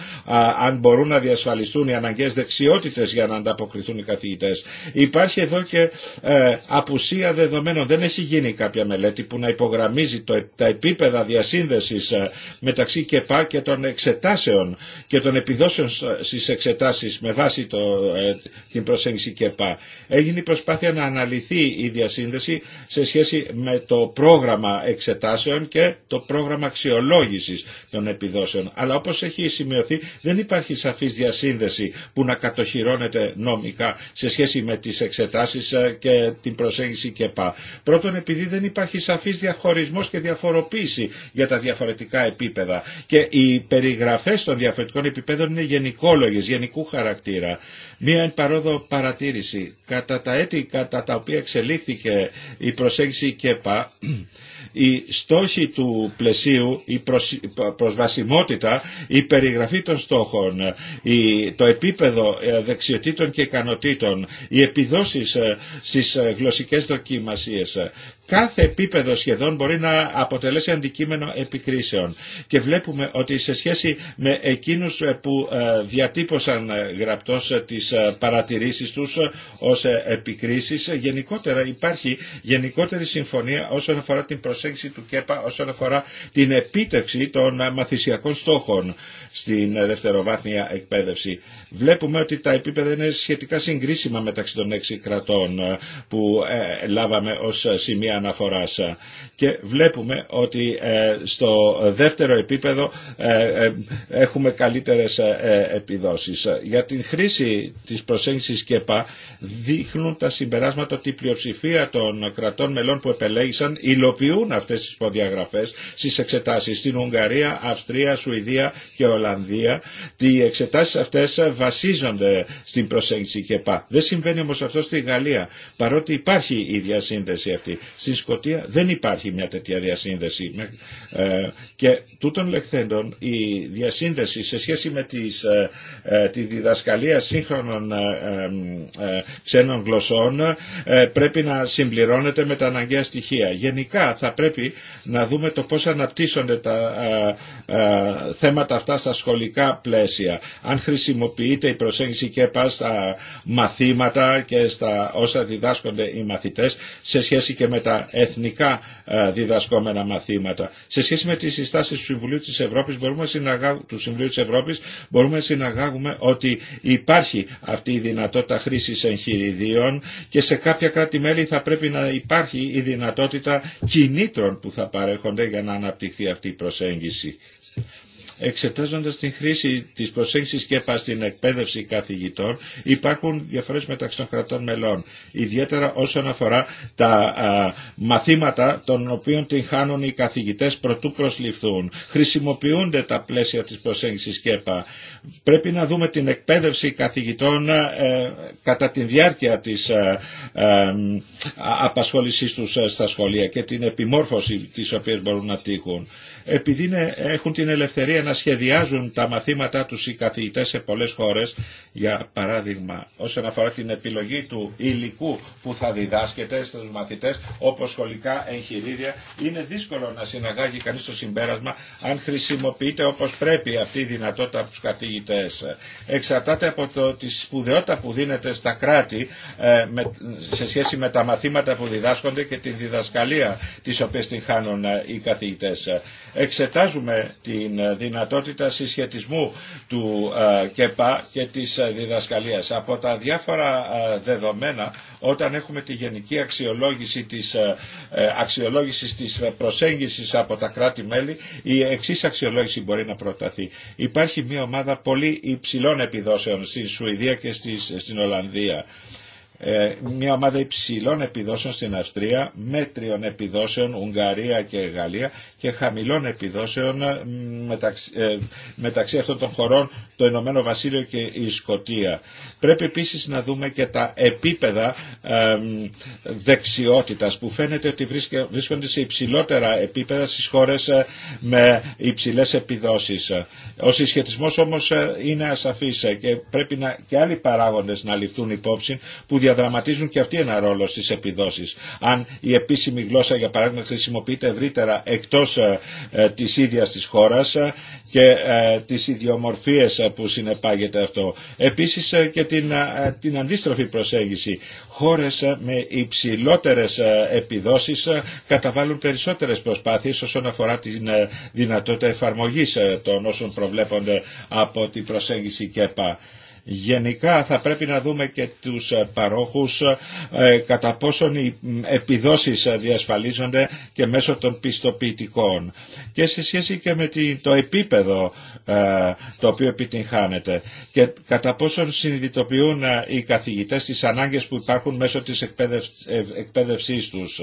αν μπορούν να διασφαλιστούν οι αναγκαίες δεξιότητες για να ανταποκριθούν οι καθηγητές. Υπάρχει εδώ και απουσία δεδομένων. Δεν έχει γίνει κάποια μελέτη που να υπογραμμίζει τα επίπεδα διασύνδεσης μεταξύ ΚΕΠΑ και των εξετάσεων και των επιδόσεων στις εξετάσεις με βάση την προσέγγιση ΚΕΠΑ. Έγινε προσπάθεια να αναλυθεί η διασύνδεση σε σχέση με το πρόγραμμα εξετάσεων και το πρόγραμμα αξιολόγησης των επιδόσεων. Αλλά όπως έχει σημειωθεί δεν υπάρχει σαφής διασύνδεση που να κατοχυρώνεται νόμικα σε σχέση με τις εξετάσεις ε, και την προσέγγιση ΚΕΠΑ. Πρώτον επειδή δεν υπάρχει σαφής διαχωρισμός και διαφοροποίηση για τα διαφορετικά επίπεδα και οι περιγραφές των διαφορετικών επίπεδων είναι γενικόλογες, γενικού χαρακτήρα. Μία παρατήρηση. Κατά τα έτη κατά τα οποία εξελίχθηκε η προσέγγιση ΚΕΠΑ η στόχη του πλαισίου, η προσβασιμότητα, η περιγραφή των στόχων, το επίπεδο ε, δεξιοτήτων και ικανοτήτων, οι επιδόσεις ε, στις ε, γλωσσικές δοκιμασίες. Κάθε επίπεδο σχεδόν μπορεί να αποτελέσει αντικείμενο επικρίσεων και βλέπουμε ότι σε σχέση με εκείνους που διατύπωσαν γραπτός τις παρατηρήσεις τους ως επικρίσεις γενικότερα υπάρχει γενικότερη συμφωνία όσον αφορά την προσέγγιση του ΚΕΠΑ όσον αφορά την επίτευξη των μαθησιακών στόχων στην δευτεροβάθμια εκπαίδευση. Βλέπουμε ότι τα επίπεδα είναι σχετικά συγκρίσιμα μεταξύ των έξι κρατών ε, που ε, λάβαμε ως σημεία αναφοράς και βλέπουμε ότι ε, στο δεύτερο επίπεδο έχουμε καλύτερες επιδόσεις. Για την χρήση της προσέγγισης ΚΕΠΑ δείχνουν τα συμπεράσματα ότι η πλειοψηφία των κρατών μελών που επελέγησαν υλοποιούν τηρούν αυτές τις υποδιαγραφές στις εξετάσεις στην Ουγγαρία, Αυστρία, Σουηδία και Ολλανδία. Οι εξετάσεις αυτές βασίζονται στην προσέγγιση και πά? Δεν συμβαίνει όμως αυτό στη Γαλλία, παρότι υπάρχει η διασύνδεση αυτή. Στην Σκοτία δεν υπάρχει μια τέτοια διασύνδεση. Ε, και τούτων λεχθέντων η διασύνδεση σε σχέση με τις, ε, ε, τη διδασκαλία σύγχρονων ξένων γλωσσών πρέπει να συμπληρώνεται με τα αναγκαία στοιχεία. Γενικά θα πρέπει να δούμε το πώς αναπτύσσονται τα θέματα αυτά στα σχολικά πλαίσια. Αν χρησιμοποιείται η προσέγγιση και στα μαθήματα και στα όσα διδάσκονται οι μαθητές σε σχέση και με τα εθνικά διδασκόμενα μαθήματα. Σε σχέση με τις συστάσεις του Συμβουλίου της Ευρώπης μπορούμε συναγάγουμε, του της Ευρώπης μπορούμε να συναγάγουμε ότι υπάρχει αυτή η δυνατότητα χρήσης εγχειριδίων και σε κάποια κράτη-μέλη θα πρέπει να υπάρχει η δυνατότητα κοινή κινήτρων που θα παρέχονται για να αναπτυχθεί αυτή η προσέγγιση. Εξετάζοντας την χρήση της προσέγγισης ΚΕΠΑ στην εκπαίδευση καθηγητών υπάρχουν διαφορές μεταξύ των κρατών μελών, ιδιαίτερα όσον αφορά τα μαθήματα των οποίων την χάνουν οι καθηγητές προτού προσληφθούν. Χρησιμοποιούνται τα πλαίσια της προσέγγισης ΚΕΠΑ. Πρέπει να δούμε την εκπαίδευση καθηγητών ε, κατά τη διάρκεια της α, ε, ε, απασχόλησής τους στα σχολεία και την επιμόρφωση της οποίας μπορούν να τύχουν επειδή έχουν την ελευθερία να σχεδιάζουν τα μαθήματά τους οι καθηγητές σε πολλές χώρες, για παράδειγμα όσον αφορά την επιλογή του υλικού που θα διδάσκεται στους μαθητές όπως σχολικά εγχειρίδια, είναι δύσκολο να συναγάγει κανείς το συμπέρασμα αν χρησιμοποιείται όπως πρέπει αυτή η δυνατότητα από τους καθηγητές. Εξαρτάται από το, τη σπουδαιότητα που δίνεται στα κράτη ε, με, σε σχέση με τα μαθήματα που διδάσκονται και τη διδασκαλία τις οποίες την χάνουν ε, οι καθηγητές εξετάζουμε την δυνατότητα συσχετισμού του ε, ΚΕΠΑ και της ε, διδασκαλίας. Από τα διάφορα ε, δεδομένα όταν έχουμε τη γενική αξιολόγηση της, αξιολόγησης της προσέγγισης από τα κράτη-μέλη, η εξής αξιολόγηση μπορεί να προταθεί. Υπάρχει μια ομάδα πολύ υψηλών επιδόσεων στη Σουηδία και στην Ολλανδία. μια ομάδα υψηλών επιδόσεων στην Αυστρία, μέτριων επιδόσεων Ουγγαρία και Γαλλία και χαμηλών επιδόσεων ε, μεταξύ, ε, μεταξύ αυτών των χωρών το Ηνωμένο Βασίλειο και η Σκοτία. Πρέπει επίσης να δούμε και τα επίπεδα ε, δεξιότητας που φαίνεται ότι βρίσκονται σε υψηλότερα επίπεδα στις χώρες ε, με υψηλές επιδόσεις. Ο συσχετισμός όμως είναι ασαφής και πρέπει να, και άλλοι παράγοντες να ληφθούν υπόψη που διαδραματίζουν και αυτοί ένα ρόλο στις επιδόσεις. Αν η επίσημη γλώσσα για παράδειγμα χρησιμοποιείται ευρύτερα εκτός ε, ε, της ίδιας της χώρας ε, και τις ιδιομορφίες που συνεπάγεται αυτό. Επίσης και την, την αντίστροφη προσέγγιση. Χώρες με υψηλότερες επιδόσεις καταβάλουν περισσότερες προσπάθειες όσον αφορά την δυνατότητα εφαρμογής των όσων προβλέπονται από την προσέγγιση ΚΕΠΑ. Γενικά θα πρέπει να δούμε και τους ε, παρόχους ε, ε, κατά πόσον οι επιδόσεις διασφαλίζονται και μέσω των πιστοποιητικών και σε σχέση και με το επίπεδο το οποίο επιτυγχάνεται και κατά πόσον συνειδητοποιούν οι καθηγητές τις ανάγκες που υπάρχουν μέσω της εκπαίδευσής τους.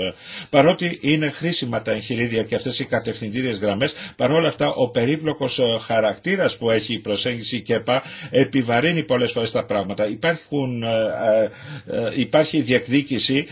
Παρότι είναι χρήσιμα τα εγχειρίδια και αυτές οι κατευθυντήριες γραμμές, παρόλα αυτά ο περίπλοκος χαρακτήρας που έχει η προσέγγιση ΚΕΠΑ επιβαρύνει πολλές φορές τα πράγματα. Υπάρχουν, ε, ε, ε, υπάρχει διεκδίκηση,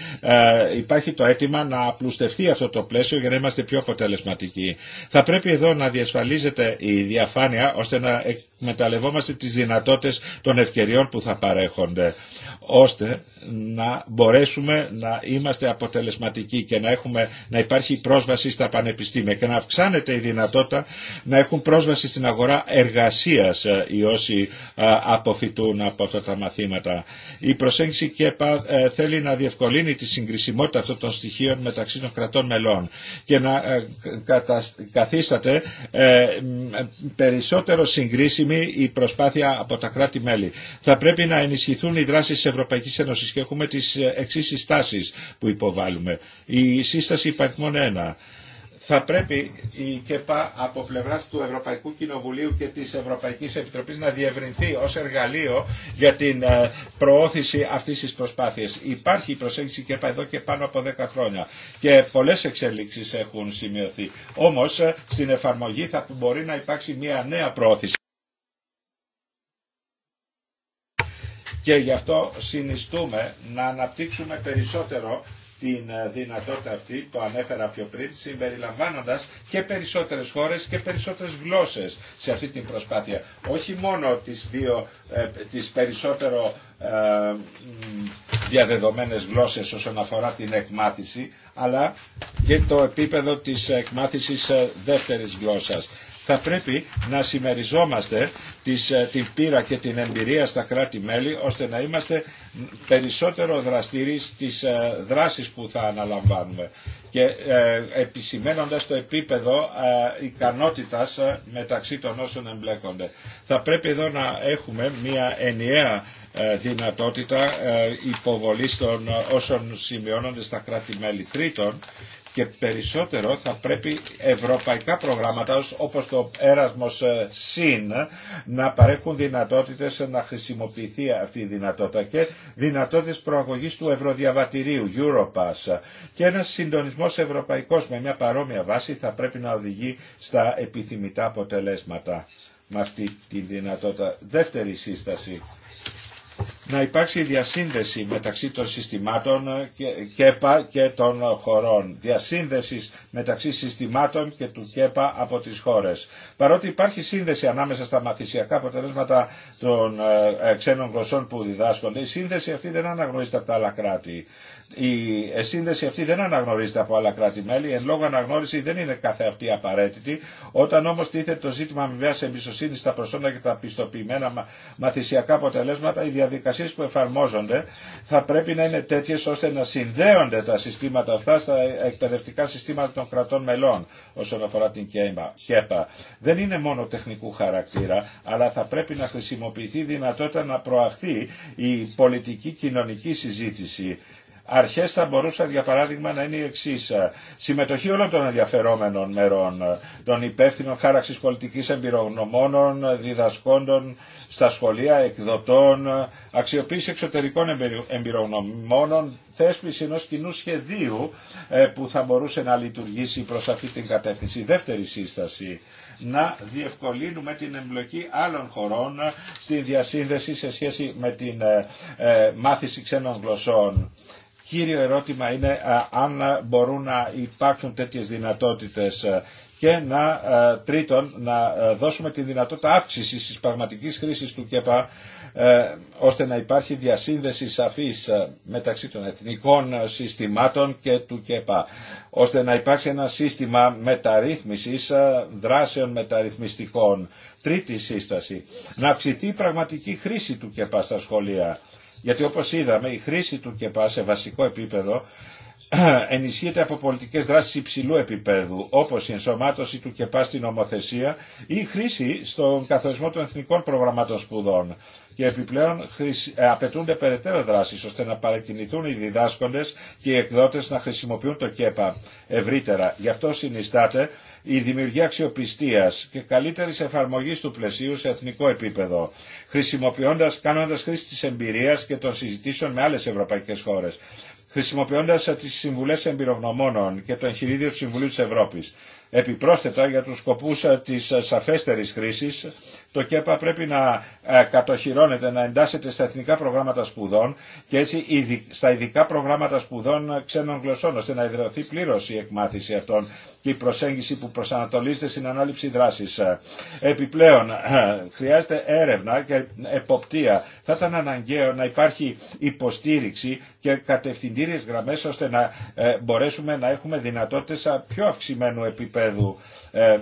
υπάρχει το αίτημα να απλουστευτεί αυτό το πλαίσιο για να είμαστε πιο αποτελεσματικοί. Θα πρέπει εδώ να διασφαλίζεται η διαφάνεια ώστε να εκμεταλλευόμαστε τις δυνατότητες των ευκαιριών που θα παρέχονται ώστε να μπορέσουμε να είμαστε αποτελεσματικοί και να, έχουμε, να υπάρχει πρόσβαση στα πανεπιστήμια και να αυξάνεται η δυνατότητα να έχουν πρόσβαση στην αγορά εργασίας ε, οι όσοι ε, αποφυτούν από αυτά τα μαθήματα. Η προσέγγιση ΚΕΠΑ ε, θέλει να διευκολύνει τη συγκρισιμότητα αυτών των στοιχείων μεταξύ των κρατών μελών και να καθίσταται περισσότερο συγκρίσιμη η προσπάθεια από τα κράτη-μέλη. Θα πρέπει να ενισχυθούν οι δράσεις της Ευρωπαϊκής Ένωσης και έχουμε τις ε, εξής συστάσεις που υποβάλλουμε. Η σύσταση υπαριθμών 1 θα πρέπει η ΚΕΠΑ από πλευρά του Ευρωπαϊκού Κοινοβουλίου και τη Ευρωπαϊκή Επιτροπή να διευρυνθεί ω εργαλείο για την ε, προώθηση αυτή τη προσπάθεια. Υπάρχει η προσέγγιση ΚΕΠΑ εδώ και πάνω από 10 χρόνια και πολλέ εξέλιξει έχουν σημειωθεί. Όμω ε, στην εφαρμογή θα μπορεί να υπάρξει μια νέα προώθηση και γι' αυτό συνιστούμε να αναπτύξουμε περισσότερο την ε, δυνατότητα αυτή που ανέφερα πιο πριν, συμπεριλαμβάνοντας και περισσότερες χώρες και περισσότερες γλώσσες σε αυτή την προσπάθεια. Όχι μόνο τις δύο, ε, τις περισσότερο ε, διαδεδομένες γλώσσες όσον αφορά την εκμάθηση, αλλά και το επίπεδο της εκμάθησης δεύτερης γλώσσας θα πρέπει να συμμεριζόμαστε ε, την πείρα και την εμπειρία στα κράτη-μέλη ώστε να είμαστε περισσότερο δραστήριοι στις ε, δράσεις που θα αναλαμβάνουμε και ε, επισημένοντας το επίπεδο ικανότητας μεταξύ των όσων εμπλέκονται. Θα πρέπει εδώ να έχουμε μια ενιαία δυνατότητα υποβολής των όσων σημειώνονται στα κράτη-μέλη τρίτων και περισσότερο θα πρέπει ευρωπαϊκά προγράμματα όπως το Erasmus ε, ΣΥΝ να παρέχουν δυνατότητες να χρησιμοποιηθεί αυτή η δυνατότητα και δυνατότητες προαγωγής του ευρωδιαβατηρίου Europass και ένας συντονισμός ευρωπαϊκός με μια παρόμοια βάση θα πρέπει να οδηγεί στα επιθυμητά αποτελέσματα με αυτή τη δυνατότητα. Δεύτερη σύσταση να υπάρξει διασύνδεση μεταξύ των συστημάτων ΚΕΠΑ και των χωρών. Διασύνδεση μεταξύ συστημάτων και του ΚΕΠΑ από τις χώρες. Παρότι υπάρχει σύνδεση ανάμεσα στα μαθησιακά αποτελέσματα των ε, ξένων γλωσσών που διδάσκονται, η σύνδεση αυτή δεν αναγνωρίζεται από τα άλλα κράτη η σύνδεση αυτή δεν αναγνωρίζεται από άλλα κράτη-μέλη, εν λόγω αναγνώριση δεν είναι καθεαυτή απαραίτητη. Όταν όμω τίθεται το ζήτημα αμοιβαία εμπιστοσύνη στα προσόντα και τα πιστοποιημένα μαθησιακά αποτελέσματα, οι διαδικασίε που εφαρμόζονται θα πρέπει να είναι τέτοιε ώστε να συνδέονται τα συστήματα αυτά στα εκπαιδευτικά συστήματα των κρατών μελών όσον αφορά την ΚΕΠΑ. Δεν είναι μόνο τεχνικού χαρακτήρα, αλλά θα πρέπει να χρησιμοποιηθεί δυνατότητα να προαχθεί η πολιτική κοινωνική συζήτηση αρχές θα μπορούσαν για παράδειγμα να είναι οι εξή. Συμμετοχή όλων των ενδιαφερόμενων μερών, των υπεύθυνων χάραξης πολιτικής εμπειρογνωμόνων, διδασκόντων στα σχολεία, εκδοτών, αξιοποίηση εξωτερικών εμπειρογνωμόνων, θέσπιση ενός κοινού σχεδίου ε, που θα μπορούσε να λειτουργήσει προς αυτή την κατεύθυνση. Δεύτερη σύσταση να διευκολύνουμε την εμπλοκή άλλων χωρών στη διασύνδεση σε σχέση με την ε, ε, μάθηση ξένων γλωσσών. Κύριο ερώτημα είναι ε, αν ε, μπορούν να υπάρξουν τέτοιες δυνατότητες ε, και να τρίτον να δώσουμε τη δυνατότητα αύξησης της πραγματικής χρήσης του ΚΕΠΑ ώστε να υπάρχει διασύνδεση σαφής μεταξύ των εθνικών συστημάτων και του ΚΕΠΑ ώστε να υπάρξει ένα σύστημα μεταρρύθμισης δράσεων μεταρρυθμιστικών. Τρίτη σύσταση, να αυξηθεί η πραγματική χρήση του ΚΕΠΑ στα σχολεία γιατί όπως είδαμε η χρήση του ΚΕΠΑ σε βασικό επίπεδο (clears throat) ενισχύεται από πολιτικές δράσεις υψηλού επίπεδου, όπως η ενσωμάτωση του ΚΕΠΑ στην ομοθεσία ή η χρήση στον καθορισμό των εθνικών προγραμμάτων σπουδών. Και επιπλέον ε, απαιτούνται περαιτέρω δράσεις ώστε να παρακινηθούν οι διδάσκοντες και οι εκδότες να χρησιμοποιούν το ΚΕΠΑ ευρύτερα. Γι' αυτό συνιστάται η δημιουργία αξιοπιστία και καλύτερη εφαρμογή του πλαισίου σε εθνικό επίπεδο, χρησιμοποιώντας, κάνοντα χρήση τη εμπειρία και των συζητήσεων με άλλες ευρωπαϊκές χώρες, χρησιμοποιώντας τι συμβουλές εμπειρογνωμόνων και το εγχειρίδιο του Συμβουλίου της Ευρώπης. Επιπρόσθετα για τους σκοπούς τη σαφέστερης χρήση το ΚΕΠΑ πρέπει να ε, κατοχυρώνεται, να εντάσσεται στα εθνικά προγράμματα σπουδών και έτσι στα ειδικά προγράμματα σπουδών ξένων γλωσσών, ώστε να ιδρωθεί πλήρω η εκμάθηση αυτών και η προσέγγιση που προσανατολίζεται στην ανάληψη δράση. Ε, επιπλέον, ε, χρειάζεται έρευνα και εποπτεία. Θα ήταν αναγκαίο να υπάρχει υποστήριξη και κατευθυντήριε γραμμέ, ώστε να μπορέσουμε να έχουμε δυνατότητε πιο αυξημένου επίπεδου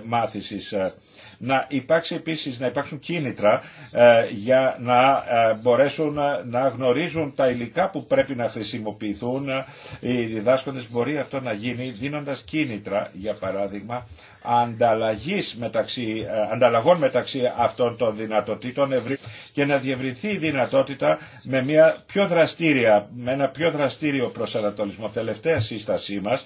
μάθησης να, υπάρξει επίσης, να υπάρξουν κίνητρα ε, για να ε, μπορέσουν ε, να γνωρίζουν τα υλικά που πρέπει να χρησιμοποιηθούν οι διδάσκοντες μπορεί αυτό να γίνει δίνοντας κίνητρα για παράδειγμα ανταλλαγής μεταξύ, ανταλλαγών μεταξύ αυτών των δυνατοτήτων και να διευρυνθεί η δυνατότητα με μια πιο δραστήρια, με ένα πιο δραστήριο προσανατολισμό. Τελευταία σύστασή μας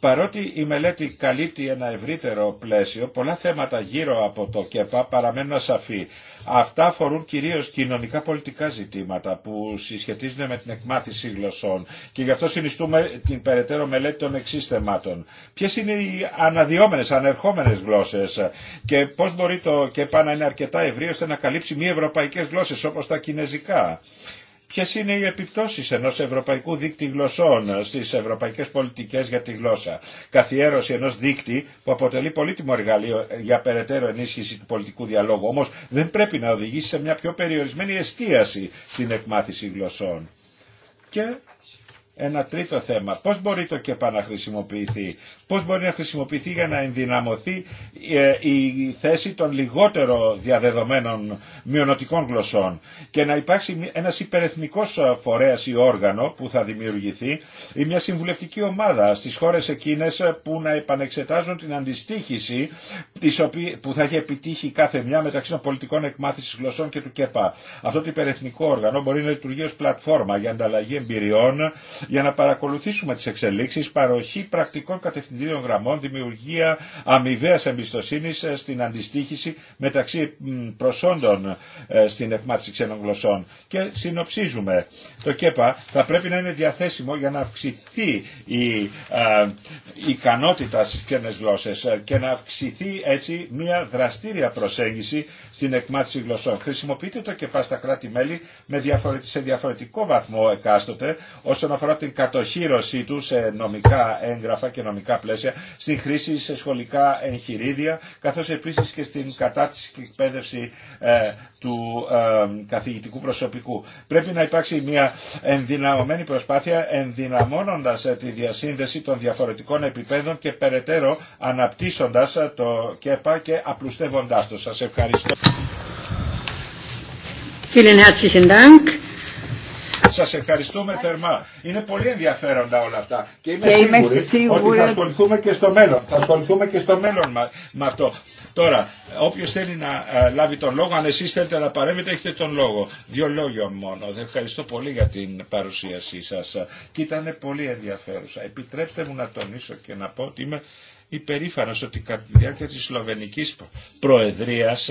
Παρότι η μελέτη καλύπτει ένα ευρύτερο πλαίσιο, πολλά θέματα γύρω από το ΚΕΠΑ παραμένουν ασαφή. Αυτά αφορούν κυρίως κοινωνικά πολιτικά ζητήματα που συσχετίζονται με την εκμάθηση γλωσσών και γι' αυτό συνιστούμε την περαιτέρω μελέτη των εξή θεμάτων. Ποιες είναι οι αναδυόμενες, ανερχόμενες γλώσσες και πώς μπορεί το ΚΕΠΑ να είναι αρκετά ευρύ ώστε να καλύψει μη ευρωπαϊκές γλώσσες όπως τα κινέζικα ποιες είναι οι επιπτώσεις ενός ευρωπαϊκού δίκτυ γλωσσών στις ευρωπαϊκές πολιτικές για τη γλώσσα. Καθιέρωση ενός δίκτυ που αποτελεί πολύτιμο εργαλείο για περαιτέρω ενίσχυση του πολιτικού διαλόγου, όμως δεν πρέπει να οδηγήσει σε μια πιο περιορισμένη εστίαση στην εκμάθηση γλωσσών. Και ένα τρίτο θέμα. Πώς μπορεί το ΚΕΠΑ να χρησιμοποιηθεί, πώς μπορεί να χρησιμοποιηθεί για να ενδυναμωθεί ε, η θέση των λιγότερο διαδεδομένων μειονοτικών γλωσσών και να υπάρξει ένα υπερεθνικός ε, φορέας ή όργανο που θα δημιουργηθεί ή μια συμβουλευτική ομάδα στις χώρες εκείνες ε, που να επανεξετάζουν την αντιστοίχηση που θα έχει επιτύχει κάθε μια μεταξύ των πολιτικών εκμάθησης γλωσσών και του ΚΕΠΑ. Αυτό το υπερεθνικό όργανο μπορεί να λειτουργεί ω πλατφόρμα για ανταλλαγή εμπειριών για να παρακολουθήσουμε τις εξελίξεις, παροχή πρακτικών κατευθυντήριων γραμμών, δημιουργία αμοιβαίας εμπιστοσύνης ε, στην αντιστοίχηση μεταξύ προσόντων ε, στην εκμάθηση ξένων γλωσσών. Και συνοψίζουμε, το ΚΕΠΑ θα πρέπει να είναι διαθέσιμο για να αυξηθεί η ε, ικανότητα στις ξένες γλώσσες και να αυξηθεί έτσι μια δραστήρια προσέγγιση στην εκμάθηση γλωσσών. Χρησιμοποιείται το ΚΕΠΑ στα κράτη-μέλη σε διαφορετικό βαθμό εκάστοτε όσον αφορά την κατοχήρωσή του σε νομικά έγγραφα και νομικά πλαίσια, στη χρήση σε σχολικά εγχειρίδια, καθώς επίσης και στην κατάρτιση και εκπαίδευση ε, του ε, καθηγητικού προσωπικού. Πρέπει να υπάρξει μια ενδυναμωμένη προσπάθεια ενδυναμώνοντας ε, τη διασύνδεση των διαφορετικών επιπέδων και περαιτέρω αναπτύσσοντας το ΚΕΠΑ και απλουστεύοντάς το. Σας ευχαριστώ. Vielen herzlichen σας ευχαριστούμε θερμά. Είναι πολύ ενδιαφέροντα όλα αυτά. Και είμαι, και σίγουρη, ότι θα ασχοληθούμε και στο μέλλον. Θα ασχοληθούμε και στο μέλλον με αυτό. Τώρα, όποιο θέλει να ε, λάβει τον λόγο, αν εσεί θέλετε να παρέμβετε, έχετε τον λόγο. Δύο λόγια μόνο. Ευχαριστώ πολύ για την παρουσίασή σα. Και ήταν πολύ ενδιαφέρουσα. Επιτρέψτε μου να τονίσω και να πω ότι είμαι υπερήφανος ότι κατά τη διάρκεια της Σλοβενικής Προεδρίας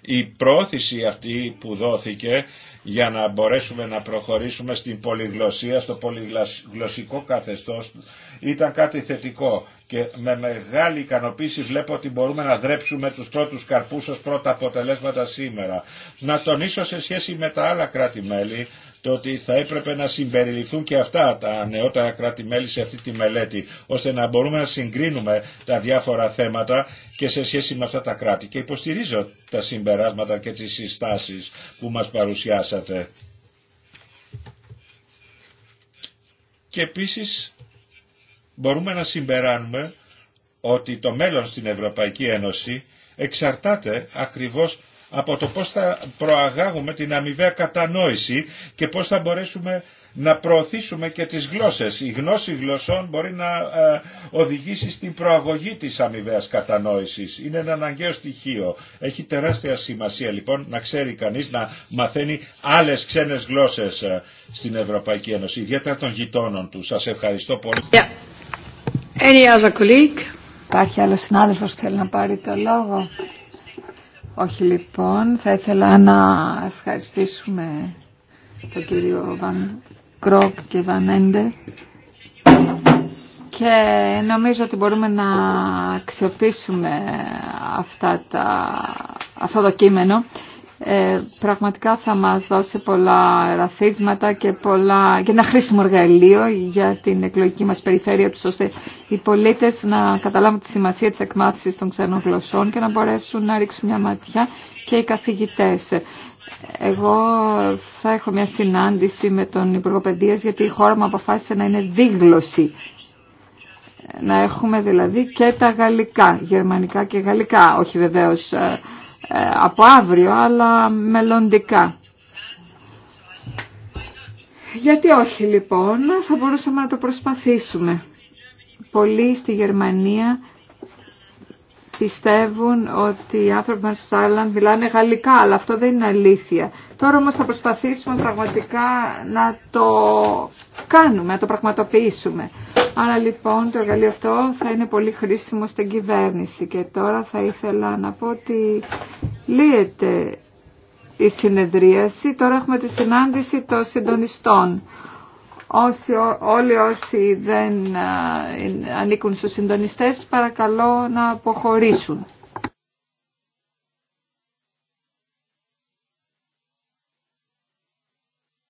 η πρόθεση αυτή που δόθηκε για να μπορέσουμε να προχωρήσουμε στην πολυγλωσία, στο πολυγλωσσικό καθεστώς ήταν κάτι θετικό και με μεγάλη ικανοποίηση βλέπω ότι μπορούμε να δρέψουμε τους πρώτους καρπούς ως πρώτα αποτελέσματα σήμερα. Να τονίσω σε σχέση με τα άλλα κράτη-μέλη το ότι θα έπρεπε να συμπεριληφθούν και αυτά τα νεότερα κράτη-μέλη σε αυτή τη μελέτη, ώστε να μπορούμε να συγκρίνουμε τα διάφορα θέματα και σε σχέση με αυτά τα κράτη. Και υποστηρίζω τα συμπεράσματα και τις συστάσεις που μας παρουσιάσατε. Και επίσης μπορούμε να συμπεράνουμε ότι το μέλλον στην Ευρωπαϊκή Ένωση εξαρτάται ακριβώς από το πώς θα προαγάγουμε την αμοιβαία κατανόηση και πώς θα μπορέσουμε να προωθήσουμε και τις γλώσσες. Η γνώση γλωσσών μπορεί να ε, οδηγήσει στην προαγωγή της αμοιβαία κατανόησης. Είναι ένα αναγκαίο στοιχείο. Έχει τεράστια σημασία λοιπόν να ξέρει κανείς να μαθαίνει άλλες ξένες γλώσσες ε, στην Ευρωπαϊκή Ένωση, ιδιαίτερα των γειτόνων του. Σας ευχαριστώ πολύ. Υπάρχει που θέλει να πάρει το λόγο. Όχι λοιπόν, θα ήθελα να ευχαριστήσουμε τον κύριο Βαν Κρόκ και Βαν Έντε και νομίζω ότι μπορούμε να αξιοποιήσουμε αυτά τα, αυτό το κείμενο ε, πραγματικά θα μας δώσει πολλά ραθίσματα και, πολλά, και ένα χρήσιμο εργαλείο για την εκλογική μας περιφέρεια ώστε οι πολίτες να καταλάβουν τη σημασία της εκμάθησης των ξένων γλωσσών και να μπορέσουν να ρίξουν μια ματιά και οι καθηγητές. Εγώ θα έχω μια συνάντηση με τον Υπουργό Παιδείας γιατί η χώρα μου αποφάσισε να είναι δίγλωση. Να έχουμε δηλαδή και τα γαλλικά, γερμανικά και γαλλικά, όχι βεβαίως ε, ε, από αύριο, αλλά μελλοντικά. Γιατί όχι λοιπόν, θα μπορούσαμε να το προσπαθήσουμε. Πολλοί στη Γερμανία πιστεύουν ότι οι άνθρωποι μας στο μιλάνε γαλλικά, αλλά αυτό δεν είναι αλήθεια. Τώρα όμως θα προσπαθήσουμε πραγματικά να το κάνουμε, να το πραγματοποιήσουμε. Άρα λοιπόν το εργαλείο αυτό θα είναι πολύ χρήσιμο στην κυβέρνηση και τώρα θα ήθελα να πω ότι λύεται η συνεδρίαση. Τώρα έχουμε τη συνάντηση των συντονιστών. Όσοι, όλοι όσοι δεν ε, ε, ανήκουν στους συντονιστές παρακαλώ να αποχωρήσουν.